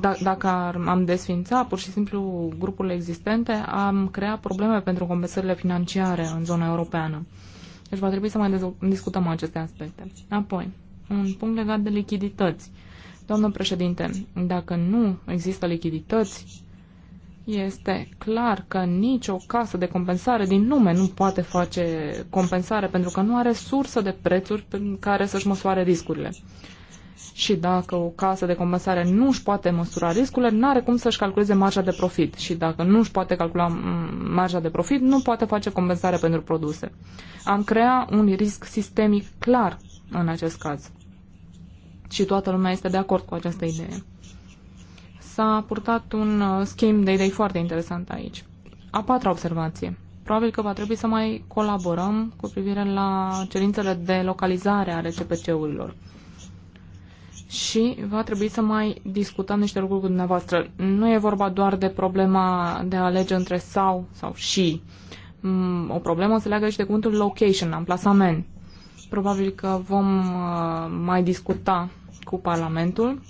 S3: da, dacă am desfința pur și simplu grupurile existente, am creat probleme pentru compensările financiare în zona europeană. Deci va trebui să mai discutăm aceste aspecte. Apoi, un punct legat de lichidități. Doamnă președinte, dacă nu există lichidități, este clar că nicio casă de compensare din lume nu poate face compensare pentru că nu are sursă de prețuri în care să-și măsoare riscurile și dacă o casă de compensare nu își poate măsura riscurile, nu are cum să-și calculeze marja de profit și dacă nu își poate calcula marja de profit, nu poate face compensare pentru produse. Am crea un risc sistemic clar în acest caz. Și toată lumea este de acord cu această idee. S-a purtat un uh, schimb de idei foarte interesant aici. A patra observație probabil că va trebui să mai colaborăm cu privire la cerințele de localizare a RCPC-urilor și va trebui să mai discutăm niște lucruri cu dumneavoastră. Nu e vorba doar de problema de a alege între sau sau și. Mm, o problemă se leagă și de cuvântul location, amplasament. Probabil că vom uh, mai discuta cu Parlamentul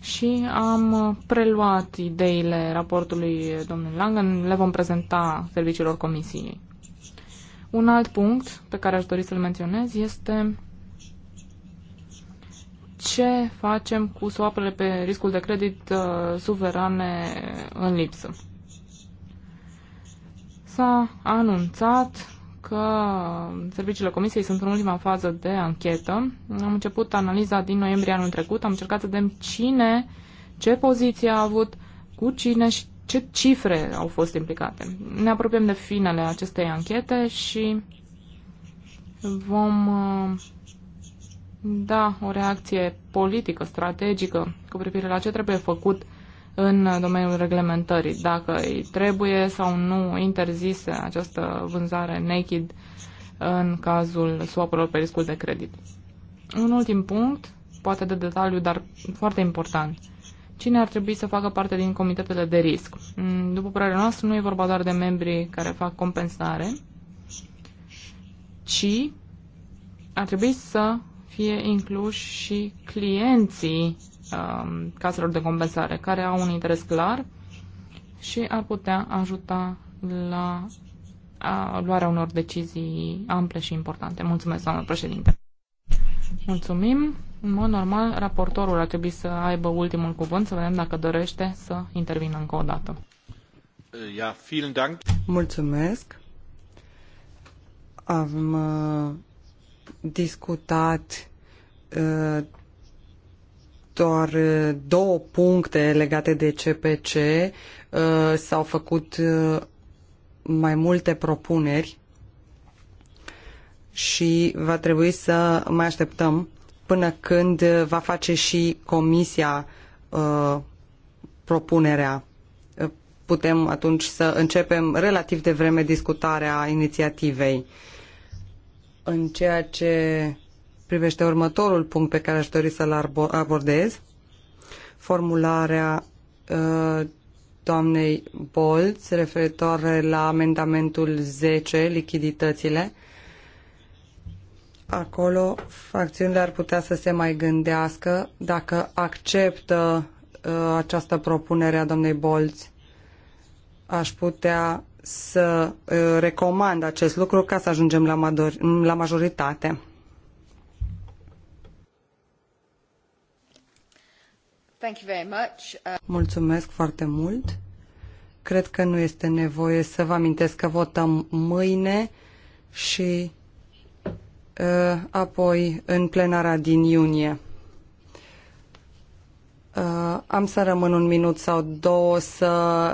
S3: și am uh, preluat ideile raportului domnului Langen, le vom prezenta serviciilor comisiei. Un alt punct pe care aș dori să-l menționez este ce facem cu soapele pe riscul de credit uh, suverane în lipsă. S-a anunțat că serviciile comisiei sunt în ultima fază de anchetă. Am început analiza din noiembrie anul trecut, am încercat să vedem cine, ce poziție a avut, cu cine și ce cifre au fost implicate. Ne apropiem de finele acestei anchete și vom uh, da o reacție politică, strategică, cu privire la ce trebuie făcut în domeniul reglementării, dacă îi trebuie sau nu interzise această vânzare naked în cazul swap-urilor pe riscul de credit. Un ultim punct, poate de detaliu, dar foarte important. Cine ar trebui să facă parte din comitetele de risc? După părerea noastră, nu e vorba doar de membrii care fac compensare, ci ar trebui să fie incluși și clienții um, caselor de compensare, care au un interes clar și ar putea ajuta la a, luarea unor decizii ample și importante. Mulțumesc, doamnă președinte. Mulțumim. În mod normal, raportorul ar trebui să aibă ultimul cuvânt, să vedem dacă dorește să intervină încă o dată. Ja, vielen Dank. Mulțumesc.
S2: Am uh discutat uh, doar uh, două puncte legate de CPC. Uh, s-au făcut mai multe propuneri și va trebui să mai așteptăm până când va face și comisia propunerea. Putem atunci să începem relativ devreme discutarea inițiativei. Uh, în ceea ce privește următorul punct pe care aș dori să-l abordez, formularea uh, doamnei Bolț referitoare la amendamentul 10, lichiditățile. Acolo facțiunile ar putea să se mai gândească dacă acceptă uh, această propunere a domnei Bolți. Aș putea să uh, recomand acest lucru ca să ajungem la, majoritate.
S3: Uh,
S2: Mulțumesc foarte mult. Cred că nu este nevoie să vă amintesc că votăm mâine și uh, apoi în plenara din iunie. Uh, am să rămân un minut sau două să